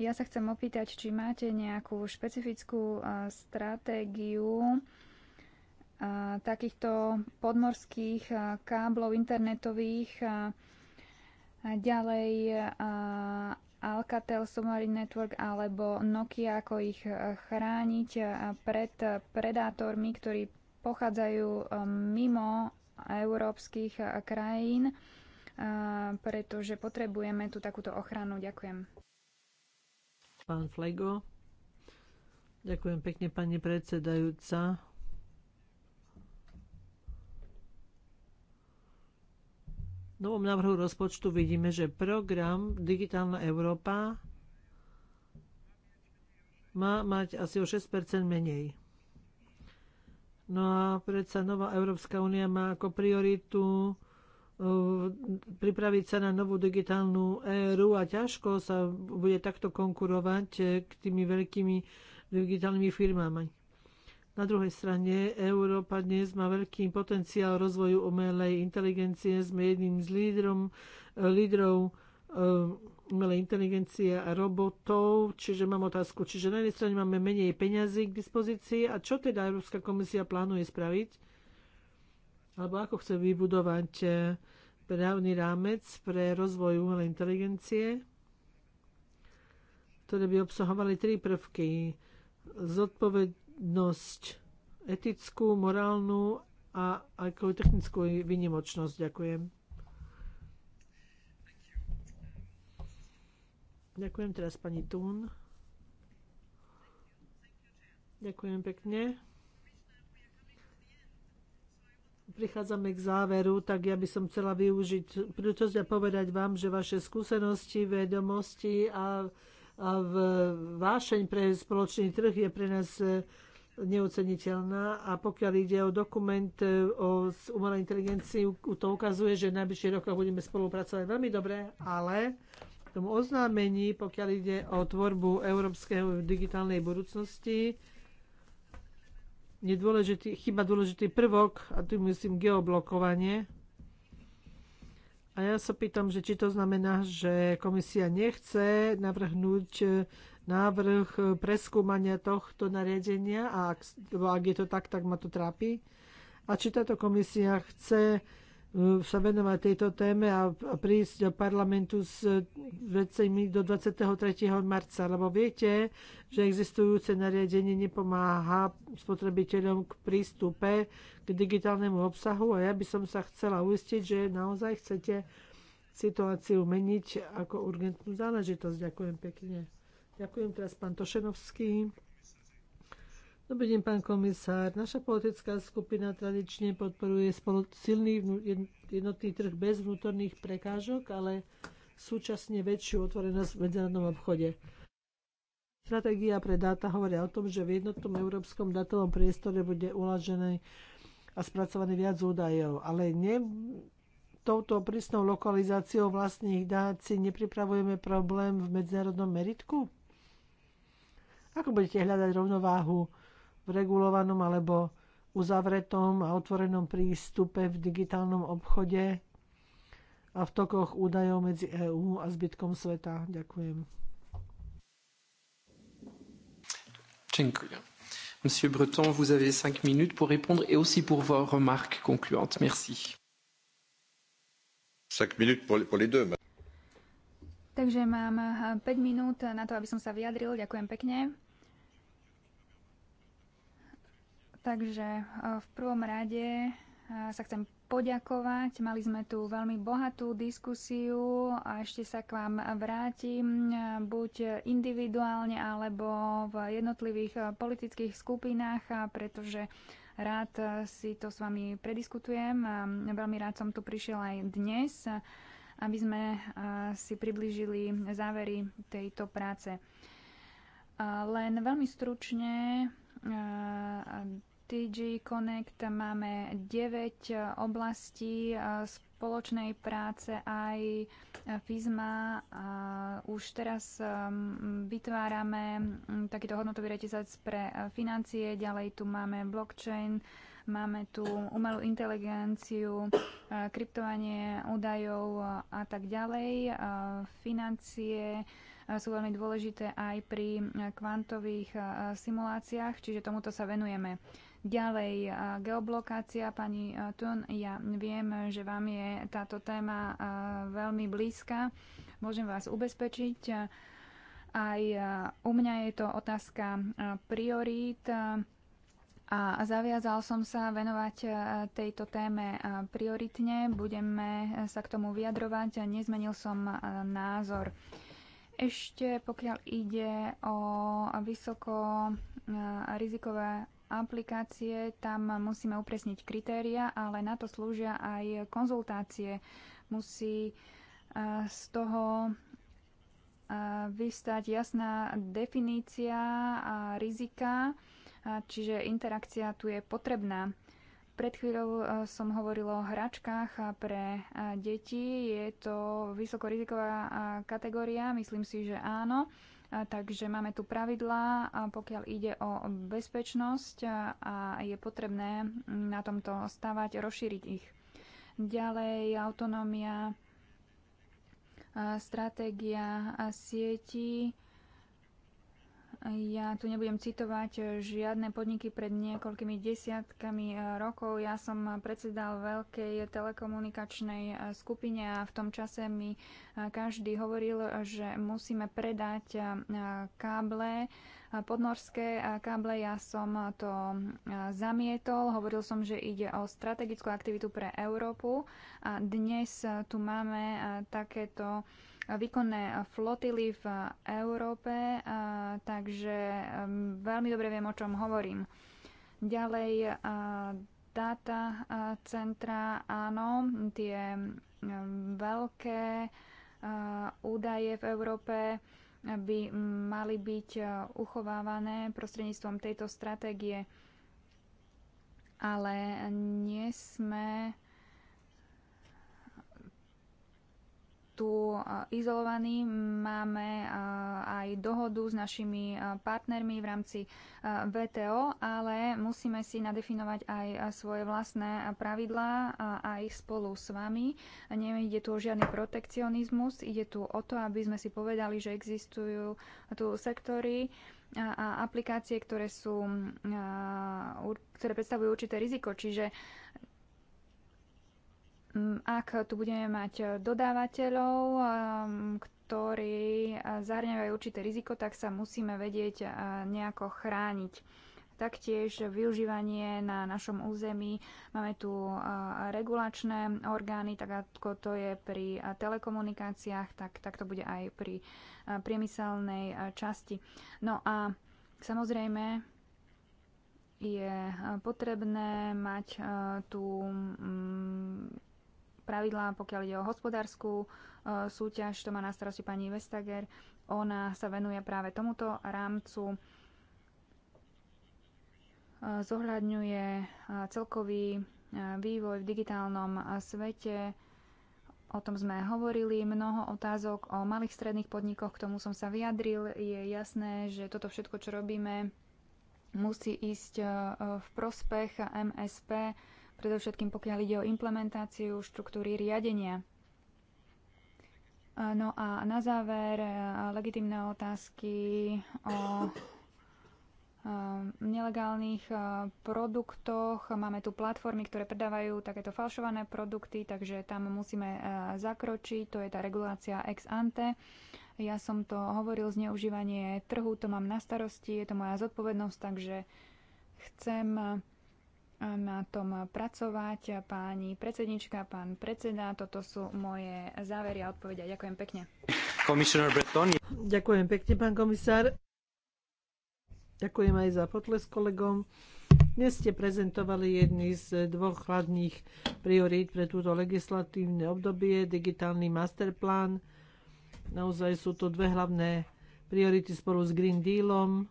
ja sa chcem opýtať, či máte nejakú špecifickú e, stratégiu e, takýchto podmorských e, káblov internetových ďalej Alcatel Submarine Network alebo Nokia, ako ich chrániť pred predátormi, ktorí pochádzajú mimo európskych krajín, pretože potrebujeme tu takúto ochranu. Ďakujem pán Flego. Ďakujem pekne, pani predsedajúca. V novom návrhu rozpočtu vidíme, že program Digitálna Európa má mať asi o 6 menej. No a predsa Nová Európska únia má ako prioritu E, pripraviť sa na novú digitálnu éru a ťažko sa bude takto konkurovať e, k tými veľkými digitálnymi firmami. Na druhej strane Európa dnes má veľký potenciál rozvoju umelej inteligencie. Sme jedným z lídrom, e, lídrov umelej inteligencie a robotov, čiže mám otázku, čiže na jednej strane máme menej peňazí k dispozícii a čo teda Európska komisia plánuje spraviť? alebo ako chce vybudovať eh, právny rámec pre rozvoj umelej inteligencie, ktoré by obsahovali tri prvky. Zodpovednosť etickú, morálnu a ako technickú vynimočnosť. Ďakujem. Ďakujem teraz pani Tún. Ďakujem pekne. prichádzame k záveru, tak ja by som chcela využiť príležitosť a povedať vám, že vaše skúsenosti, vedomosti a, a v vášeň pre spoločný trh je pre nás e, neoceniteľná a pokiaľ ide o dokument e, o umelej inteligencii, to ukazuje, že v najbližších rokoch budeme spolupracovať veľmi dobre, ale v tom oznámení, pokiaľ ide o tvorbu európskeho digitálnej budúcnosti, je dôležitý, chyba dôležitý prvok, a tu myslím geoblokovanie. A ja sa pýtam, že či to znamená, že komisia nechce navrhnúť e, návrh e, preskúmania tohto nariadenia a ak, ak je to tak, tak ma to trápi. A či táto komisia chce sa venovať tejto téme a prísť do parlamentu s e, vecami do 23. marca, lebo viete, že existujúce nariadenie nepomáha spotrebiteľom k prístupe k digitálnemu obsahu a ja by som sa chcela uistiť, že naozaj chcete situáciu meniť ako urgentnú záležitosť. Ďakujem pekne. Ďakujem teraz pán Tošenovský. Dobrý deň, pán komisár. Naša politická skupina tradične podporuje spolu silný jednotný trh bez vnútorných prekážok, ale súčasne väčšiu otvorenosť v medzinárodnom obchode. Stratégia pre dáta hovoria o tom, že v jednotnom európskom datovom priestore bude uložené a spracované viac údajov, ale ne, touto prísnou lokalizáciou vlastných dát si nepripravujeme problém v medzinárodnom meritku? Ako budete hľadať rovnováhu regulovanom alebo uzavretom a otvorenom prístupe v digitálnom obchode a v tokoch údajov medzi EÚ a zbytkom sveta. Ďakujem. Ďakujem. Monsieur Breton, vous avez 5 minutes pour répondre et aussi pour vos remarques concluantes. Merci. 5 minutes pour, les, pour les deux. Takže mám 5 eh, minút na to, aby som sa vyjadril. Ďakujem pekne. Takže e, v prvom rade e, sa chcem poďakovať. Mali sme tu veľmi bohatú diskusiu a ešte sa k vám vrátim e, buď individuálne alebo v jednotlivých politických skupinách, pretože rád si to s vami prediskutujem. Veľmi rád som tu prišiel aj dnes, aby sme si priblížili závery tejto práce. Len veľmi stručne TG Connect máme 9 e, oblastí e, spoločnej práce aj FISMA. A už teraz e, vytvárame takýto hodnotový reťazec pre financie, ďalej tu máme blockchain, máme tu umelú inteligenciu, kryptovanie údajov a tak ďalej. Financie sú veľmi dôležité aj pri kvantových simuláciách, čiže tomuto sa venujeme. Ďalej, geoblokácia. Pani Tun, ja viem, že vám je táto téma veľmi blízka. Môžem vás ubezpečiť. Aj u mňa je to otázka priorít a zaviazal som sa venovať tejto téme prioritne. Budeme sa k tomu vyjadrovať. Nezmenil som názor. Ešte pokiaľ ide o vysoko rizikové aplikácie, tam musíme upresniť kritéria, ale na to slúžia aj konzultácie. Musí eh, z toho eh, vystať jasná definícia a rizika, čiže interakcia tu je potrebná. Pred chvíľou eh, som hovorila o hračkách pre deti. Je to vysokoriziková kategória, myslím si, že áno. Takže máme tu pravidlá, pokiaľ ide o bezpečnosť a je potrebné na tomto stavať, rozšíriť ich. Ďalej autonómia, stratégia sieti, ja tu nebudem citovať eh, žiadne podniky pred niekoľkými desiatkami eh, rokov. Ja som predsedal veľkej telekomunikačnej eh, skupine a v tom čase mi každý hovoril, že musíme predať káble, podnorské káble. Ja som to zamietol. Hovoril som, že ide o strategickú aktivitu pre Európu. A dnes tu máme takéto výkonné flotily v Európe, takže um, veľmi dobre viem, o čom hovorím. Ďalej, data centra, áno, tie um, veľké údaje v Európe by mali byť uchovávané prostredníctvom tejto stratégie, ale nie sme tu izolovaní. Máme aj dohodu s našimi partnermi v rámci VTO, ale musíme si nadefinovať aj svoje vlastné pravidlá aj spolu s vami. Nejde tu o žiadny protekcionizmus, ide tu o to, aby sme si povedali, že existujú tu sektory, a aplikácie, ktoré, sú, ktoré predstavujú určité riziko. Čiže Mm, ak tu budeme mať e, dodávateľov, e, ktorí e, zahrňajú určité riziko, tak sa musíme vedieť nejako chrániť. Taktiež využívanie na našom území. Máme tu regulačné orgány, tak ako to je pri telekomunikáciách, tak, tak to bude aj pri priemyselnej časti. No a samozrejme je potrebné mať tú pravidlá, pokiaľ ide o hospodárskú e, súťaž, to má na starosti pani Vestager. Ona sa venuje práve tomuto rámcu, e, zohľadňuje e, celkový vývoj v digitálnom svete. O tom sme hovorili, mnoho otázok o malých stredných podnikoch, k tomu som sa vyjadril. Je jasné, že toto všetko, čo robíme, musí ísť v prospech MSP predovšetkým pokiaľ ide o implementáciu štruktúry riadenia. No a na záver e, legitimné otázky o e, nelegálnych e, produktoch. Máme tu platformy, ktoré predávajú takéto falšované produkty, takže tam musíme zakročiť. To je tá regulácia ex ante. Ja som to hovoril, zneužívanie trhu, to mám na starosti, je to moja zodpovednosť, takže chcem na tom pracovať. Páni predsednička, pán predseda, toto sú moje závery a odpovede. Ďakujem pekne. Ďakujem pekne, pán komisár. Ďakujem aj za potles kolegom. Dnes ste prezentovali jedny z dvoch hlavných priorít pre túto legislatívne obdobie, digitálny masterplán. Naozaj sú to dve hlavné priority spolu s Green Dealom,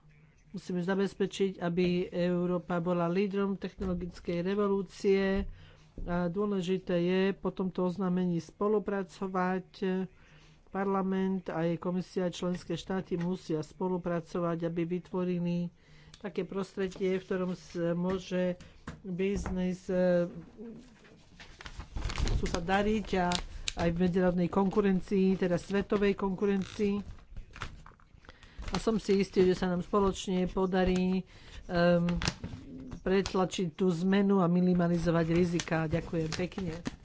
Musíme zabezpečiť, aby Európa bola lídrom technologickej revolúcie. A dôležité je po tomto oznámení spolupracovať. Parlament a jej komisia a členské štáty musia spolupracovať, aby vytvorili také prostredie, v ktorom môže biznis e, sa dariť a aj v medzinárodnej konkurencii, teda svetovej konkurencii. A som si istý, že sa nám spoločne podarí um, pretlačiť tú zmenu a minimalizovať rizika. Ďakujem pekne.